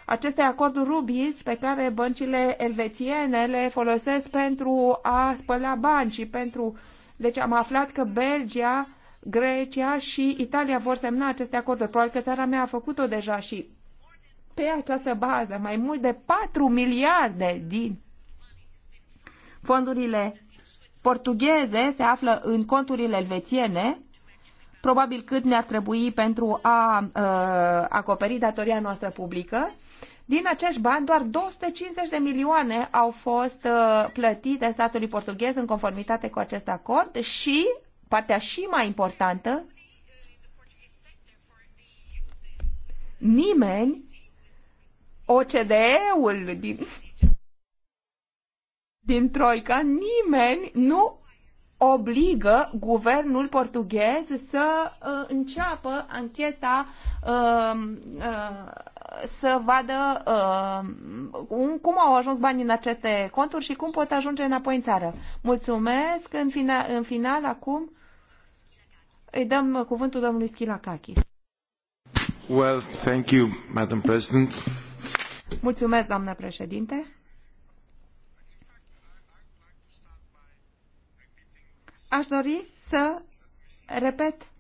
aceste acorduri rubis pe care băncile elvețiene le folosesc pentru a spăla bani și pentru... Deci am aflat că Belgia, Grecia și Italia vor semna aceste acorduri. Probabil că țara mea a făcut-o deja și pe această bază mai mult de 4 miliarde din fondurile portugheze se află în conturile elvețiene probabil cât ne-ar trebui pentru a uh, acoperi datoria noastră publică. Din acești bani, doar 250 de milioane au fost uh, plătite statului portughez în conformitate cu acest acord și, partea și mai importantă, nimeni, OCDE-ul din, din Troica, nimeni nu obligă guvernul portughez să uh, înceapă ancheta uh, uh, să vadă uh, cum au ajuns banii în aceste conturi și cum pot ajunge înapoi în țară. Mulțumesc. În, fina, în final, acum, îi dăm cuvântul domnului Schilacakis. Well, thank you, Madam President. Mulțumesc, doamnă președinte. Aș dori să repet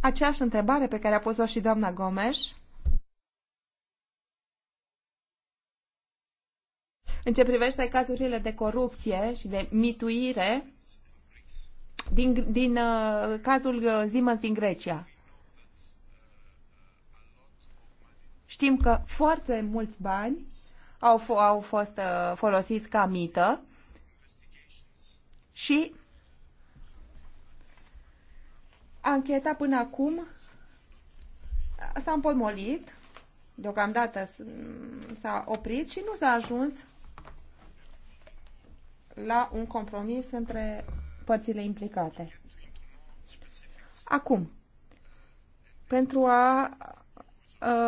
aceeași întrebare pe care a pus-o și doamna Gomes. În ce privește cazurile de corupție și de mituire din, din uh, cazul uh, din Grecia. Știm că foarte mulți bani au, au fost uh, folosiți ca mită și ancheta până acum s-a împotmolit, deocamdată s-a oprit și nu s-a ajuns la un compromis între părțile implicate. Acum, pentru a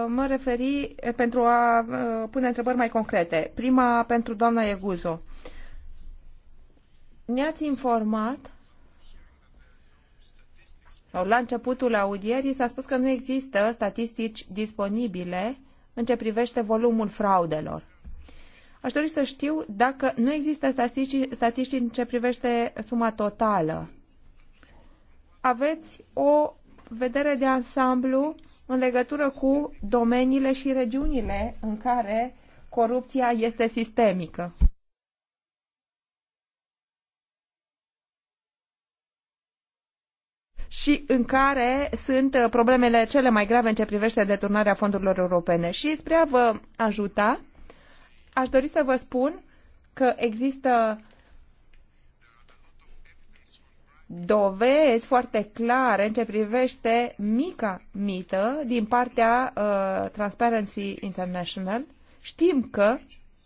mă referi, pentru a pune întrebări mai concrete. Prima pentru doamna Eguzo. Ne-ați informat sau la începutul audierii s-a spus că nu există statistici disponibile în ce privește volumul fraudelor. Aș dori să știu dacă nu există statistici, statistici în ce privește suma totală. Aveți o vedere de ansamblu în legătură cu domeniile și regiunile în care corupția este sistemică. și în care sunt uh, problemele cele mai grave în ce privește deturnarea fondurilor europene. Și spre a vă ajuta, aș dori să vă spun că există dovezi foarte clare în ce privește mica mită din partea uh, Transparency International. Știm că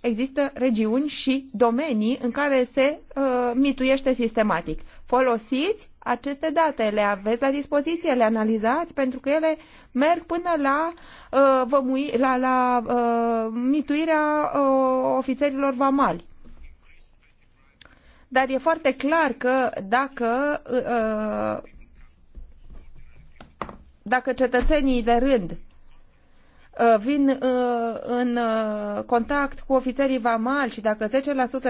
există regiuni și domenii în care se uh, mituiește sistematic. Folosiți aceste date, le aveți la dispoziție, le analizați, pentru că ele merg până la, uh, vămui, la, la uh, mituirea uh, ofițerilor vamali dar e foarte clar că dacă uh, uh, dacă cetățenii de rând Uh, vin uh, în uh, contact cu ofițerii vamali și dacă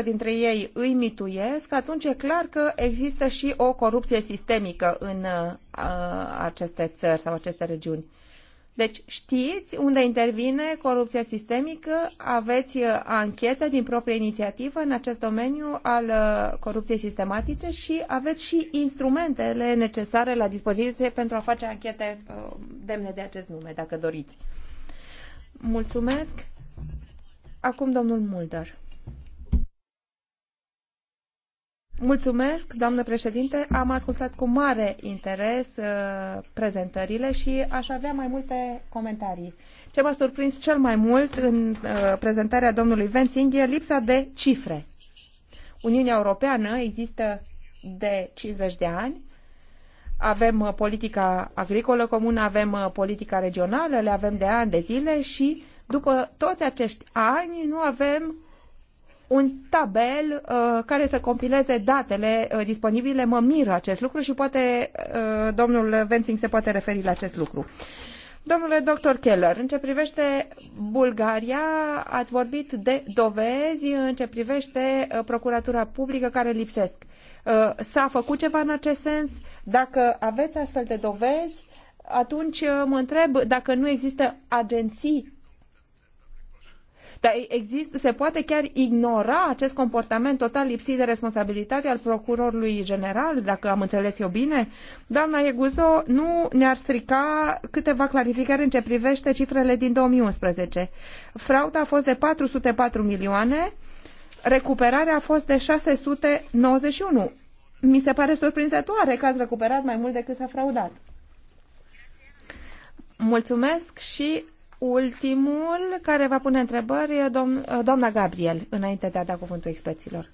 10% dintre ei îi mituiesc, atunci e clar că există și o corupție sistemică în aceste țări sau aceste regiuni. Deci știți unde intervine corupția sistemică, aveți anchete din proprie inițiativă în acest domeniu al corupției sistematice și aveți și instrumentele necesare la dispoziție pentru a face anchete demne de acest nume, dacă doriți. Mulțumesc. Acum domnul Mulder. Mulțumesc, doamnă președinte. Am ascultat cu mare interes uh, prezentările și aș avea mai multe comentarii. Ce m-a surprins cel mai mult în uh, prezentarea domnului Vensing e lipsa de cifre. Uniunea Europeană există de 50 de ani avem uh, politica agricolă comună, avem uh, politica regională, le avem de ani de zile și după toți acești ani nu avem un tabel uh, care să compileze datele uh, disponibile. Mă miră acest lucru și poate uh, domnul Vensing se poate referi la acest lucru. Domnule doctor Keller, în ce privește Bulgaria, ați vorbit de dovezi în ce privește uh, procuratura publică care lipsesc. Uh, s-a făcut ceva în acest sens? Uh, dacă aveți astfel de dovezi, atunci uh, mă întreb dacă nu există agenții dar exist, se poate chiar ignora acest comportament total lipsit de responsabilitate al procurorului general, dacă am înțeles eu bine? Doamna Eguzo, nu ne-ar strica câteva clarificări în ce privește cifrele din 2011. Frauda a fost de 404 milioane, recuperarea a fost de 691 mi se pare surprinzătoare că ați recuperat mai mult decât s-a fraudat. Mulțumesc și ultimul care va pune întrebări, domn, eh, doamna Gabriel, înainte de a da cuvântul experților.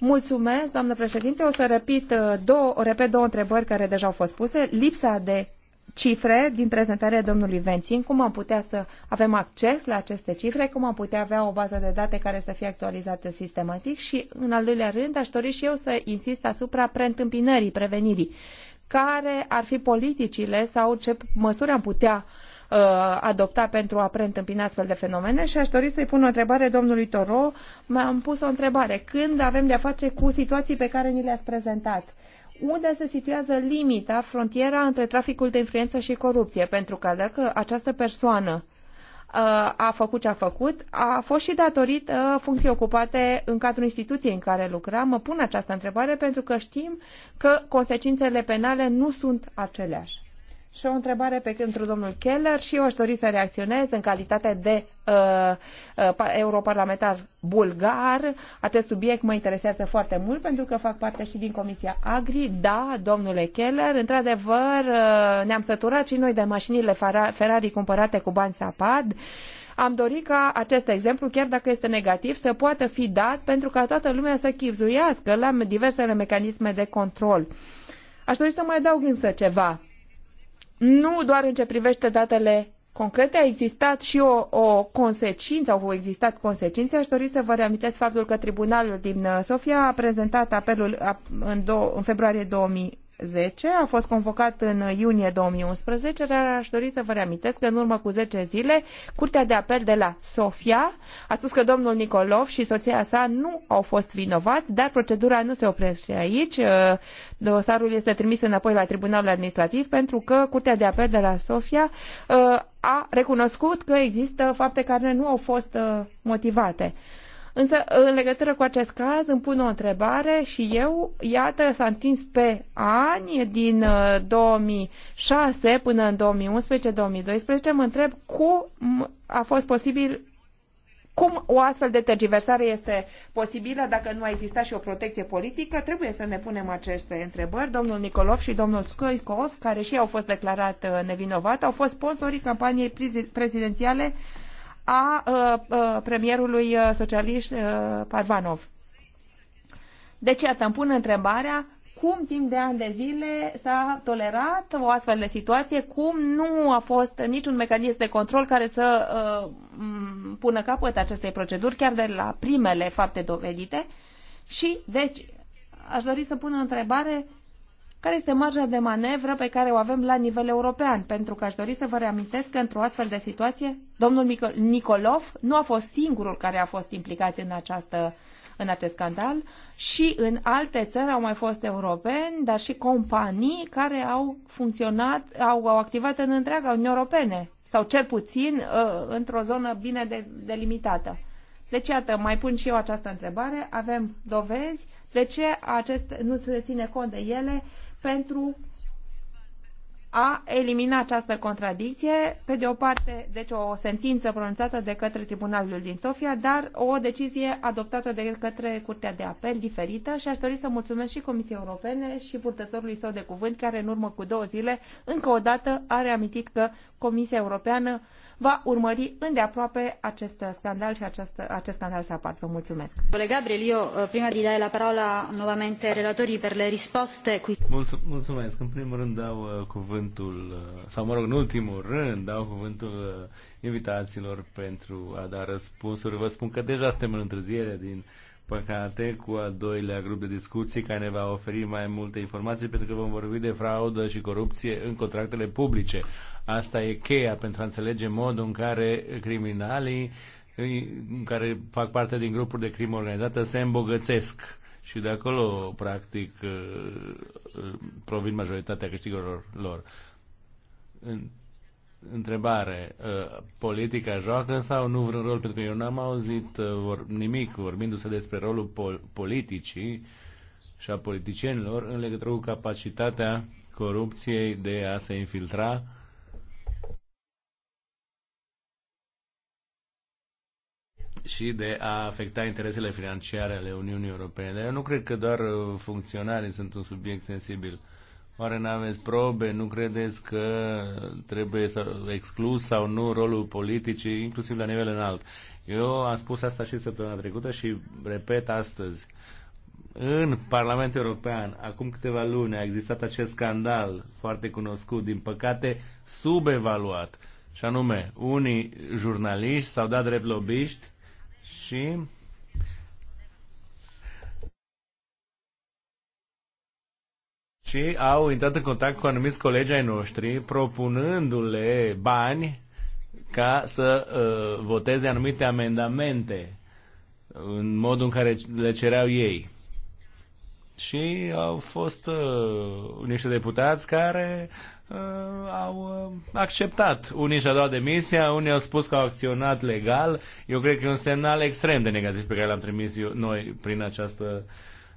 Mulțumesc, doamnă președinte. O să repet eh, două, o repet două întrebări care deja au fost puse. Lipsa de cifre din prezentarea domnului Vențin, cum am putea să avem acces la aceste cifre, cum am putea avea o bază de date care să fie actualizată sistematic și, în al doilea rând, aș dori și eu să insist asupra preîntâmpinării, prevenirii. Care ar fi politicile sau ce măsuri am putea uh, adopta pentru a preîntâmpina astfel de fenomene și aș dori să-i pun o întrebare domnului Toro. Mi-am pus o întrebare. Când avem de-a face cu situații pe care ni le-ați prezentat? Uh, unde se situează limita, frontiera între traficul de influență și corupție, pentru că dacă această persoană uh, a făcut ce a făcut, a fost și datorită funcției ocupate în cadrul instituției în care lucra. Mă pun această întrebare pentru că știm că consecințele penale nu sunt aceleași. Și o întrebare pe pentru domnul Keller și eu aș dori să reacționez în calitate de uh, uh, europarlamentar bulgar. Acest subiect mă interesează foarte mult pentru că fac parte și din Comisia Agri. Da, domnule Keller, într-adevăr uh, ne-am săturat și noi de mașinile Ferrari cumpărate cu bani SAPAD. Am dorit ca acest exemplu, chiar dacă este negativ, să poată fi dat pentru ca toată lumea să chivzuiască la diversele mecanisme de control. Aș dori să mai adaug însă ceva nu doar în ce privește datele concrete, a existat și o, o consecință, au existat consecințe. Aș dori să vă reamintesc faptul că tribunalul din uh, Sofia a prezentat apelul în, do- în februarie 2000, Zece a fost convocat în iunie 2011, dar aș dori să vă reamintesc că în urmă cu 10 zile, Curtea de Apel de la Sofia a spus că domnul Nicolov și soția sa nu au fost vinovați, dar procedura nu se oprește aici. Uh, dosarul este trimis înapoi la Tribunalul Administrativ pentru că Curtea de Apel de la Sofia uh, a recunoscut că există fapte care nu au fost uh, motivate. Însă, în legătură cu acest caz, îmi pun o întrebare și eu, iată, s-a întins pe ani din 2006 uh, până în 2011-2012, mă întreb cum a fost posibil cum o astfel de tergiversare este posibilă dacă nu a existat și o protecție politică? Trebuie să ne punem aceste întrebări. Domnul Nicolov și domnul Scoicov, care și au fost declarat uh, nevinovat, au fost sponsorii campaniei prezidențiale a premierului socialist Parvanov. Deci, iată, îmi pun întrebarea cum timp de ani de zile s-a tolerat o astfel de situație, cum nu a fost niciun mecanism de control care să uh, pună capăt acestei proceduri, chiar de la primele fapte dovedite. Și, deci, aș dori să pun o întrebare care este marja de manevră pe care o avem la nivel european, pentru că aș dori să vă reamintesc că într-o astfel de situație, domnul Nicolov nu a fost singurul care a fost implicat în această în acest scandal și în alte țări au mai fost europeni, dar și companii care au funcționat, au, au activat în întreaga Uniune Europene sau cel puțin uh, într-o zonă bine de, delimitată. Deci, iată, mai pun și eu această întrebare. Avem dovezi. De ce acest, nu se ține cont de ele pentru a elimina această contradicție, pe de o parte, deci o sentință pronunțată de către Tribunalul din Sofia, dar o decizie adoptată de către Curtea de Apel diferită și aș dori să mulțumesc și Comisiei Europene și purtătorului său de cuvânt, care în urmă cu două zile, încă o dată, a reamintit că Comisia Europeană va urmări îndeaproape acest scandal și acest, acest scandal să apar. Vă mulțumesc. Colega Gabriel, eu, uh, prima de dai da la parola nuovamente relatorii per le risposte. Cu... Mulțumesc. În primul rând dau uh, cuvântul, uh, sau mă rog, în ultimul rând dau cuvântul invitaților pentru a da răspunsuri. Vă spun că deja suntem în întârziere din păcate, cu a doilea grup de discuții care ne va oferi mai multe informații pentru că vom vorbi de fraudă și corupție în contractele publice. Asta e cheia pentru a înțelege modul în care criminalii care fac parte din grupuri de crimă organizată se îmbogățesc și de acolo, practic, uh, uh, provin majoritatea câștigurilor lor întrebare. Uh, politica joacă sau nu vreun rol? Pentru că eu n-am auzit uh, nimic vorbindu-se despre rolul pol- politicii și a politicienilor în legătură cu capacitatea corupției de a se infiltra și de a afecta interesele financiare ale Uniunii Europene. Dar eu nu cred că doar uh, funcționarii sunt un subiect sensibil. Uh, Oare n-aveți probe? Nu credeți că trebuie să exclus sau nu rolul politicii, inclusiv la nivel înalt? Eu am spus asta și săptămâna trecută și repet astăzi. În Parlamentul European, acum câteva luni, a existat acest scandal foarte cunoscut, din păcate subevaluat. Și anume, unii jurnaliști s-au dat drept lobiști și și au intrat în contact cu anumiți colegi ai noștri propunându-le bani ca să uh, voteze anumite amendamente în modul în care le cereau ei. Și au fost uh, niște deputați care uh, au uh, acceptat. Unii și-au dat demisia, unii au spus că au acționat legal. Eu cred că e un semnal extrem de negativ pe care l-am trimis eu, noi prin această uh,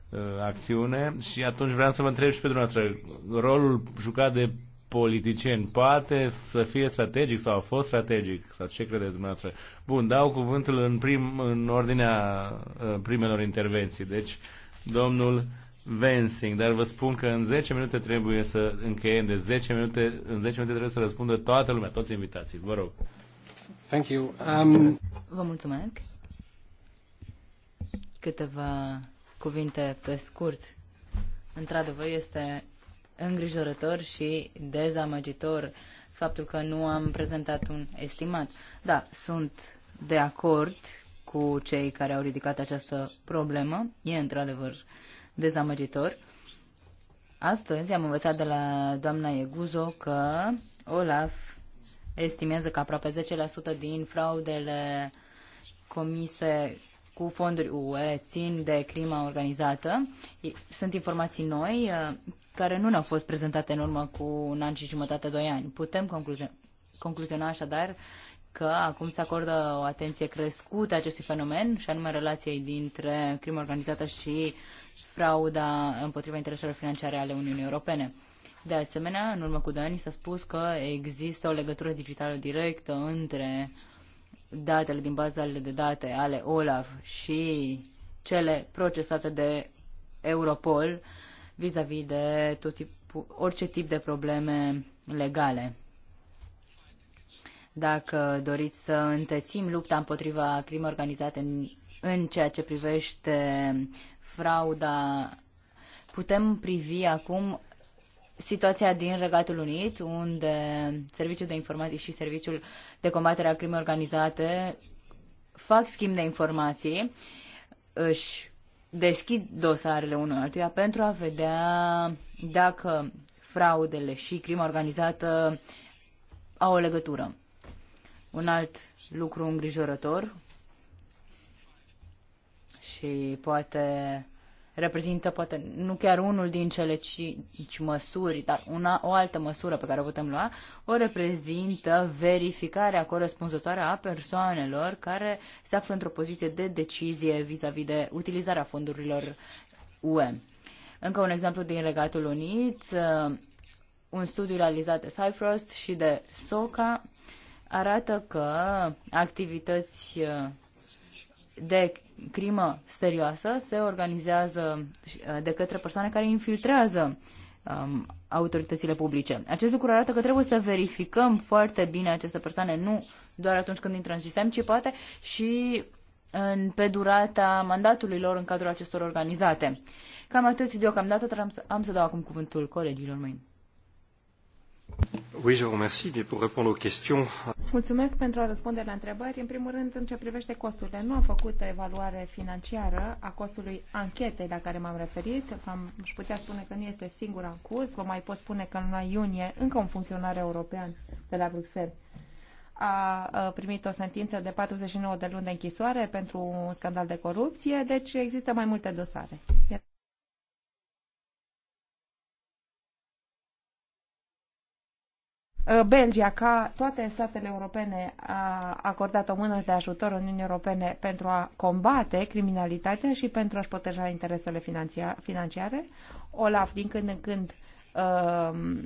Uh, acțiune și atunci vreau să vă întreb și pe dumneavoastră, rolul jucat de politicieni poate să fie strategic sau a fost strategic sau ce credeți dumneavoastră? Bun, dau cuvântul în, prim, în ordinea uh, primelor intervenții, deci domnul Vensing, dar vă spun că în 10 minute trebuie să încheiem, de 10 minute, în 10 minute trebuie să răspundă toată lumea, toți invitații, vă rog. Thank you. Um... Vă mulțumesc. Câteva cuvinte pe scurt. Într-adevăr, este îngrijorător și dezamăgitor faptul că nu am prezentat un estimat. Da, sunt de acord cu cei care au ridicat această problemă. E într-adevăr dezamăgitor. Astăzi am învățat de la doamna Eguzo că Olaf estimează că aproape 10% din fraudele comise cu fonduri UE țin de crima organizată. Sunt informații noi uh, care nu ne-au fost prezentate în urmă cu un an și jumătate, doi ani. Putem concluzio- concluziona așadar că acum se acordă o atenție crescută acestui fenomen și anume relației dintre crima organizată și frauda împotriva intereselor financiare ale Uniunii Europene. De asemenea, în urmă cu doi ani s-a spus că există o legătură digitală directă între uh, datele din bazele de date ale OLAF și cele procesate de Europol vis-a-vis -vis de tot tipul, orice tip de probleme legale. Dacă doriți să întățim lupta împotriva crimei organizate în, în ceea ce privește frauda, putem privi acum situația din Regatul Unit, unde Serviciul de Informații și Serviciul de Combatere a Crimei Organizate fac schimb de informații, își deschid dosarele unul altuia pentru a vedea dacă fraudele și crima organizată au o legătură. Un alt lucru îngrijorător și poate reprezintă poate nu chiar unul din cele cinci măsuri, dar una, o altă măsură pe care o putem lua, o reprezintă verificarea corespunzătoare a persoanelor care se află într-o poziție de decizie vis-a-vis -vis de utilizarea fondurilor UE. Încă un exemplu din Regatul Unit, un studiu realizat de Cyfrost și de SOCA arată că activități de crimă serioasă se organizează uh, de către persoane care infiltrează um, autoritățile publice. Acest lucru arată că trebuie să verificăm foarte bine aceste persoane, nu doar atunci când intră în sistem, ci poate și în, pe durata mandatului lor în cadrul acestor organizate. Cam atât deocamdată, am să, am să dau acum cuvântul colegilor mei. Oui, je vous remercie, mais pour répondre aux questions... Mulțumesc pentru a răspunde la întrebări. În primul rând, în ce privește costurile, nu am făcut evaluare financiară a costului anchetei la care m-am referit. Am, își putea spune că nu este singura în curs. Vă mai pot spune că în luna iunie încă un funcționar european de la Bruxelles a primit o sentință de 49 de luni de închisoare pentru un scandal de corupție, deci există mai multe dosare. Uh, Belgia, ca toate statele europene, a acordat o mână de ajutor în Uniunii Europene pentru a combate criminalitatea și pentru a-și proteja interesele financiare. Olaf, din când în când, uh,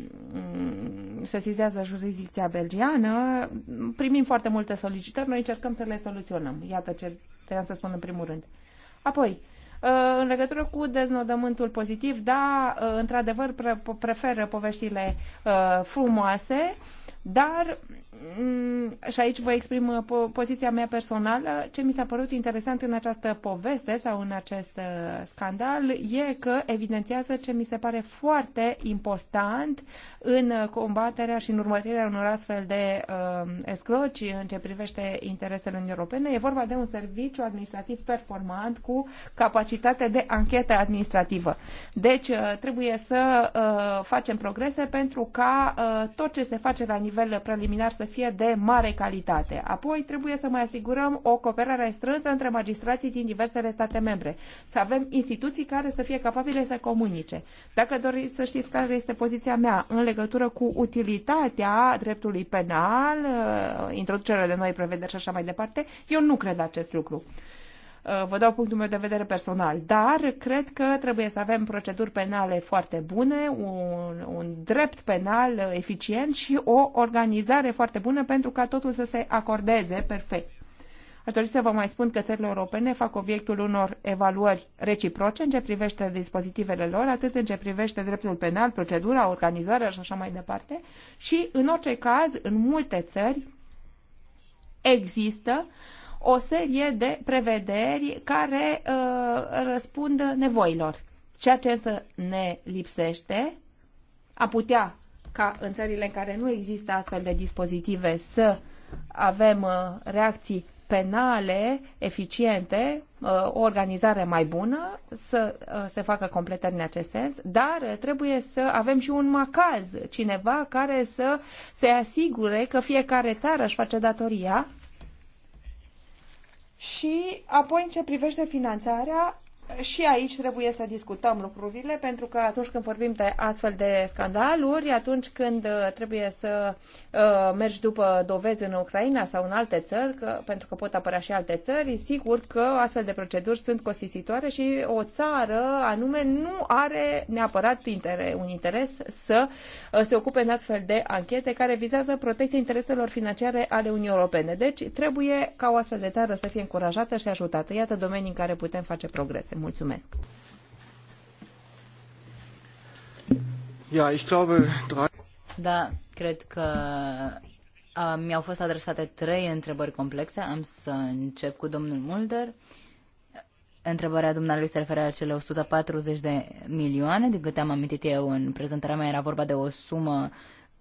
se sizează jurisdicția belgiană, primim foarte multe solicitări, noi încercăm să le soluționăm. Iată ce trebuie să spun în primul rând. Apoi, Uh, în legătură cu deznodământul pozitiv, da, uh, într-adevăr preferă poveștile uh, frumoase, dar, mm, și aici vă exprim uh, poziția mea personală, ce mi s-a părut interesant în această poveste sau în acest uh, scandal e că evidențiază ce mi se pare foarte important în uh, combaterea și în urmărirea unor astfel de uh, escroci în ce privește interesele Uniunii Europene. E vorba de un serviciu administrativ performant cu capacitate de anchetă administrativă. Deci, uh, trebuie să uh, facem progrese pentru ca uh, tot ce se face la nivel nivel preliminar să fie de mare calitate. Apoi trebuie să mai asigurăm o cooperare strânsă între magistrații din diversele state membre. Să avem instituții care să fie capabile să comunice. Dacă doriți să știți care este poziția mea în legătură cu utilitatea dreptului penal, uh, introducerea de noi prevederi și așa mai departe, eu nu cred acest lucru. Uh, vă dau punctul meu de vedere personal, dar cred că trebuie să avem proceduri penale foarte bune, un, un drept penal eficient și o organizare foarte bună pentru ca totul să se acordeze perfect. Aș dori să vă mai spun că țările europene fac obiectul unor evaluări reciproce în ce privește dispozitivele lor, atât în ce privește dreptul penal, procedura, organizarea și așa mai departe. Și, în orice caz, în multe țări există uh, o serie de prevederi care uh, răspund nevoilor. Ceea ce însă ne lipsește, a putea ca în țările în care nu există astfel de dispozitive să avem uh, reacții penale eficiente, uh, o organizare mai bună, să uh, se facă completări în acest sens, dar trebuie să avem și un macaz, cineva care să se asigure că fiecare țară își face datoria și apoi, în ce privește finanțarea, și aici trebuie să discutăm lucrurile, pentru că atunci când vorbim de astfel de scandaluri, atunci când uh, trebuie să uh, mergi după dovezi în Ucraina sau în alte țări, că, pentru că pot apărea și alte țări, sigur că astfel de proceduri sunt costisitoare și o țară anume nu are neapărat intere, un interes să uh, se ocupe în astfel de anchete care vizează protecția intereselor financiare ale Uniunii Europene. Deci trebuie ca o astfel de țară să fie încurajată și ajutată. Iată domenii în care putem face progrese. Mulțumesc! Ja, ich glaube, drei... Da, cred că mi-au fost adresate trei întrebări complexe. Am să încep cu domnul Mulder. Întrebarea dumneavoastră se referă la cele 140 de milioane. Din câte am amintit eu în prezentarea mea, era vorba de o sumă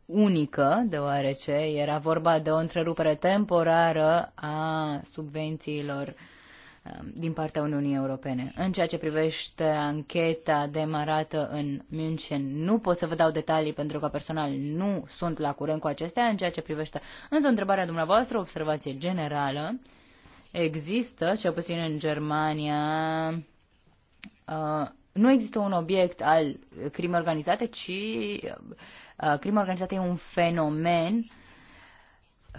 unică, deoarece era vorba de o întrerupere temporară a subvențiilor din partea Uniunii Europene. În ceea ce privește ancheta demarată în München, nu pot să vă dau detalii pentru că personal nu sunt la curent cu acestea. În ceea ce privește însă întrebarea dumneavoastră, observație generală, există, cel puțin în Germania, uh, nu există un obiect al crimei organizate, ci uh, crima organizată e un fenomen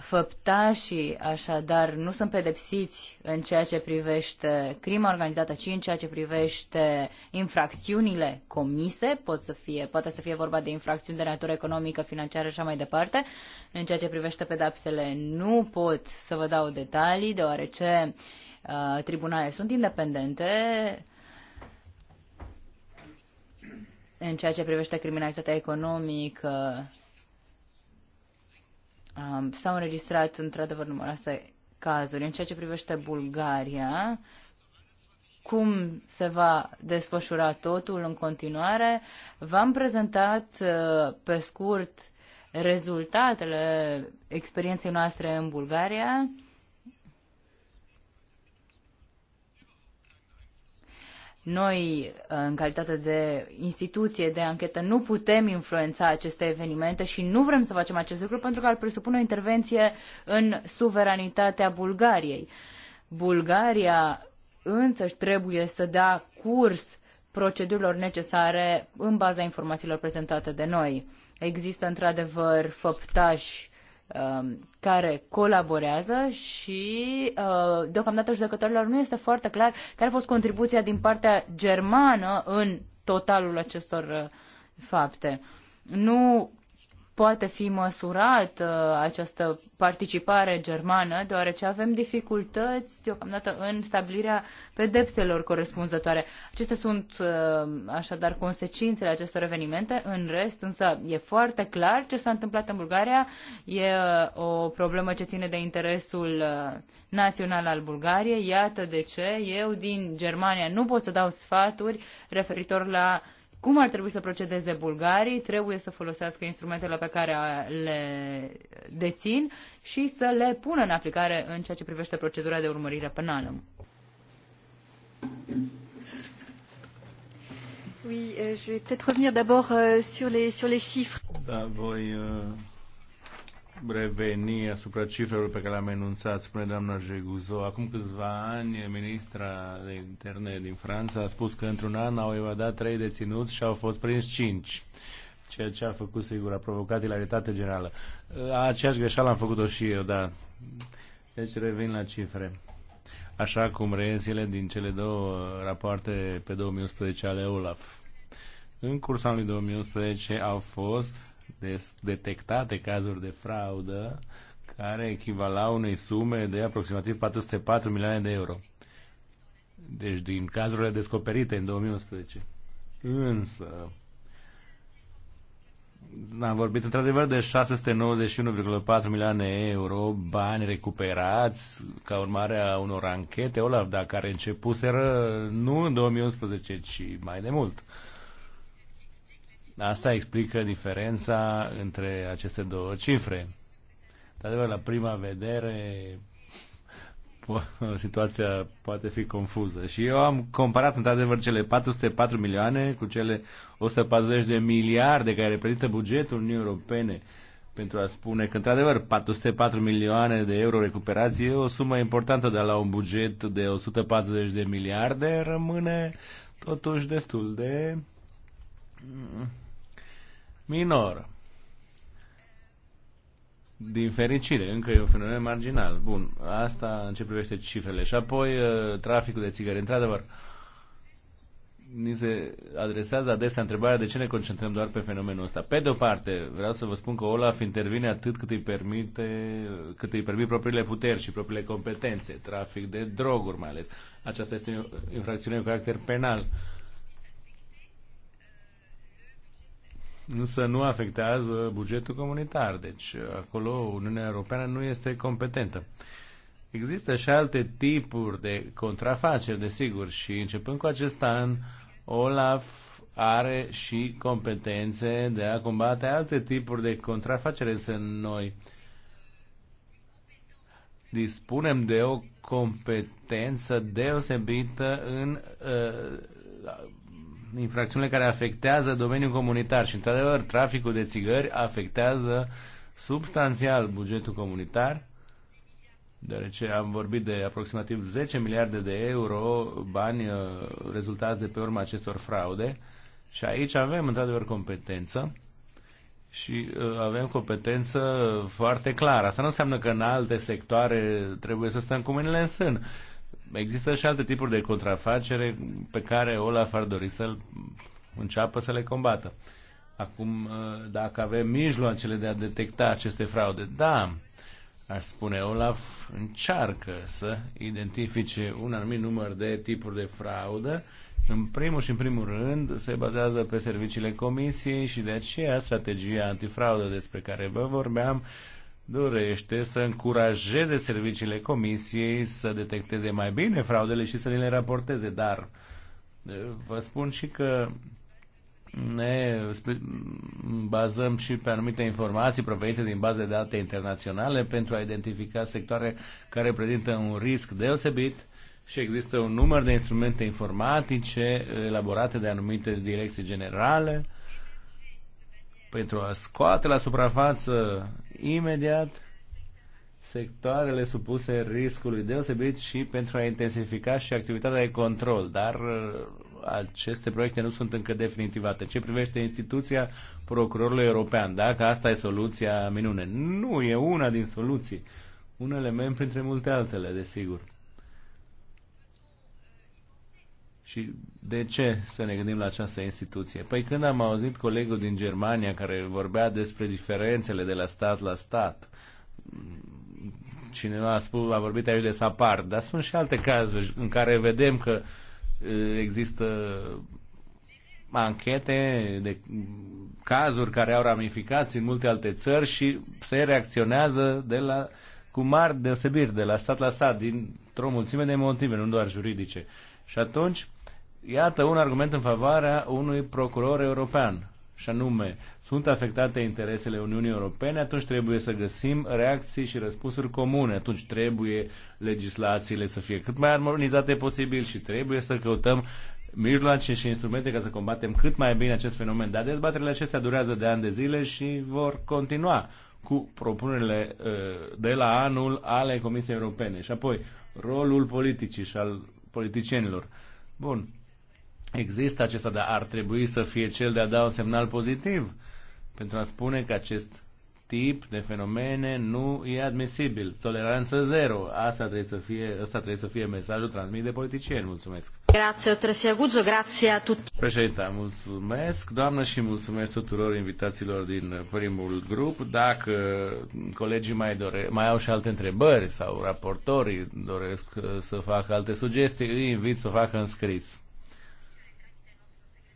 făptașii așadar nu sunt pedepsiți în ceea ce privește crima organizată, ci în ceea ce privește infracțiunile comise, pot să fie, poate să fie vorba de infracțiuni de natură economică, financiară și așa mai departe. În ceea ce privește pedapsele nu pot să vă dau detalii, deoarece uh, tribunale sunt independente, în ceea ce privește criminalitatea economică, um, s-au înregistrat într-adevăr numeroase cazuri. În ceea ce privește Bulgaria, cum se va desfășura totul în continuare, v-am prezentat uh, pe scurt rezultatele experienței noastre în Bulgaria Noi, în calitate de instituție de anchetă, nu putem influența aceste evenimente și nu vrem să facem acest lucru pentru că ar presupune o intervenție în suveranitatea Bulgariei. Bulgaria însă, trebuie să dea curs procedurilor necesare în baza informațiilor prezentate de noi. Există într-adevăr făptași Um, care colaborează și uh, deocamdată judecătorilor nu este foarte clar care a fost contribuția din partea germană în totalul acestor uh, fapte. Nu poate fi măsurată uh, această participare germană, deoarece avem dificultăți deocamdată în stabilirea pedepselor corespunzătoare. Acestea sunt uh, așadar consecințele acestor evenimente. În rest, însă, e foarte clar ce s-a întâmplat în Bulgaria. E uh, o problemă ce ține de interesul național al Bulgariei. Iată de ce eu din Germania nu pot să dau sfaturi referitor la cum ar trebui să procedeze bulgarii? Trebuie să folosească instrumentele pe care le dețin și să le pună în aplicare în ceea ce privește procedura de urmărire penală. Oui, euh, je vais peut-être revenir d'abord euh, sur les sur les chiffres. Da, voi uh reveni asupra cifrelor pe care le-am enunțat, spune doamna Jeguzo. Acum câțiva ani, ministra de interne din Franța a spus că într-un an au evadat trei deținuți și au fost prins cinci ceea ce a făcut sigur, a provocat ilaritate generală. Aceeași greșeală am făcut-o și eu, da. Deci revin la cifre. Așa cum ele din cele două rapoarte pe 2011 ale OLAF. În cursul anului 2011 au fost detectate cazuri de fraudă care echivalau unei sume de aproximativ 404 milioane de euro. Deci din cazurile descoperite în 2011. Însă, am vorbit într-adevăr de 691,4 milioane euro bani recuperați ca urmare a unor anchete Olaf, dar care începuseră nu în 2011, ci mai de mult. Asta explică diferența între aceste două cifre. De adevăr, la prima vedere, po- [laughs] situația poate fi confuză. Și eu am comparat, într-adevăr, cele 404 milioane cu cele 140 de miliarde care reprezintă bugetul Uniunii Europene pentru a spune că, într-adevăr, 404 milioane de euro recuperați e o sumă importantă, dar la un buget de 140 de miliarde rămâne totuși destul de Minor, Din fericire, încă e un fenomen marginal. Bun, asta în ce privește cifrele. Și apoi uh, traficul de țigări. Într-adevăr, ni se adresează adesea întrebarea de ce ne concentrăm doar pe fenomenul ăsta. Pe de o parte, vreau să vă spun că Olaf intervine atât cât îi permite, cât îi permit propriile puteri și propriile competențe, trafic de droguri mai ales. Aceasta este o infracțiune cu caracter penal. Uh, însă nu afectează bugetul comunitar, deci uh, acolo Uniunea Europeană nu este competentă. Există și alte tipuri de contrafaceri, desigur, și începând cu acest an, Olaf are și competențe de a combate alte tipuri de contrafacere, să noi dispunem de o competență deosebită în uh, infracțiunile care afectează domeniul comunitar și, într-adevăr, traficul de țigări afectează substanțial bugetul comunitar, deoarece am vorbit de aproximativ 10 miliarde de euro bani uh, rezultați de pe urma acestor fraude și aici avem, într-adevăr, competență și uh, avem competență foarte clară. Asta nu înseamnă că în alte sectoare trebuie să stăm cu mâinile în sân. Uh, există și alte tipuri de contrafacere pe care Olaf ar dori să înceapă să le combată. Acum, dacă avem mijloacele de a detecta aceste fraude, da, aș spune Olaf, încearcă să identifice un anumit număr de tipuri de fraudă. În primul și în primul rând se bazează pe serviciile comisiei și de aceea strategia antifraudă despre care vă vorbeam dorește să încurajeze serviciile comisiei să detecteze mai bine fraudele și să le raporteze, dar vă spun și că ne bazăm și pe anumite informații provenite din baze de date internaționale pentru a identifica sectoare care prezintă un risc deosebit și există un număr de instrumente informatice elaborate de anumite direcții generale pentru a scoate la suprafață imediat sectoarele supuse riscului deosebit și pentru a intensifica și activitatea de control, dar uh, aceste proiecte nu sunt încă definitivate. Ce privește instituția procurorului european, dacă asta e soluția minune? Nu, e una din soluții. Un element printre multe altele, desigur. Și de ce să ne gândim la această instituție? Păi când am auzit colegul din Germania care vorbea despre diferențele de la stat la stat, cineva a, spus, a vorbit aici de SAPAR, dar sunt și alte cazuri în care vedem că există anchete de cazuri care au ramificații în multe alte țări și se reacționează de la, cu mari deosebiri de la stat la stat, dintr-o mulțime de motive, nu doar juridice. Și atunci Iată un argument în favoarea unui procuror european. Și anume, sunt afectate interesele Uniunii Europene, atunci trebuie să găsim reacții și răspunsuri comune. Atunci trebuie legislațiile să fie cât mai armonizate posibil și trebuie să căutăm mijloace și instrumente ca să combatem cât mai bine acest fenomen. Dar dezbaterile acestea durează de ani de zile și vor continua cu propunerile uh, de la anul ale Comisiei Europene. Și apoi, rolul politicii și al politicienilor. Bun. Există acesta, dar ar trebui să fie cel de a da un semnal pozitiv pentru a spune că acest tip de fenomene nu e admisibil. Toleranță zero. Asta trebuie să fie, asta trebuie să fie mesajul transmis de politicieni. Mulțumesc. Grazie, grazie a tutti. mulțumesc, doamnă, și mulțumesc tuturor invitațiilor din primul grup. Dacă colegii mai, dore, mai au și alte întrebări sau raportorii doresc să facă alte sugestii, îi invit să facă în scris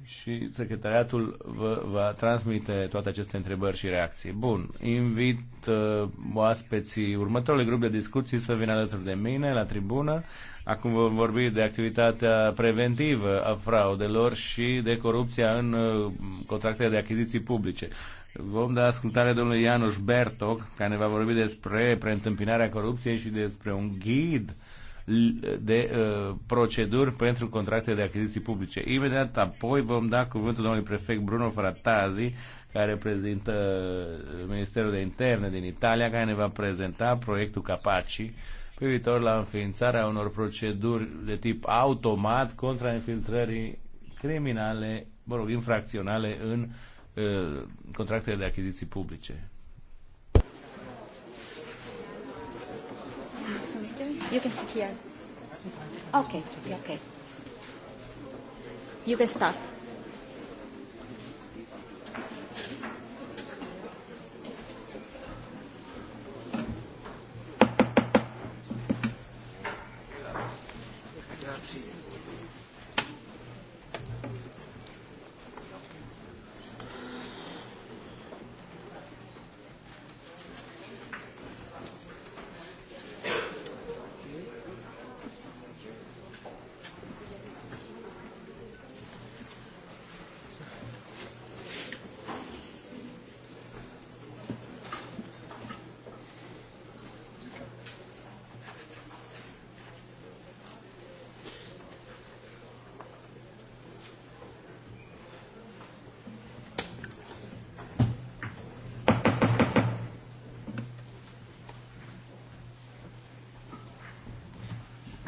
și secretariatul vă va transmite toate aceste întrebări și reacții. Bun, invit uh, oaspeții următorului grup de discuții să vină alături de mine la tribună. Acum vom vorbi de activitatea preventivă a fraudelor și de corupția în uh, contractele de achiziții publice. Vom da ascultare domnului Ianuș Bertoc, care ne va vorbi despre preîntâmpinarea corupției și despre un ghid uh, de uh, proceduri pentru contracte de achiziții publice. Imediat apoi vom da cuvântul domnului prefect Bruno Frattazi, care reprezintă uh, Ministerul de Interne din Italia, care ne va prezenta proiectul Capaci privitor la înființarea unor proceduri de tip automat contra infiltrării criminale, mă rog, infracționale în uh, contractele de achiziții publice. You can sit here. Okay, okay. You can start.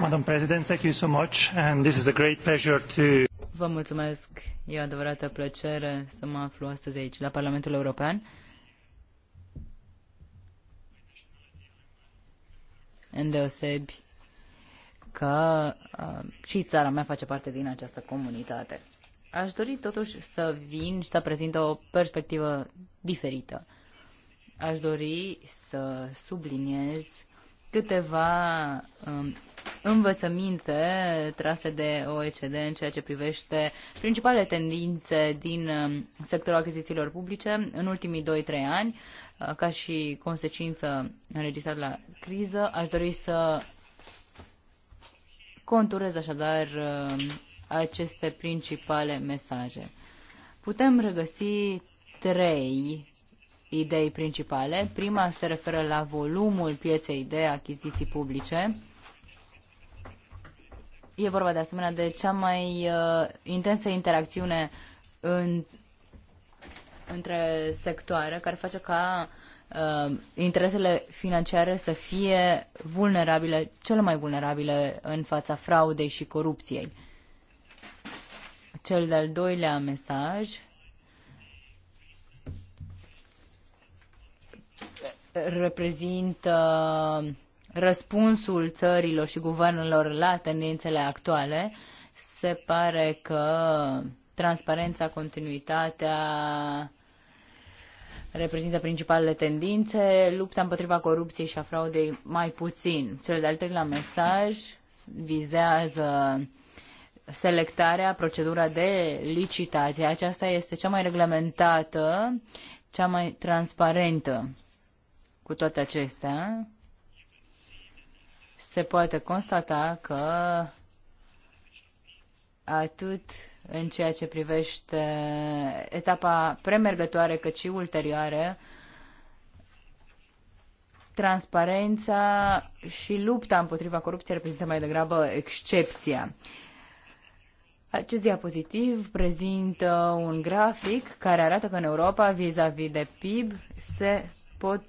Madam President. Thank you so much. And this is a great pleasure to... Vă mulțumesc. E o adevărată plăcere să mă aflu astăzi aici, la Parlamentul European. Îndeosebi că uh, și țara mea face parte din această comunitate. Aș dori totuși să vin și să prezint o perspectivă diferită. Aș dori să subliniez câteva um, învățăminte trase de OECD în ceea ce privește principalele tendințe din um, sectorul achizițiilor publice în ultimii 2-3 ani, uh, ca și consecință înregistrată la criză. Aș dori să conturez așadar um, aceste principale mesaje. Putem regăsi trei idei principale. Prima se referă la volumul pieței de achiziții publice. E vorba de asemenea de cea mai uh, intensă interacțiune în, între sectoare, care face ca uh, interesele financiare să fie vulnerabile, cele mai vulnerabile în fața fraudei și corupției. Cel de-al doilea mesaj reprezintă răspunsul țărilor și guvernelor la tendințele actuale, se pare că transparența, continuitatea reprezintă principalele tendințe, lupta împotriva corupției și a fraudei mai puțin. Cel de-al treilea mesaj vizează selectarea, procedura de licitație. Aceasta este cea mai reglementată, cea mai transparentă. Cu toate acestea, se poate constata că atât în ceea ce privește etapa premergătoare cât și ulterioară, transparența și lupta împotriva corupției reprezintă mai degrabă excepția. Acest diapozitiv prezintă un grafic care arată că în Europa, vis-a-vis -vis de PIB, se pot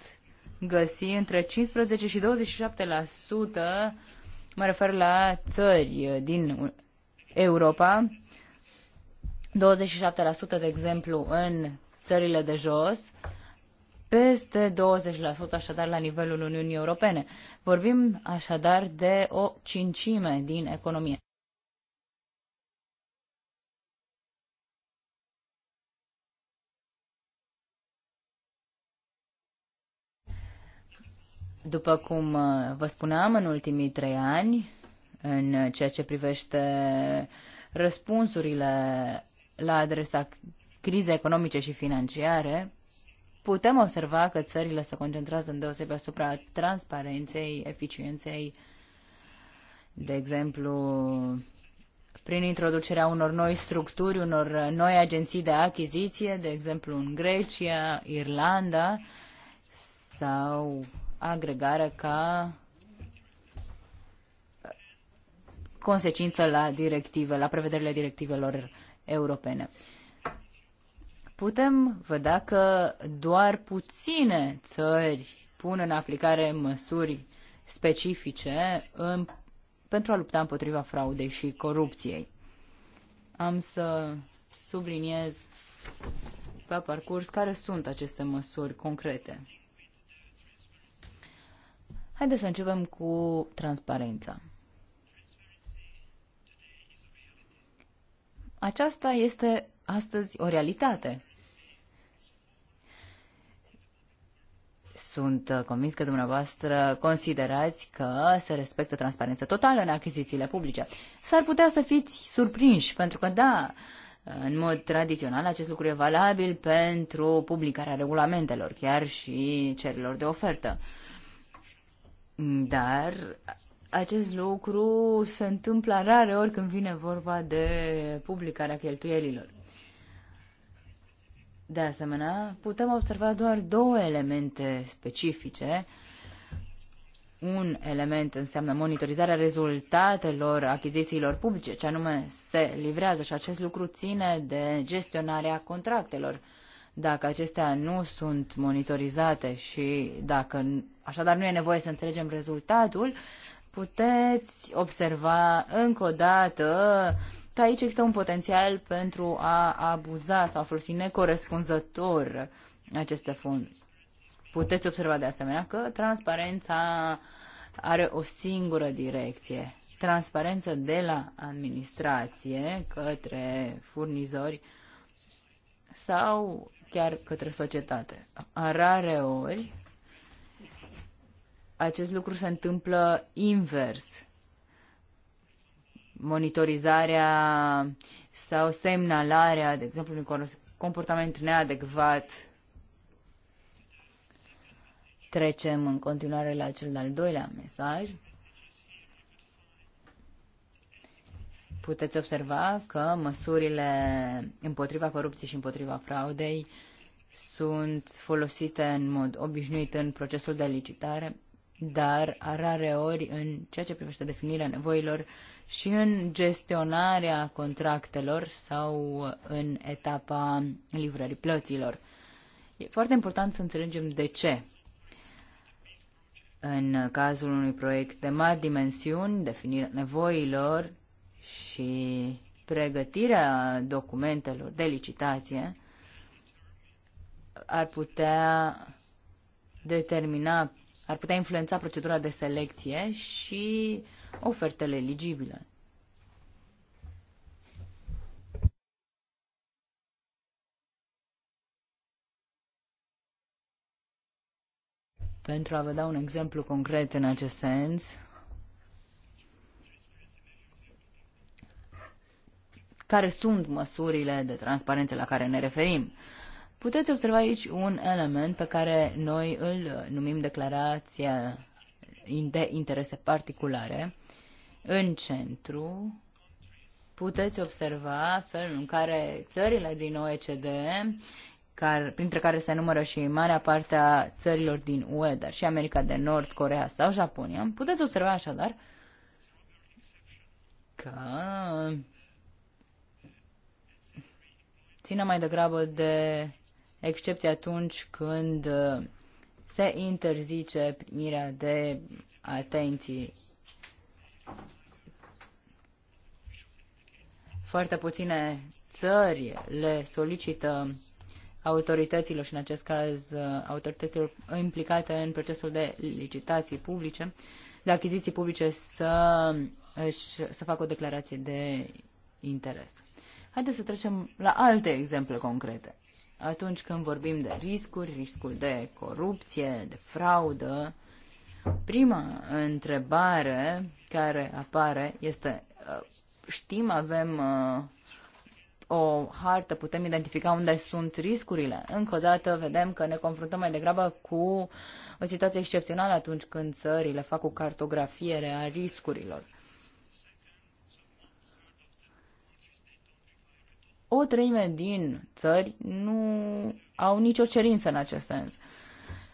găsi între 15 și 27%, mă refer la țări din Europa, 27% de exemplu în țările de jos, peste 20% așadar la nivelul Uniunii Europene. Vorbim așadar de o cincime din economie. După cum uh, vă spuneam, în ultimii trei ani, în ceea ce privește răspunsurile la adresa crizei economice și financiare, putem observa că țările se concentrează deosebire asupra transparenței, eficienței, de exemplu, prin introducerea unor noi structuri, unor noi agenții de achiziție, de exemplu în Grecia, Irlanda sau agregarea ca consecință la directive, la prevederile directivelor europene. Putem vedea că doar puține țări pun în aplicare măsuri specifice în, pentru a lupta împotriva fraudei și corupției. Am să subliniez pe parcurs care sunt aceste măsuri concrete. Haideți să începem cu transparența. Aceasta este astăzi o realitate. Sunt convins că dumneavoastră considerați că se respectă transparența totală în achizițiile publice. S-ar putea să fiți surprinși, pentru că, da, în mod tradițional, acest lucru e valabil pentru publicarea regulamentelor, chiar și cererilor de ofertă. Dar acest lucru se întâmplă rare ori când vine vorba de publicarea cheltuielilor. De asemenea, putem observa doar două elemente specifice. Un element înseamnă monitorizarea rezultatelor achizițiilor publice, ce anume se livrează și acest lucru ține de gestionarea contractelor. Dacă acestea nu sunt monitorizate și dacă așadar nu e nevoie să înțelegem rezultatul, puteți observa încă o dată că aici există un potențial pentru a abuza sau a folosi necorespunzător aceste fonduri. Puteți observa de asemenea că transparența are o singură direcție. Transparență de la administrație către furnizori sau chiar către societate. A rare ori, acest lucru se întâmplă invers. Monitorizarea sau semnalarea, de exemplu, unui comportament neadecvat. Trecem în continuare la cel de-al doilea mesaj. puteți observa că măsurile împotriva corupției și împotriva fraudei sunt folosite în mod obișnuit în procesul de licitare, dar rare ori în ceea ce privește definirea nevoilor și în gestionarea contractelor sau în etapa livrării plăților. E foarte important să înțelegem de ce. În cazul unui proiect de mari dimensiuni, definirea nevoilor și pregătirea documentelor de licitație ar putea determina, ar putea influența procedura de selecție și ofertele eligibile. Pentru a vă da un exemplu concret în acest sens, care sunt măsurile de transparență la care ne referim. Puteți observa aici un element pe care noi îl numim declarația de interese particulare. În centru puteți observa felul în care țările din OECD, care, printre care se numără și marea parte a țărilor din UE, dar și America de Nord, Corea sau Japonia, puteți observa așadar că țină mai degrabă de excepție atunci când uh, se interzice primirea de atenții. Foarte puține țări le solicită autorităților și în acest caz uh, autorităților implicate în procesul de licitații publice, de achiziții publice să, își, să facă o declarație de interes. Haideți să trecem la alte exemple concrete. Atunci când vorbim de riscuri, riscul de corupție, de fraudă, prima întrebare care apare este, uh, știm, avem uh, o hartă, putem identifica unde sunt riscurile. Încă o dată vedem că ne confruntăm mai degrabă cu o situație excepțională atunci când țările fac o cartografiere a riscurilor. o treime din țări nu au nicio cerință în acest sens.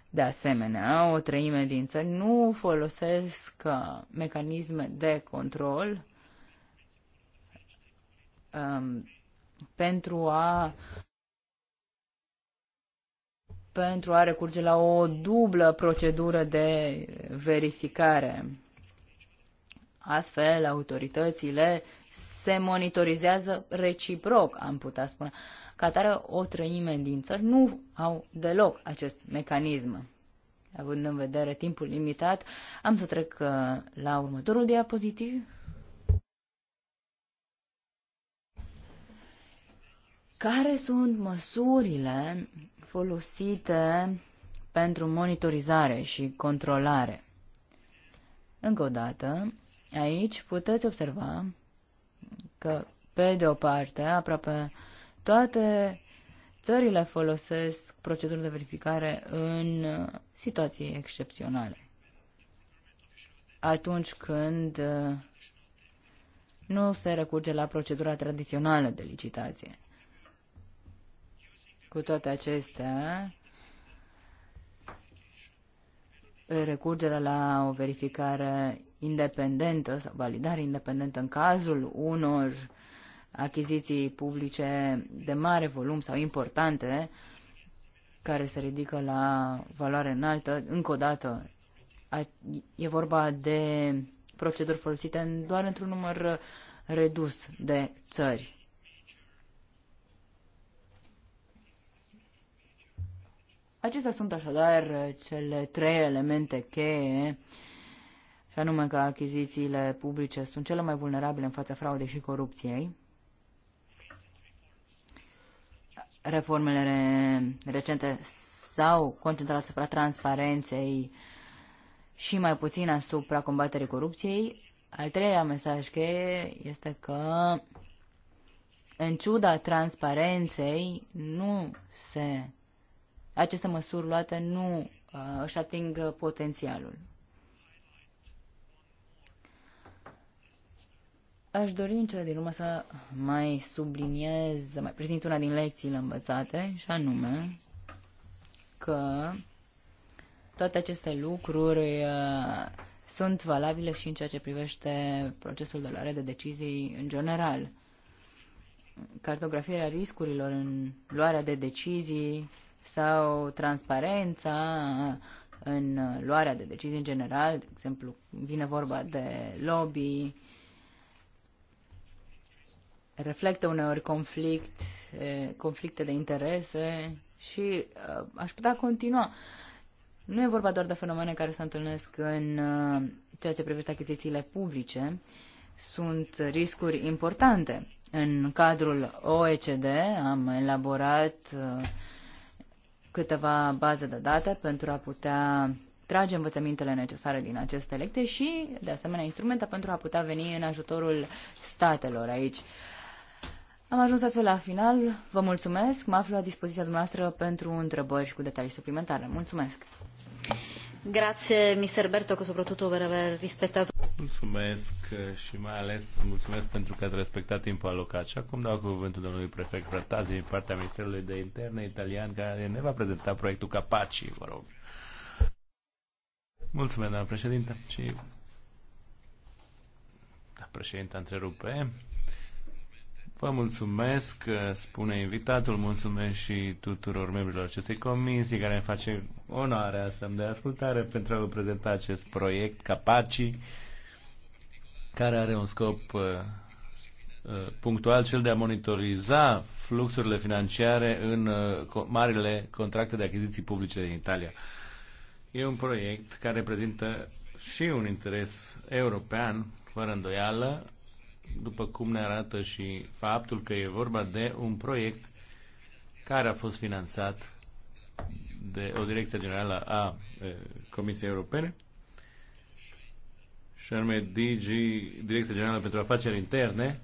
De asemenea, o treime din țări nu folosesc uh, mecanisme de control um, pentru a pentru a recurge la o dublă procedură de verificare. Astfel, autoritățile se monitorizează reciproc, am putea spune. Ca atare, o treime din țări nu au deloc acest mecanism. Având în vedere timpul limitat, am să trec uh, la următorul diapozitiv. Care sunt măsurile folosite pentru monitorizare și controlare? Încă o dată, aici puteți observa că, pe de o parte, aproape toate țările folosesc proceduri de verificare în situații excepționale. Atunci când uh, nu se recurge la procedura tradițională de licitație. Cu toate acestea, recurgerea la o verificare independentă sau validare independentă în cazul unor achiziții publice de mare volum sau importante care se ridică la valoare înaltă. Încă o dată, e vorba de proceduri folosite doar într-un număr redus de țări. Acestea sunt așadar cele trei elemente cheie și anume că achizițiile publice sunt cele mai vulnerabile în fața fraudei și corupției. Reformele re recente s-au concentrat asupra transparenței și mai puțin asupra combaterii corupției. Al treilea mesaj cheie este că în ciuda transparenței nu se aceste măsuri luate nu uh, își ating potențialul. Aș dori în cele din urmă să mai subliniez, să mai prezint una din lecțiile învățate, și anume că toate aceste lucruri uh, sunt valabile și în ceea ce privește procesul de luare de decizii în general. Cartografierea riscurilor în luarea de decizii sau transparența în luarea de decizii în general, de exemplu, vine vorba de lobby, reflectă uneori conflict, conflicte de interese și aș putea continua. Nu e vorba doar de fenomene care se întâlnesc în ceea ce privește achizițiile publice, sunt riscuri importante. În cadrul OECD am elaborat câteva baze de date pentru a putea trage învățămintele necesare din aceste lecte și, de asemenea, instrumente pentru a putea veni în ajutorul statelor aici. Am ajuns astfel la final. Vă mulțumesc. Mă aflu la dispoziția dumneavoastră pentru întrebări și cu detalii suplimentare. Mulțumesc. Grazie, Mr. Berto, că soprattutto per aver rispettato. Mulțumesc și mai ales mulțumesc pentru că ați respectat timpul alocat. Și acum dau cuvântul domnului prefect Fratazi din partea Ministerului de Interne italian care ne va prezenta proiectul Capaci, vă rog. Mulțumesc, doamna președinte. Și... Da, președinta întrerupe. Vă mulțumesc, spune invitatul, mulțumesc și tuturor membrilor acestei comisii care îmi face onoarea să-mi dea ascultare pentru a vă prezenta acest proiect Capaci, care are un scop uh, uh, punctual cel de a monitoriza fluxurile financiare în uh, marile contracte de achiziții publice din Italia. E un proiect care reprezintă și un interes european, fără îndoială, după cum ne arată și faptul că e vorba de un proiect care a fost finanțat de o direcție generală a Comisiei Europene și anume DG, Direcția Generală pentru Afaceri Interne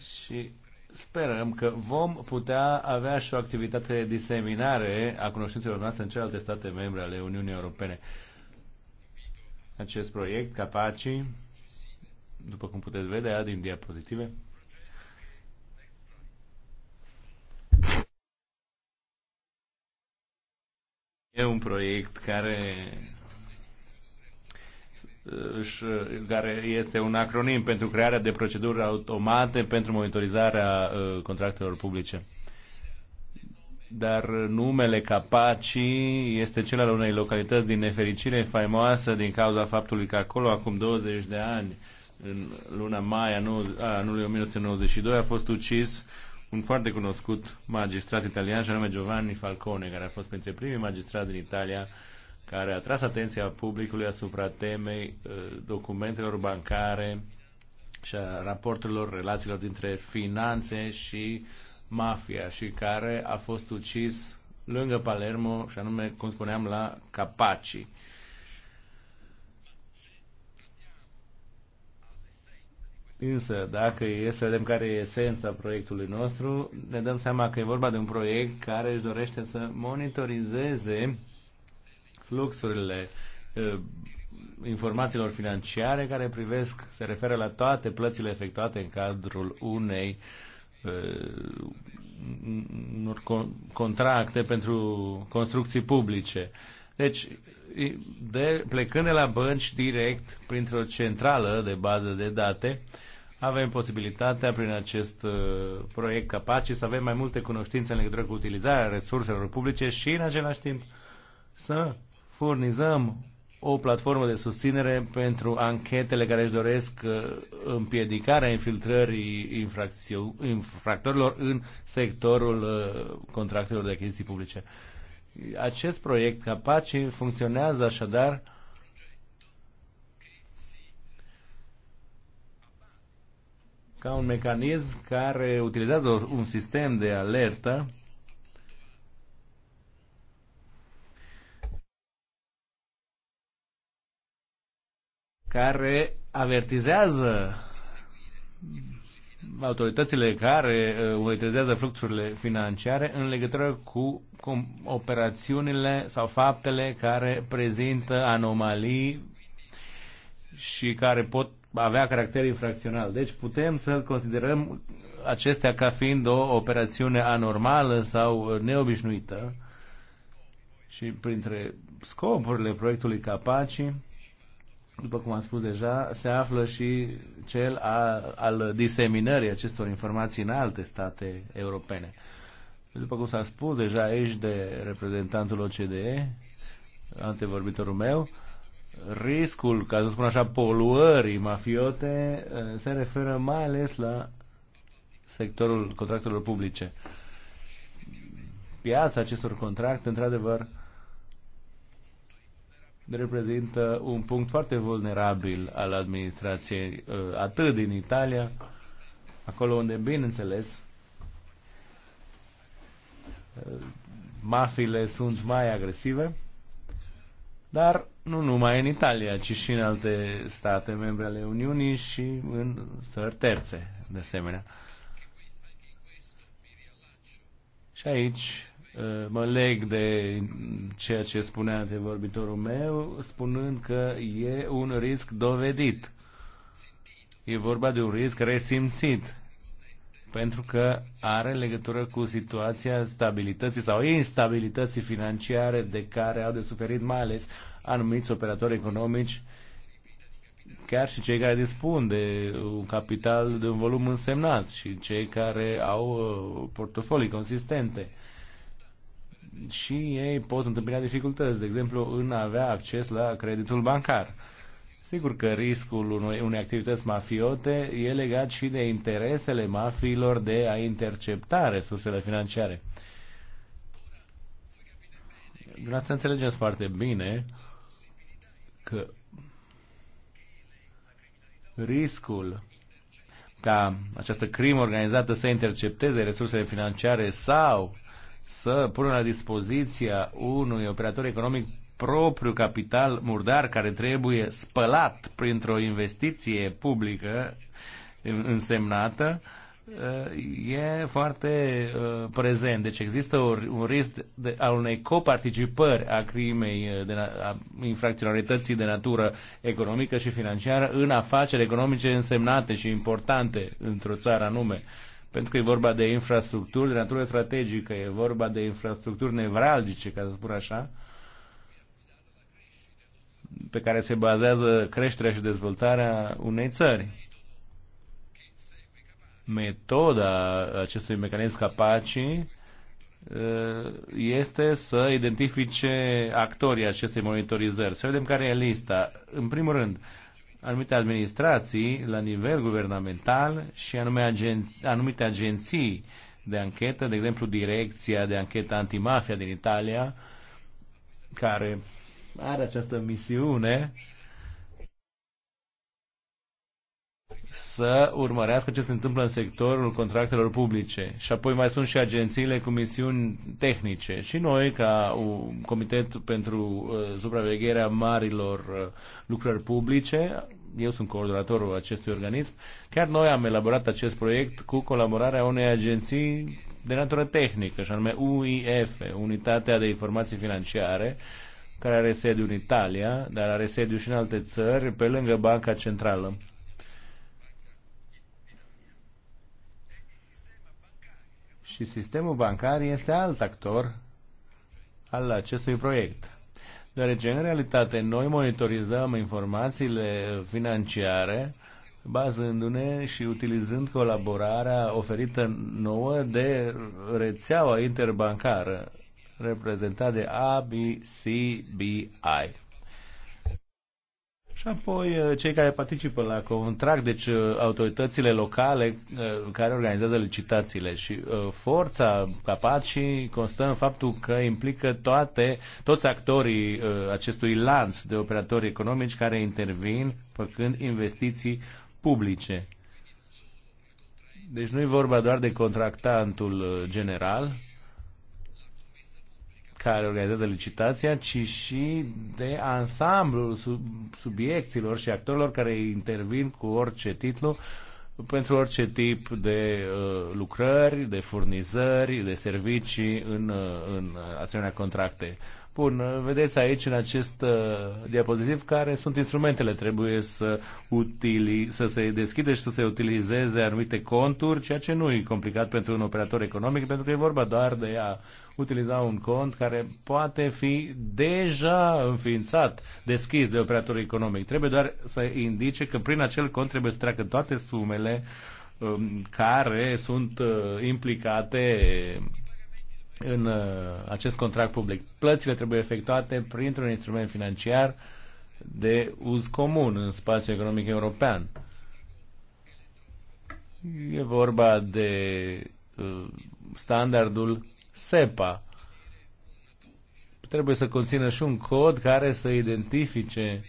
și sperăm că vom putea avea și o activitate de diseminare a cunoștințelor noastre în celelalte state membre ale Uniunii Europene. Acest proiect, Capacii, după cum puteți vedea din diapozitive. E un proiect care care este un acronim pentru crearea de proceduri automate pentru monitorizarea uh, contractelor publice. Dar numele Capaci este cel al unei localități din nefericire faimoasă din cauza faptului că acolo acum 20 de ani în luna mai a anului 1992 a fost ucis un foarte cunoscut magistrat italian și anume Giovanni Falcone, care a fost printre primii magistrați din Italia care a tras atenția publicului asupra temei uh, documentelor bancare și a raporturilor relațiilor dintre finanțe și mafia și care a fost ucis lângă Palermo și anume, cum spuneam, la Capaci. Însă, dacă e să vedem care e esența proiectului nostru, ne dăm seama că e vorba de un proiect care își dorește să monitorizeze fluxurile ă, informațiilor financiare care privesc, se referă la toate plățile efectuate în cadrul unei ă, unor contracte pentru construcții publice. Deci de, plecând de la bănci direct, printr-o centrală de bază de date, avem posibilitatea prin acest uh, proiect Capace să avem mai multe cunoștințe în legătură cu utilizarea resurselor publice și în același timp să furnizăm o platformă de susținere pentru anchetele care își doresc uh, împiedicarea infiltrării infractorilor în sectorul uh, contractelor de achiziții publice. Acest proiect Capaci funcționează așadar ca un mecanism care utilizează un sistem de alertă care avertizează autoritățile care uh, monitorizează fluxurile financiare în legătură cu, cu operațiunile sau faptele care prezintă anomalii și care pot avea caracter infracțional. Deci putem să considerăm acestea ca fiind o operațiune anormală sau neobișnuită și printre scopurile proiectului Capaci după cum am spus deja, se află și cel al, al diseminării acestor informații în alte state europene. După cum s-a spus deja aici de reprezentantul OCDE, antevorbitorul meu, riscul, ca să spun așa, poluării mafiote eh, se referă mai ales la sectorul contractelor publice. Piața acestor contracte, într-adevăr, reprezintă un punct foarte vulnerabil al administrației, uh, atât din Italia, acolo unde, bineînțeles, uh, mafile sunt mai agresive, dar nu numai în Italia, ci și în alte state membre ale Uniunii și în țări terțe, de asemenea. Și aici Ă, mă leg de ceea ce spunea vorbitorul meu, spunând că e un risc dovedit. E vorba de un risc resimțit, pentru că are legătură cu situația stabilității sau instabilității financiare de care au de suferit mai ales anumiți operatori economici, chiar și cei care dispun de un capital de un volum însemnat și cei care au uh, portofolii consistente și ei pot întâmpina dificultăți, de exemplu, în a avea acces la creditul bancar. Sigur că riscul unei, unei activități mafiote e legat și de interesele mafiilor de a intercepta resursele financiare. Dumneavoastră înțelegeți foarte bine că riscul ca această crimă organizată să intercepteze resursele financiare sau să pună la dispoziția unui operator economic propriu capital murdar care trebuie spălat printr-o investiție publică însemnată uh, e foarte uh, prezent. Deci există un risc de, al unei coparticipări a crimei, uh, de, a infracționalității de natură economică și financiară în afaceri economice însemnate și importante într-o țară anume pentru că e vorba de infrastructuri de natură strategică, e vorba de infrastructuri nevralgice, ca să spun așa, pe care se bazează creșterea și dezvoltarea unei țări. Metoda acestui mecanism capaci ă, este să identifice actorii acestei monitorizări. Să vedem care e lista. În primul rând, anumite administrații la nivel guvernamental și anume agen, anumite agenții de anchetă, de exemplu Direcția de Anchetă Antimafia din Italia, care are această misiune să urmărească ce se întâmplă în sectorul contractelor publice. Și apoi mai sunt și agențiile cu misiuni tehnice. Și noi, ca un comitet pentru uh, supravegherea marilor uh, lucrări publice, eu sunt coordonatorul acestui organism, chiar noi am elaborat acest proiect cu colaborarea unei agenții de natură tehnică, și anume UIF, Unitatea de Informații Financiare, care are sediu în Italia, dar are sediu și în alte țări, pe lângă Banca Centrală. Și sistemul bancar este alt actor al acestui proiect deoarece în realitate noi monitorizăm informațiile financiare bazându-ne și utilizând colaborarea oferită nouă de rețeaua interbancară reprezentată de ABCBI. Și apoi eh, cei care participă la contract, deci eh, autoritățile locale eh, care organizează licitațiile și forța capacii constă în faptul că implică toate, toți actorii acestui lanț de operatori economici care intervin făcând investiții publice. Deci nu e vorba doar de contractantul general, care organizează licitația, ci și de ansamblul sub, subiecților și actorilor care intervin cu orice titlu pentru orice tip de uh, lucrări, de furnizări, de servicii în, uh, în asemenea contracte. Bun, vedeți aici în acest uh, diapozitiv care sunt instrumentele. Trebuie să, utili, să se deschide și să se utilizeze anumite conturi, ceea ce nu e complicat pentru un operator economic, pentru că e vorba doar de a utiliza un cont care poate fi deja înființat, deschis de operatorul economic. Trebuie doar să indice că prin acel cont trebuie să treacă toate sumele um, care sunt uh, implicate în uh, acest contract public. Plățile trebuie efectuate printr-un instrument financiar de uz comun în spațiul economic european. E vorba de uh, standardul SEPA. Trebuie să conțină și un cod care să identifice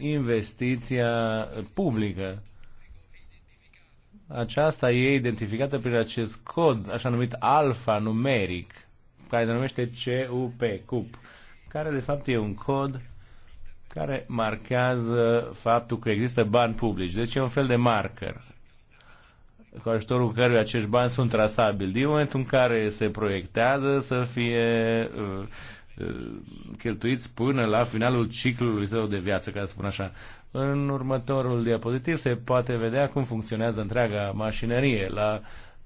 investiția publică aceasta e identificată prin acest cod, așa numit alfanumeric, care se numește CUP, CUP, care de fapt e un cod care marchează faptul că există bani publici. Deci e un fel de marker cu ajutorul căruia acești bani sunt trasabili. Din momentul în care se proiectează să fie uh, uh, cheltuiți până la finalul ciclului său de viață, ca să spun așa. În următorul diapozitiv se poate vedea cum funcționează întreaga mașinărie. La,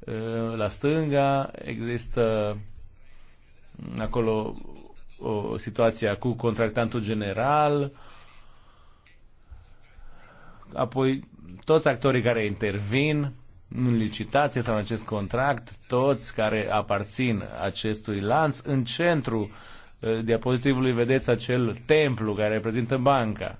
eh, la stânga există mm, acolo o situație cu contractantul general, apoi toți actorii care intervin în licitație sau în acest contract, toți care aparțin acestui lanț, în centru eh, diapozitivului vedeți acel templu care reprezintă banca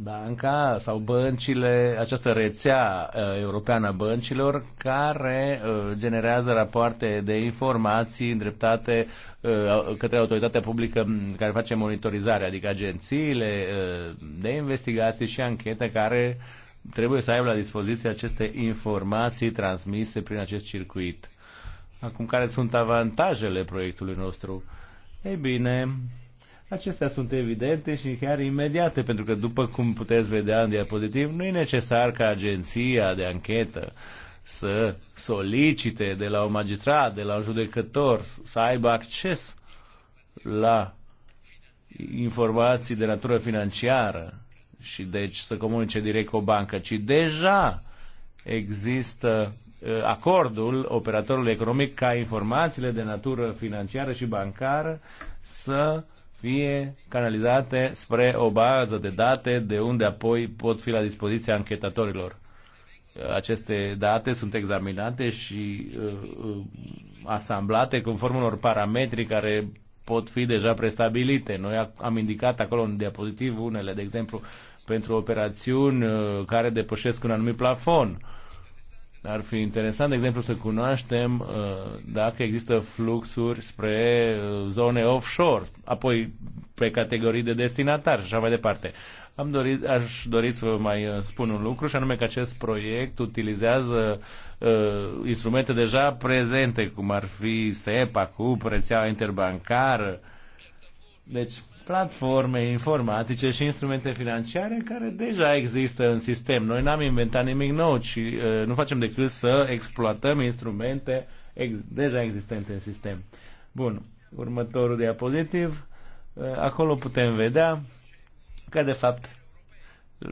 banca sau băncile, această rețea uh, europeană a băncilor care uh, generează rapoarte de informații îndreptate uh, către autoritatea publică care face monitorizare, adică agențiile uh, de investigații și anchete care trebuie să aibă la dispoziție aceste informații transmise prin acest circuit. Acum, care sunt avantajele proiectului nostru? Ei bine, Acestea sunt evidente și chiar imediate, pentru că, după cum puteți vedea în diapozitiv, nu e necesar ca agenția de anchetă să solicite de la un magistrat, de la un judecător, să aibă acces la informații de natură financiară și deci să comunice direct cu o bancă, ci deja există uh, acordul operatorului economic ca informațiile de natură financiară și bancară să uh, fie canalizate spre o bază de date de unde apoi pot fi la dispoziția anchetatorilor. Aceste date sunt examinate și uh, uh asamblate conform unor parametri care pot fi deja prestabilite. Noi am indicat acolo în diapozitiv unele, de exemplu, pentru operațiuni uh, care depășesc un anumit plafon. Uh, ar fi interesant, de exemplu, să cunoaștem uh, dacă există fluxuri spre uh, zone offshore, apoi pe categorii de destinatari și așa mai departe. Am dorit, aș dori să vă mai uh, spun un lucru și anume că acest proiect utilizează uh, instrumente deja prezente, cum ar fi SEPA, cu rețeaua interbancară. Deci, platforme informatice și instrumente financiare care deja există în sistem. Noi n-am inventat nimic nou, ci uh, nu facem decât să exploatăm instrumente ex- deja existente în sistem. Bun, următorul diapozitiv. Uh, acolo putem vedea că, de fapt,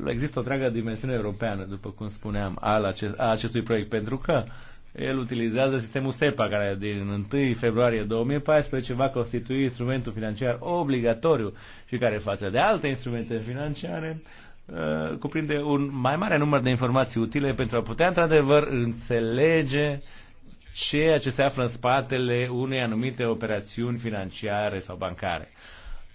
există o întreagă dimensiune europeană, după cum spuneam, al acest, a acestui proiect, pentru că uh, el utilizează sistemul SEPA, care din 1 februarie 2014 va constitui instrumentul financiar obligatoriu și care, față de alte instrumente financiare, uh, cuprinde un mai mare număr de informații utile pentru a putea, într-adevăr, înțelege ceea ce se află în spatele unei anumite operațiuni financiare sau bancare.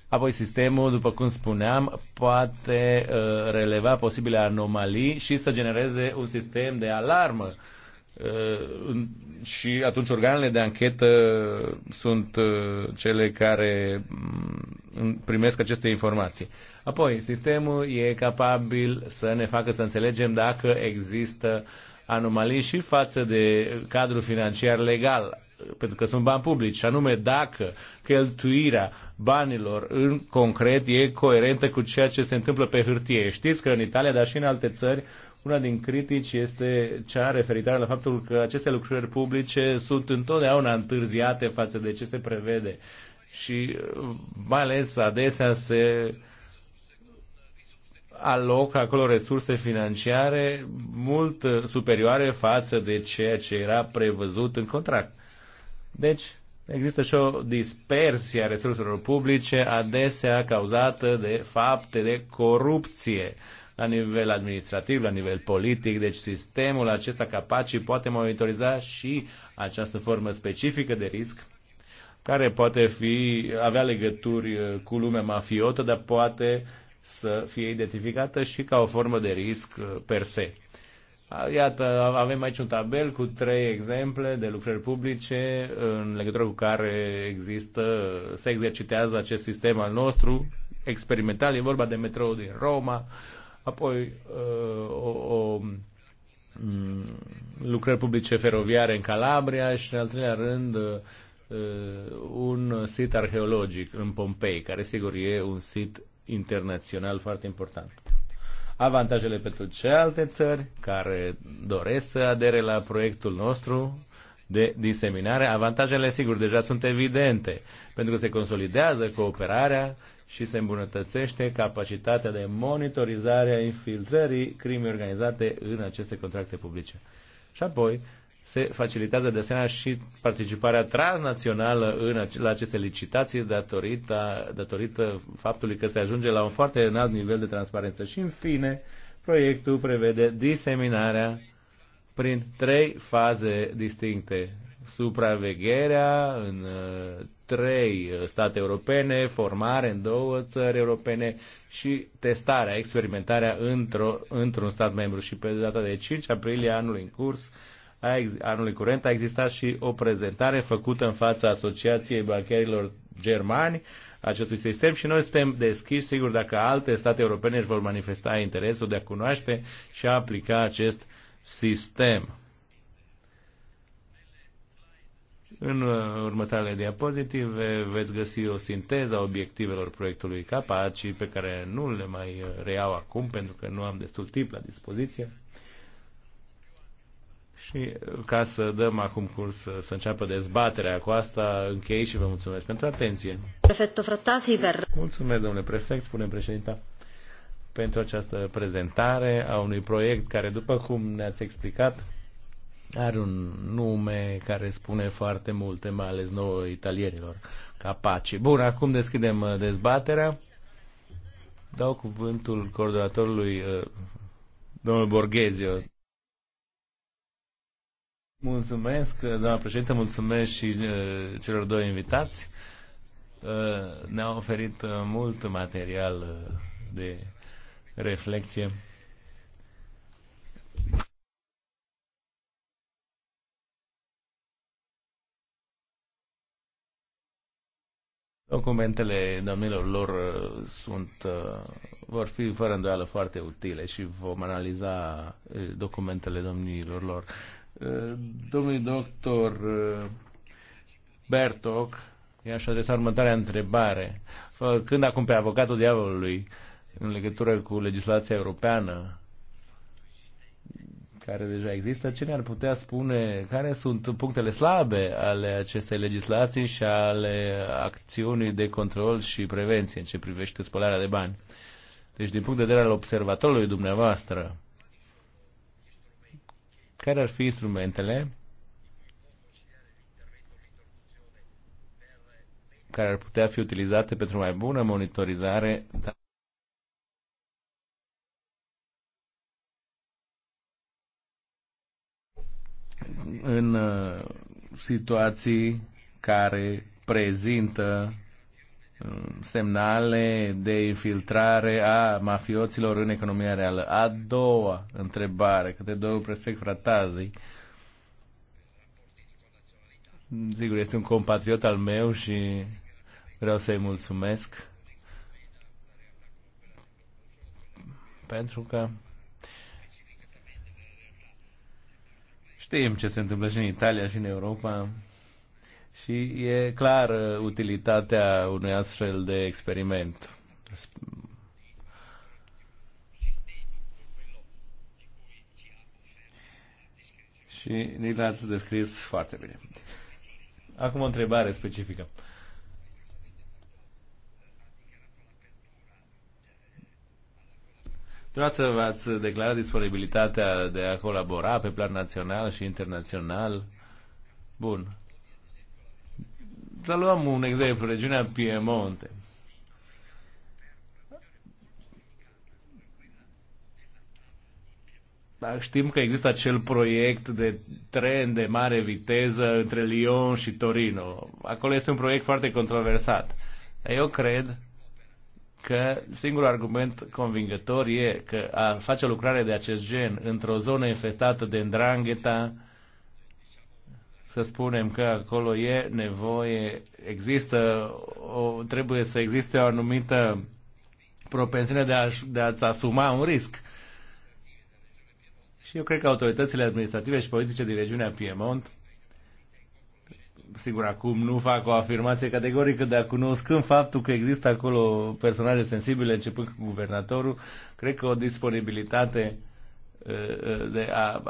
Apoi sistemul, după cum spuneam, poate uh, releva posibile anomalii și să genereze un sistem de alarmă uh, Uh, și atunci organele de anchetă sunt uh, cele care mm, primesc aceste informații. Apoi, sistemul e capabil să ne facă să înțelegem dacă există anomalii și față de cadrul financiar legal pentru că sunt bani publici, și anume dacă cheltuirea banilor în concret e coerentă cu ceea ce se întâmplă pe hârtie. Știți că în Italia, dar și în alte țări, una din critici este cea referitoare la faptul că aceste lucrări publice sunt întotdeauna întârziate față de ce se prevede și uh, mai ales adesea se aloc acolo resurse financiare mult uh, superioare față de ceea ce era prevăzut în contract. Deci, Există și o dispersie a resurselor publice, adesea cauzată de fapte de corupție la nivel administrativ, la nivel politic. Deci sistemul acesta capaci poate monitoriza și această formă specifică de risc care poate fi, avea legături uh, cu lumea mafiotă, dar poate să fie identificată și ca o formă de risc uh, per se. Iată, avem aici un tabel cu trei exemple de lucrări publice uh, în legătură cu care există, se exercitează acest sistem al nostru experimental. E vorba de metrou din Roma, apoi uh, o, o mm, lucrări publice feroviare în Calabria și, în al treilea rând, uh, uh, un sit arheologic în Pompei, care, sigur, e un sit internațional foarte important. Avantajele pentru celelalte țări care doresc să adere la proiectul nostru de diseminare, avantajele, sigur, deja sunt evidente, pentru că se consolidează cooperarea, și se îmbunătățește capacitatea de monitorizare a infiltrării crimei organizate în aceste contracte publice. Și apoi se facilitează de asemenea și participarea transnațională în, la aceste licitații datorită, datorită faptului că se ajunge la un foarte înalt nivel de transparență. Și în fine, proiectul prevede diseminarea prin trei faze distincte supravegherea în uh, trei state europene, formare în două țări europene și testarea, experimentarea într-o, într-un stat membru. Și pe data de 5 aprilie anului în curs, a ex- anului curent, a existat și o prezentare făcută în fața Asociației Bancherilor Germani acestui sistem și noi suntem deschiși, sigur, dacă alte state europene își vor manifesta interesul de a cunoaște și a aplica acest sistem. În uh, următoarele diapozitive veți găsi o sinteză a obiectivelor proiectului CAPACI pe care nu le mai uh, reiau acum pentru că nu am destul timp la dispoziție. Și uh, ca să dăm acum curs să înceapă dezbaterea cu asta, închei și vă mulțumesc pentru atenție. Prefecto Frattasiver. Mulțumesc, domnule prefect, spune președinta, pentru această prezentare a unui proiect care, după cum ne-ați explicat, are un nume care spune foarte multe, mai ales nouă italierilor, Capace. Bun, acum deschidem uh, dezbaterea. Dau cuvântul coordonatorului uh, domnul Borghezio. Mulțumesc, uh, doamna președinte, mulțumesc și celor doi invitați. Ne-au oferit mult material de reflexie. Documentele domnilor lor uh, sunt, uh, vor fi fără îndoială foarte utile și vom analiza uh, documentele domnilor lor. Domnul doctor Bertoc i-aș adresa următoarea întrebare. Când acum pe avocatul diavolului în legătură cu legislația europeană care deja există, ce ne-ar putea spune care sunt punctele slabe ale acestei legislații și ale acțiunii de control și prevenție în ce privește spălarea de bani? Deci, din punct de vedere al observatorului dumneavoastră, care ar fi instrumentele care ar putea fi utilizate pentru mai bună monitorizare? în uh, situații care prezintă uh, semnale de infiltrare a mafioților în economia reală. A doua întrebare, către domnul prefect Fratazi, sigur, este un compatriot al meu și vreau să-i mulțumesc pentru că Știm ce se întâmplă și în Italia și în Europa și e clar uh, utilitatea unui astfel de experiment. Și ni l-ați descris foarte bine. Acum o întrebare specifică. Uh, Dumneavoastră v-ați declarat disponibilitatea de a colabora pe plan național și internațional. Bun. Să luăm un exemplu, regiunea Piemonte. Da, știm că există acel proiect de tren de mare viteză între Lyon și Torino. Acolo este un proiect foarte controversat. Dar eu cred că singurul argument convingător e că a face o lucrare de acest gen într-o zonă infestată de îndrangheta, să spunem că acolo e nevoie, există, o, trebuie să existe o anumită propensiune de, a, de a-ți asuma un risc. Și eu cred că autoritățile administrative și politice din regiunea Piemont sigur, acum nu fac o afirmație categorică, dar cunoscând faptul că există acolo personaje sensibile, începând cu guvernatorul, cred că o disponibilitate uh, uh, de a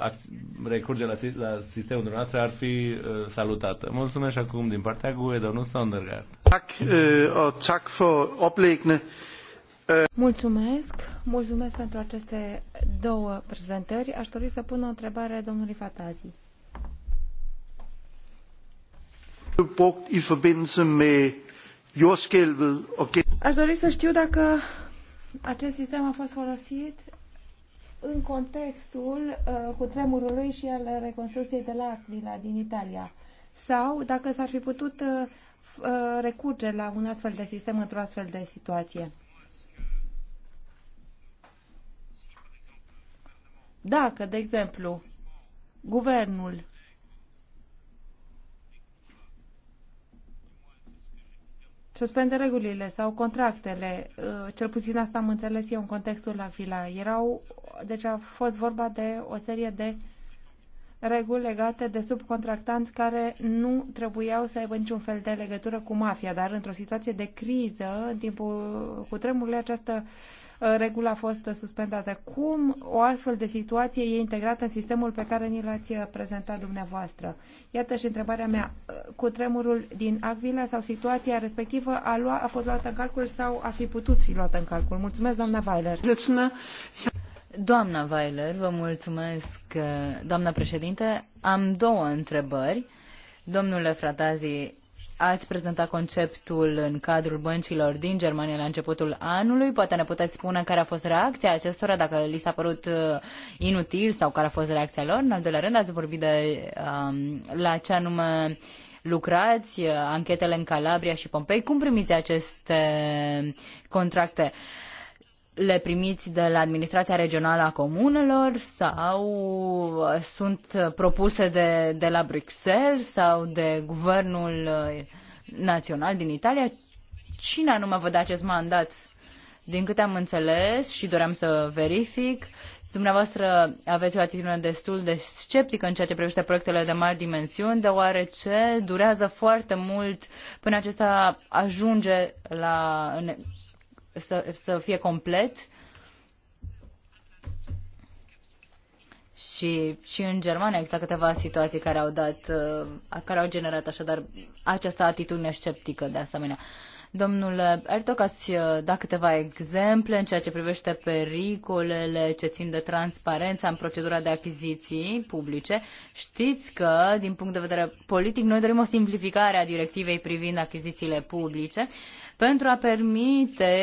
recurge la, la sistemul dumneavoastră ar fi uh, salutată. Mulțumesc și acum din partea GUE, domnul Sondergaard. Mulțumesc, mulțumesc pentru aceste două prezentări. Aș dori să pun o întrebare domnului Fatazi. Aș dori să știu dacă acest sistem a fost folosit în contextul uh, cu tremurului și al reconstrucției de la Aquila din Italia sau dacă s-ar fi putut uh, uh recurge la un astfel de sistem într-o astfel de situație. Dacă, de exemplu, guvernul suspende regulile sau contractele, uh, cel puțin asta am înțeles eu în contextul la Vila. Erau, deci a fost vorba de o serie de reguli legate de subcontractanți care nu trebuiau să aibă niciun fel de legătură cu mafia, dar într-o situație de criză, în timpul cu tremurile, această uh, Uh, regula a fost suspendată. Cum o astfel de situație e integrată în sistemul pe care ni l-ați uh, prezentat dumneavoastră? Iată și întrebarea mea. Uh, cu tremurul din Agvila sau situația respectivă a, lua, a fost luată în calcul sau a fi putut fi luată în calcul? Mulțumesc, doamna Weiler. Doamna Weiler, vă mulțumesc, doamna președinte. Am două întrebări. Domnule Fratazi, ați prezentat conceptul în cadrul băncilor din Germania la începutul anului. Poate ne puteți spune care a fost reacția acestora, dacă li s-a părut uh, inutil sau care a fost reacția lor. În al doilea rând, ați vorbit de um, la ce anume lucrați, uh, anchetele în Calabria și Pompei. Cum primiți aceste contracte? Uh, le primiți de la administrația regională a comunelor sau uh, sunt propuse de, de la Bruxelles sau de guvernul uh, național din Italia? Cine anume vă dă acest mandat? Din câte am înțeles și doream să verific, dumneavoastră aveți o atitudine destul de sceptică în ceea ce privește proiectele de mari dimensiuni, deoarece durează foarte mult până acesta ajunge la, să, să fie complet și, și în Germania există câteva situații care au dat, uh, care au generat așadar această atitudine sceptică de asemenea. Domnul Ertoc, ați da câteva exemple în ceea ce privește pericolele ce țin de transparența în procedura de achiziții publice. Știți că, din punct de vedere politic, noi dorim o simplificare a directivei privind achizițiile publice pentru a permite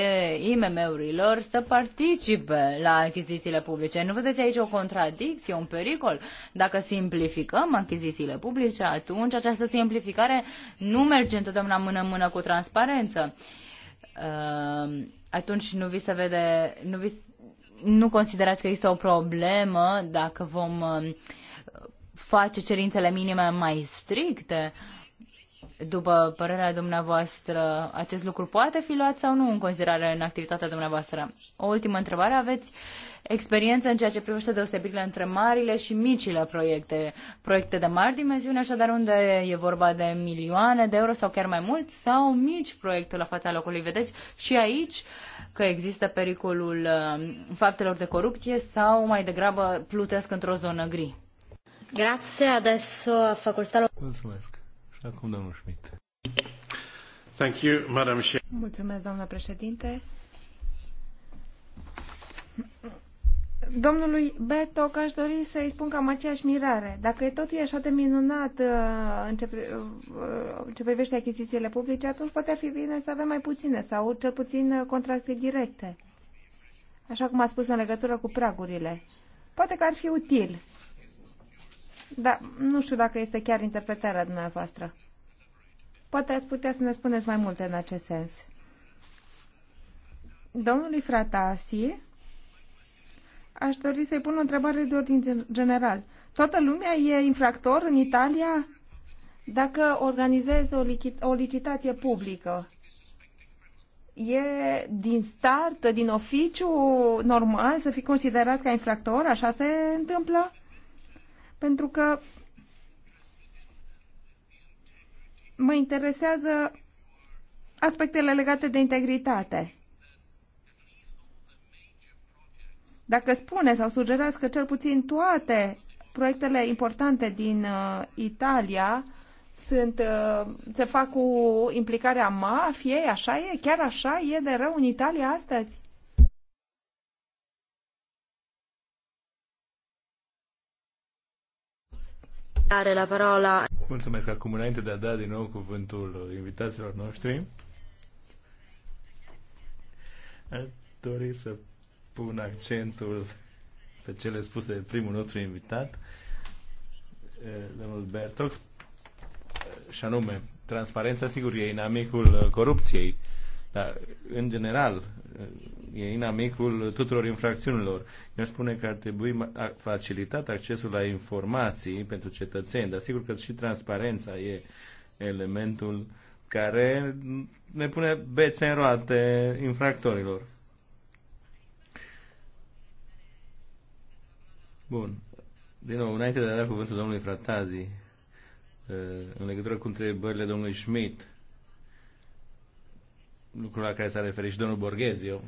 IMM-urilor să participe la achizițiile publice. Nu vedeți aici o contradicție, un pericol? Dacă simplificăm achizițiile publice, atunci această simplificare nu merge întotdeauna mână-mână cu transparență. Ehm, atunci nu vi se vede, nu, vi, nu considerați că există o problemă dacă vom ehm, face cerințele minime mai stricte? Uh, după părerea dumneavoastră, acest lucru poate fi luat sau nu în considerare în activitatea dumneavoastră? O ultimă întrebare, aveți experiență în ceea ce privește deosebirile între marile și micile proiecte, proiecte de mari dimensiuni, așadar unde e vorba de milioane de euro sau chiar mai mult, sau mici proiecte la fața locului. Vedeți și aici că există pericolul uh, faptelor de corupție sau mai degrabă plutesc într-o zonă gri. Grazie, adesso facultatea. Mulțumesc acum domnul Schmidt. Thank you, Madam Mulțumesc, doamnă președinte. Domnului Bertoc aș dori să-i spun că am aceeași mirare. Dacă totul e așa de minunat uh, în ce, uh, în ce privește achizițiile publice, atunci poate ar fi bine să avem mai puține sau cel puțin uh, contracte directe. Așa cum a spus în legătură cu pragurile. Poate că ar fi util da, nu știu dacă este chiar interpretarea dumneavoastră. Poate ați putea să ne spuneți mai multe în acest sens. Domnului Fratasi, aș dori să-i pun o întrebare de ordin general. Toată lumea e infractor în Italia dacă organizezi o, o licitație publică? E din start, din oficiu, normal să fii considerat ca infractor? Așa se întâmplă? pentru că mă interesează aspectele legate de integritate. Dacă spune sau sugerați că cel puțin toate proiectele importante din uh, Italia sunt, uh, se fac cu implicarea mafiei, așa e? Chiar așa e de rău în Italia astăzi? Are la parola. Mulțumesc. Acum, înainte de a da din nou cuvântul invitaților noștri, aș dori să pun accentul pe cele spuse de primul nostru invitat, eh, domnul Bertox, eh, și anume, transparența, sigur, e inamicul corupției, dar, în general, eh, e inamicul tuturor infracțiunilor. Eu spune că ar trebui facilitat accesul la informații pentru cetățeni, dar sigur că și transparența e elementul care ne pune bețe în roate infractorilor. Bun. Din nou, înainte de a da cuvântul domnului Fratazi, eh, în legătură cu întrebările domnului Schmidt, lucrul la care s-a referit și domnul Borghezio,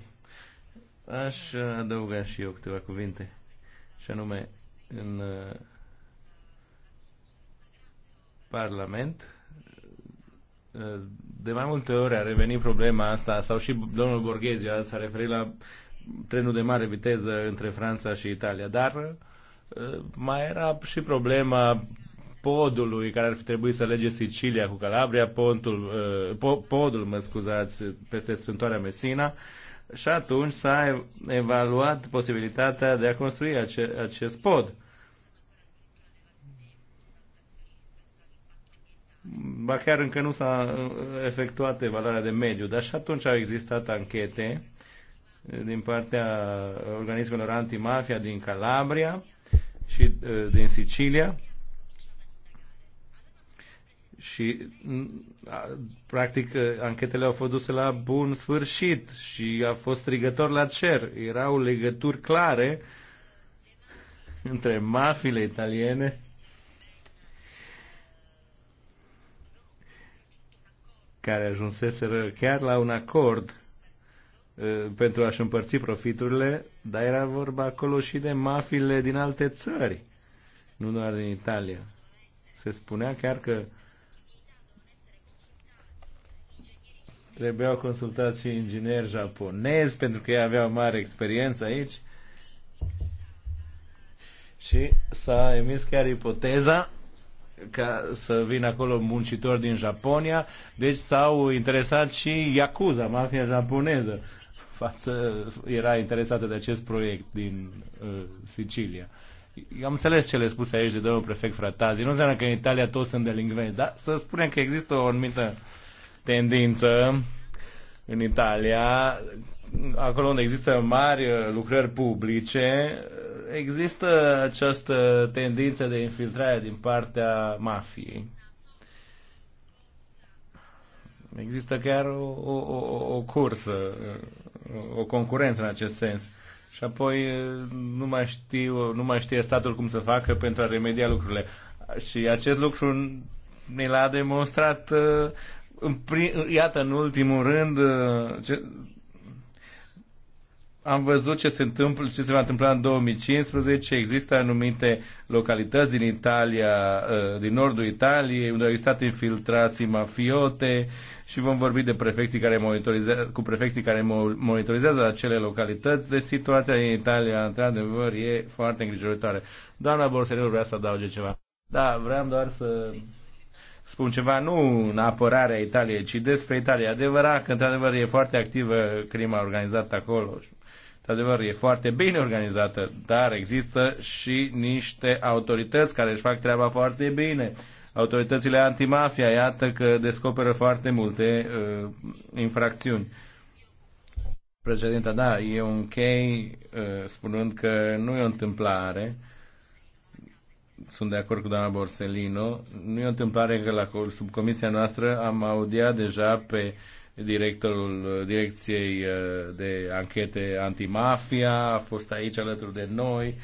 Aș adăuga și eu câteva cuvinte, și anume, în uh, Parlament, uh, de mai multe ori a revenit problema asta, sau și domnul Borghezi s-a referit la trenul de mare viteză între Franța și Italia, dar uh, mai era și problema podului care ar fi trebuit să lege Sicilia cu Calabria, pontul, podul, mă scuzați, peste strântoarea Messina, și atunci s-a evaluat posibilitatea de a construi ace- acest pod. Ba chiar încă nu s-a uh, efectuat evaluarea de mediu, dar și atunci au existat anchete uh, din partea organismelor antimafia din Calabria și uh, din Sicilia și mm, practic anchetele au fost duse la bun sfârșit și a fost strigător la cer. Erau legături clare între mafile italiene care ajunseseră chiar la un acord pentru a-și împărți profiturile, dar era vorba acolo și de mafile din alte țări, nu doar din Italia. Se spunea chiar că trebuiau consultați și ingineri japonezi, pentru că ei aveau mare experiență aici. Și s-a emis chiar ipoteza ca să vină acolo muncitori din Japonia, deci s-au interesat și Yakuza, mafia japoneză. [laughs] Față, era interesată de acest proiect din uh, Sicilia. Eu am înțeles ce le spus aici de domnul prefect Fratazi. Nu înseamnă că în Italia toți sunt delinvenți, dar să spunem că există o anumită uh, tendință în Italia, acolo unde există mari uh, lucrări publice, uh, există această tendință de infiltrare din partea mafiei. Există chiar o, o, o, cursă, uh, o concurență în acest sens. Și apoi nu mai, știu, nu mai știe statul cum să facă pentru a remedia lucrurile. Și acest lucru ne l-a demonstrat în prim, iată, în ultimul rând, uh, ce, am văzut ce se, întâmplă, ce se va întâmpla în 2015. Există anumite localități din Italia, uh, din nordul Italiei, unde au existat infiltrații mafiote și vom vorbi de prefecții care monitorizează, cu prefecții care monitorizează acele localități. Deci situația din Italia, într-adevăr, e foarte îngrijorătoare. Doamna Borsellino vrea să adauge ceva. Da, vreau doar să spun ceva nu în apărarea Italiei, ci despre Italia. Adevărat că, într-adevăr, e foarte activă crima organizată acolo. Într-adevăr, e foarte bine organizată, dar există și niște autorități care își fac treaba foarte bine. Autoritățile antimafia, iată că descoperă foarte multe uh, infracțiuni. Președinta, da, un chei uh, spunând că nu e o întâmplare uh, sunt de acord cu doamna Borsellino. Nu e o întâmplare că la subcomisia noastră am audiat deja pe directorul uh, direcției uh, de anchete antimafia, a fost aici alături de noi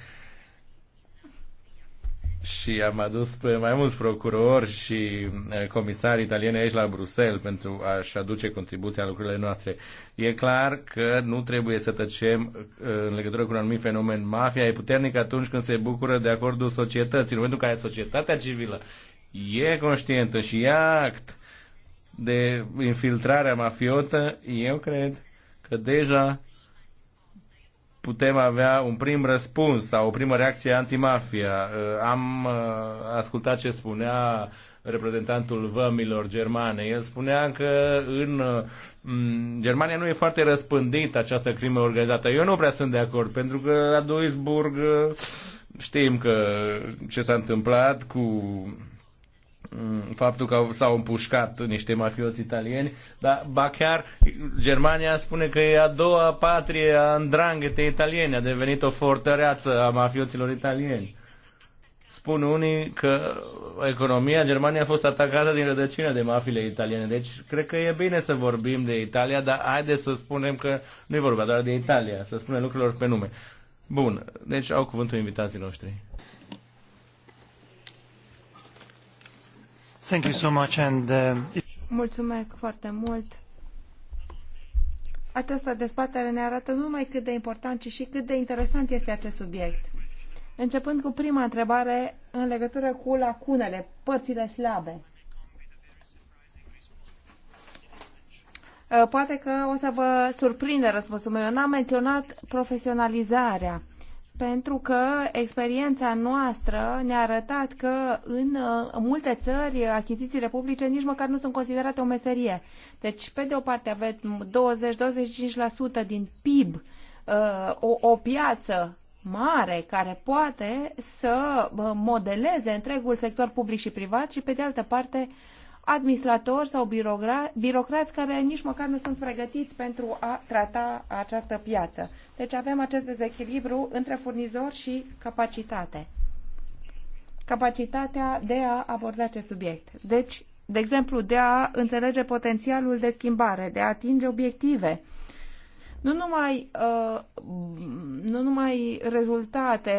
și am adus pe mai mulți procurori și comisari italieni aici la Bruxelles pentru a-și aduce contribuția la lucrurile noastre. E clar că nu trebuie să tăcem în legătură cu un anumit fenomen. Mafia e puternică atunci când se bucură de acordul societății, în momentul în care societatea civilă e conștientă și ia act de infiltrarea mafiotă, eu cred că deja putem avea un prim răspuns sau o primă reacție antimafia. Uh, am uh, ascultat ce spunea reprezentantul vămilor germane. El spunea că în uh, Germania nu e foarte răspândită această crimă organizată. Eu nu prea sunt de acord, pentru că la Duisburg știm că ce s-a întâmplat cu Mm, faptul că s-au împușcat niște mafioți italieni, dar ba chiar Germania spune că e a doua patrie a îndranghetei italiene, a devenit o fortăreață a mafioților italieni. Spun unii că economia Germania a fost atacată din rădăcină de mafile italiene. Deci cred că e bine să vorbim de Italia, dar haideți să spunem că nu e vorba doar de Italia, să spunem lucrurilor pe nume. Bun, deci au cuvântul invitații noștri. Thank you so much and, uh... Mulțumesc foarte mult. Această dezbatere ne arată nu numai cât de important, ci și cât de interesant este acest subiect. Începând cu prima întrebare în legătură cu lacunele, părțile slabe. Uh, poate că o să vă surprindă răspunsul meu. Eu n-am menționat profesionalizarea pentru că experiența noastră ne-a arătat că în uh, multe țări uh, achizițiile publice nici măcar nu sunt considerate o meserie. Deci, pe de o parte aveți 20-25% din PIB, uh, o, o piață mare care poate să modeleze întregul sector public și privat și pe de altă parte administratori sau birocrați care nici măcar nu sunt pregătiți pentru a trata această piață. Deci avem acest dezechilibru între furnizor și capacitate. Capacitatea de a aborda acest subiect. Deci, de exemplu, de a înțelege potențialul de schimbare, de a atinge obiective, uh, nu numai, uh, nu numai rezultate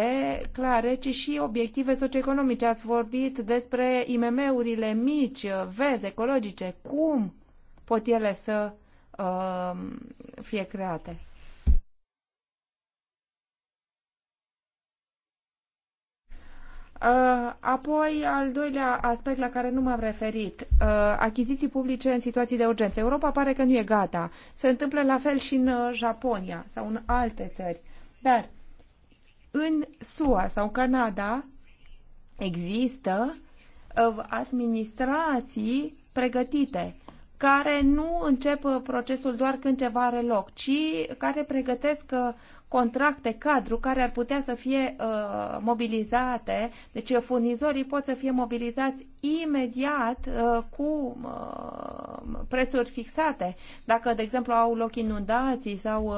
clare, ci și obiective socioeconomice. Ați vorbit despre IMM-urile mici, verzi, ecologice. Cum pot ele să uh, fie create? Uh, apoi, al doilea aspect la care nu m-am referit, uh, achiziții publice în situații de urgență. Europa pare că nu e gata. Se întâmplă la fel și în uh, Japonia sau în alte țări. Dar în SUA sau Canada există administrații pregătite care nu încep procesul doar când ceva are loc, ci care pregătesc contracte cadru care ar putea să fie uh, mobilizate, deci uh, furnizorii pot să fie mobilizați imediat uh, cu uh, prețuri fixate, dacă, de exemplu, au loc inundații sau uh,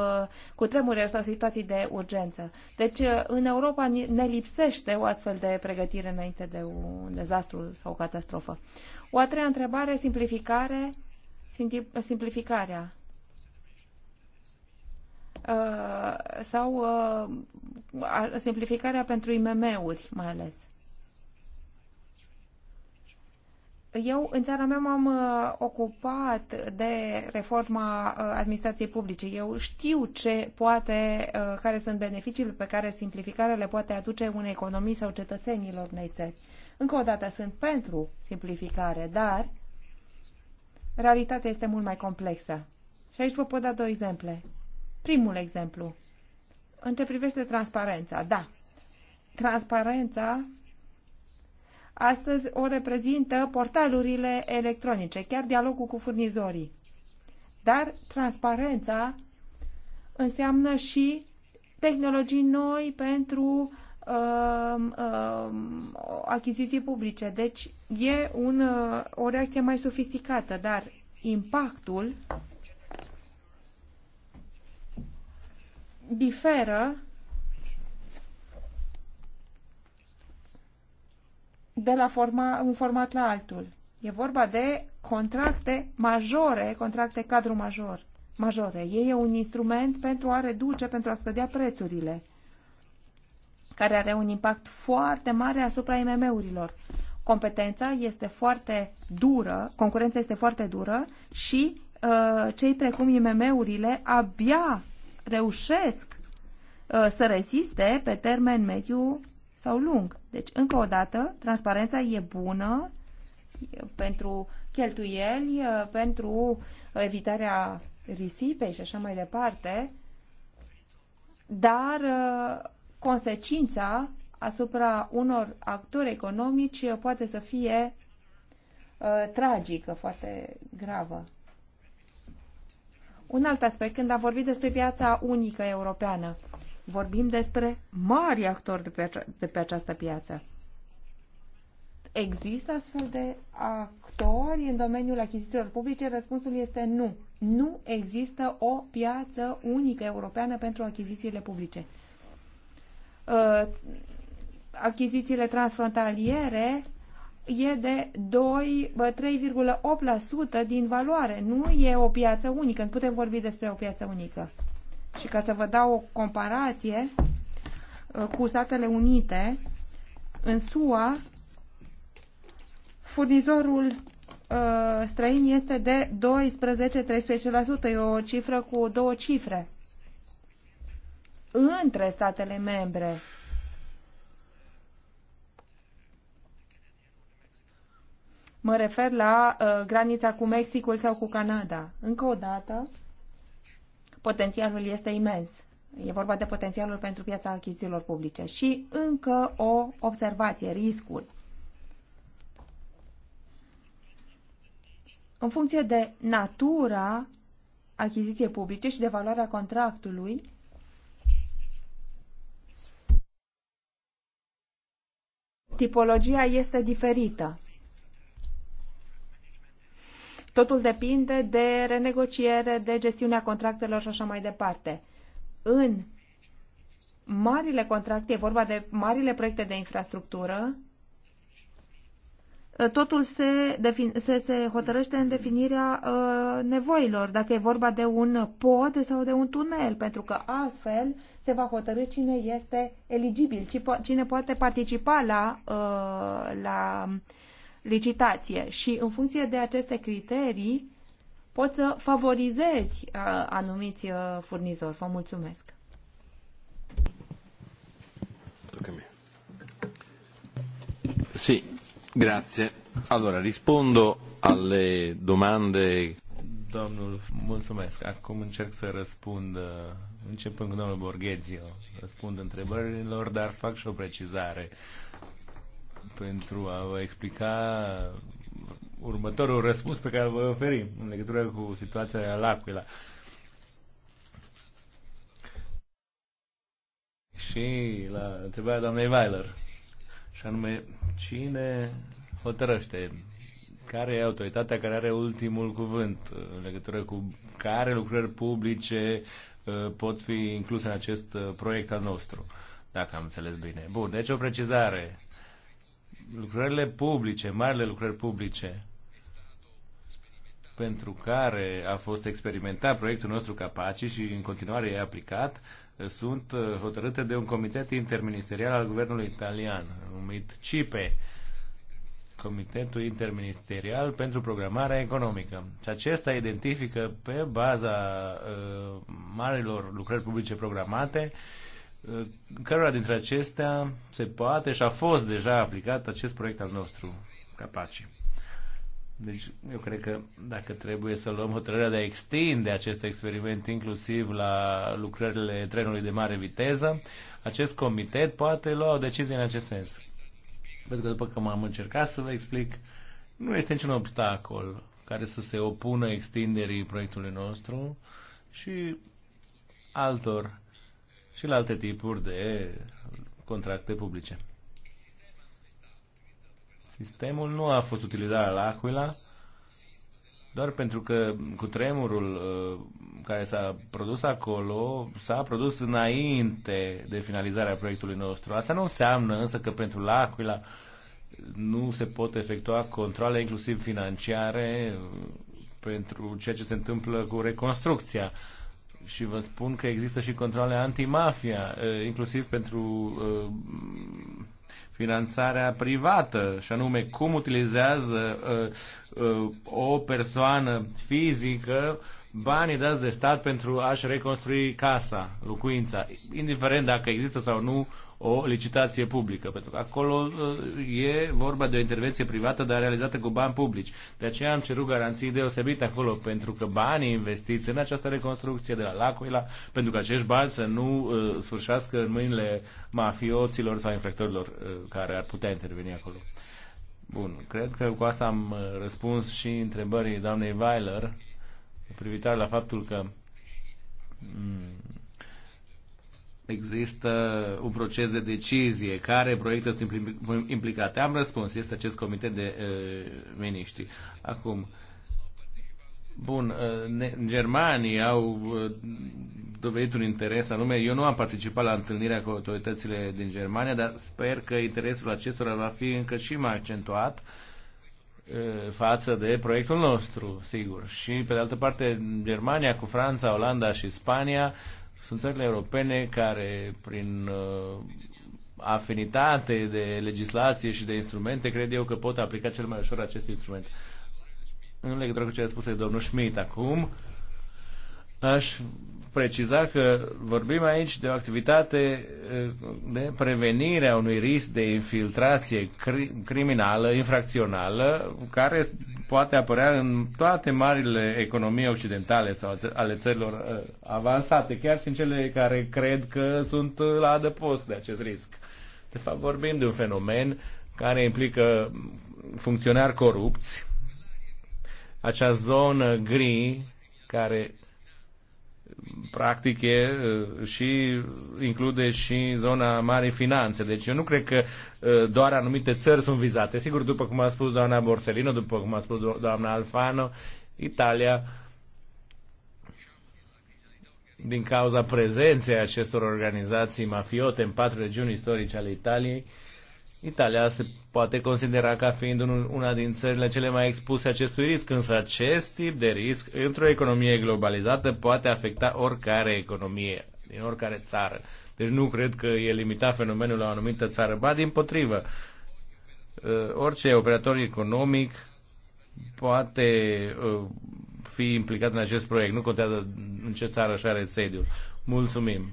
cu tremure sau situații de urgență. Deci, uh, în Europa ne lipsește o astfel de pregătire înainte de un dezastru sau o catastrofă. O a treia întrebare, simplificare, simplificarea Uh, sau uh, simplificarea pentru IMM-uri mai ales. Eu, în țara mea, m-am uh, ocupat de reforma administrației publice. Eu știu ce poate, care sunt beneficiile pe care simplificarea le poate aduce unei economii sau cetățenilor unei țări. Încă o dată, sunt pentru simplificare, dar realitatea este mult mai complexă. Și aici vă pot da două exemple. Primul exemplu. În ce privește transparența, da. Transparența astăzi o reprezintă portalurile electronice, chiar dialogul cu furnizorii. Dar transparența înseamnă și tehnologii noi pentru uh, uh, achiziții publice. Deci e un, uh, o reacție mai sofisticată, dar impactul diferă de la forma, un format la altul. E vorba de contracte majore, contracte cadru major, majore. Ei e un instrument pentru a reduce, pentru a scădea prețurile, care are un impact foarte mare asupra IMM-urilor. Competența este foarte dură, concurența este foarte dură și uh, cei precum IMM-urile abia reușesc uh, să reziste pe termen mediu sau lung. Deci, încă o dată, transparența e bună pentru cheltuieli, uh, pentru evitarea risipei și așa mai departe, dar uh, consecința asupra unor actori economici poate să fie tragică, foarte gravă. Un alt aspect, când am vorbit despre piața unică europeană, vorbim despre mari actori de pe, ace- de pe această piață. Există astfel de actori în domeniul achizițiilor publice? Răspunsul este nu. Nu există o piață unică europeană pentru achizițiile publice. Uh, achizițiile transfrontaliere e de 3,8% din valoare. Nu e o piață unică. Nu putem vorbi despre o piață unică. Și ca să vă dau o comparație uh, cu Statele Unite, în SUA, furnizorul uh, străin este de 12-13%. E o cifră cu două cifre. Între statele membre Mă refer la uh, granița cu Mexicul sau cu Canada. Încă o dată, potențialul este imens. E vorba de potențialul pentru piața achizițiilor publice. Și încă o observație, riscul. În funcție de natura achiziției publice și de valoarea contractului, tipologia este diferită. Totul depinde de renegociere, de gestiunea contractelor și așa mai departe. În marile contracte, e vorba de marile proiecte de infrastructură, totul se, defin- se, se hotărăște în definirea uh, nevoilor, dacă e vorba de un pod sau de un tunel, pentru că astfel se va hotărâ cine este eligibil, cine poate participa la, uh, la uh, licitație și în funcție de aceste criterii poți să favorizezi uh, anumiți uh, furnizori. Vă mulțumesc. Sì, grazie. Allora, rispondo alle domande. Domnul, mulțumesc. Acum încerc să răspund, uh, începând cu domnul Borghezio, răspund întrebărilor, dar fac și o precizare. Uh, pentru a vă explica următorul răspuns pe care vă oferim în legătură cu situația la Aquila. Și la întrebarea doamnei Weiler, și anume, cine hotărăște care e autoritatea care are ultimul cuvânt în legătură cu care lucrări publice uh, pot fi incluse în acest uh, proiect al nostru, dacă am înțeles bine. Bun, deci o precizare lucrările publice, marile lucrări publice, pentru care a fost experimentat proiectul nostru Capaci și în continuare e aplicat, sunt uh, hotărâte de un comitet interministerial al guvernului italian, numit CIPE, Comitetul Interministerial pentru Programarea Economică. Și acesta identifică pe baza uh, marilor lucrări publice programate uh, cărora dintre acestea se poate și a fost deja aplicat acest proiect al nostru, Capaci. Deci eu cred că dacă trebuie să luăm hotărârea de a extinde acest experiment inclusiv la lucrările trenului de mare viteză, acest comitet poate lua o decizie în acest sens. Pentru că după cum am încercat să vă explic, nu este niciun obstacol care să se opună extinderii proiectului nostru și altor și la alte tipuri de contracte publice. Sistemul nu a fost utilizat la Aquila doar pentru că cu tremurul uh, care s-a produs acolo s-a produs înainte de finalizarea proiectului nostru. Asta nu înseamnă însă că pentru la Aquila nu se pot efectua controle inclusiv financiare uh, pentru ceea ce se întâmplă cu reconstrucția și vă spun că există și controle antimafia, inclusiv pentru finanțarea privată, și anume cum utilizează o persoană fizică banii dați de stat pentru a-și reconstrui casa, locuința, indiferent dacă există sau nu o licitație publică, pentru că acolo uh, e vorba de o intervenție privată, dar realizată cu bani publici. De aceea am cerut garanții deosebite acolo, pentru că banii investiți în această reconstrucție de la Lacoila, pentru că acești bani să nu uh, sfârșească în mâinile mafioților sau infractorilor uh, care ar putea interveni acolo. Bun, cred că cu asta am uh, răspuns și întrebării doamnei Weiler privitoare la faptul că mm, există un proces de decizie, care proiecte sunt implicate. Am răspuns, este acest comitet de uh, miniștri. Acum, bun, uh, germanii au uh, dovedit un interes anume. Eu nu am participat la întâlnirea cu autoritățile din Germania, dar sper că interesul acestora va fi încă și mai accentuat uh, Eh, față de proiectul nostru, sigur. Și, pe de altă parte, Germania cu Franța, Olanda și Spania sunt țările europene care, prin eh, afinitate de legislație și de instrumente, cred eu că pot aplica cel mai ușor acest instrument. În legătură cu ce a spus domnul Schmidt acum, aș preciza că vorbim aici de o activitate de prevenire a unui risc de infiltrație criminală, infracțională, care poate apărea în toate marile economii occidentale sau ale țărilor avansate, chiar și în cele care cred că sunt la adăpost de acest risc. De fapt, vorbim de un fenomen care implică funcționari corupți, acea zonă gri care practice uh, și include și zona marii finanțe. Deci eu nu cred că uh, doar anumite țări sunt vizate. Sigur, după cum a spus doamna Borsellino, după cum a spus doamna Alfano, Italia, din cauza prezenței acestor organizații mafiote în patru regiuni istorice ale Italiei, uh, Italia se poate considera ca fiind una din țările cele mai expuse acestui risc, însă acest tip de risc într-o economie globalizată poate afecta oricare economie din oricare țară. Deci nu cred că e limitat fenomenul la o anumită țară, ba din potrivă. Uh, orice operator economic poate uh, fi implicat în acest proiect. Nu contează în ce țară și are sediul. Mulțumim.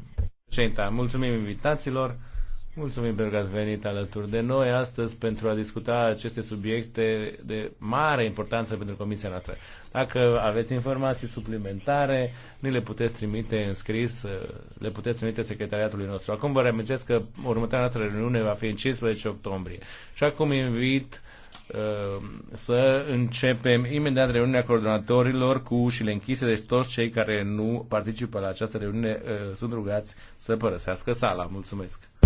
Centa, mulțumim invitaților. Mulțumim pentru că ați venit alături de noi astăzi pentru a discuta aceste subiecte de mare importanță pentru Comisia noastră. Dacă aveți informații suplimentare, ni le puteți trimite în scris, le puteți trimite secretariatului nostru. Acum vă reamintesc că următoarea noastră reuniune va fi în 15 octombrie. Și acum invit uh, să începem imediat reuniunea coordonatorilor cu ușile închise, deci toți cei care nu participă la această reuniune uh, sunt rugați să părăsească sala. Mulțumesc!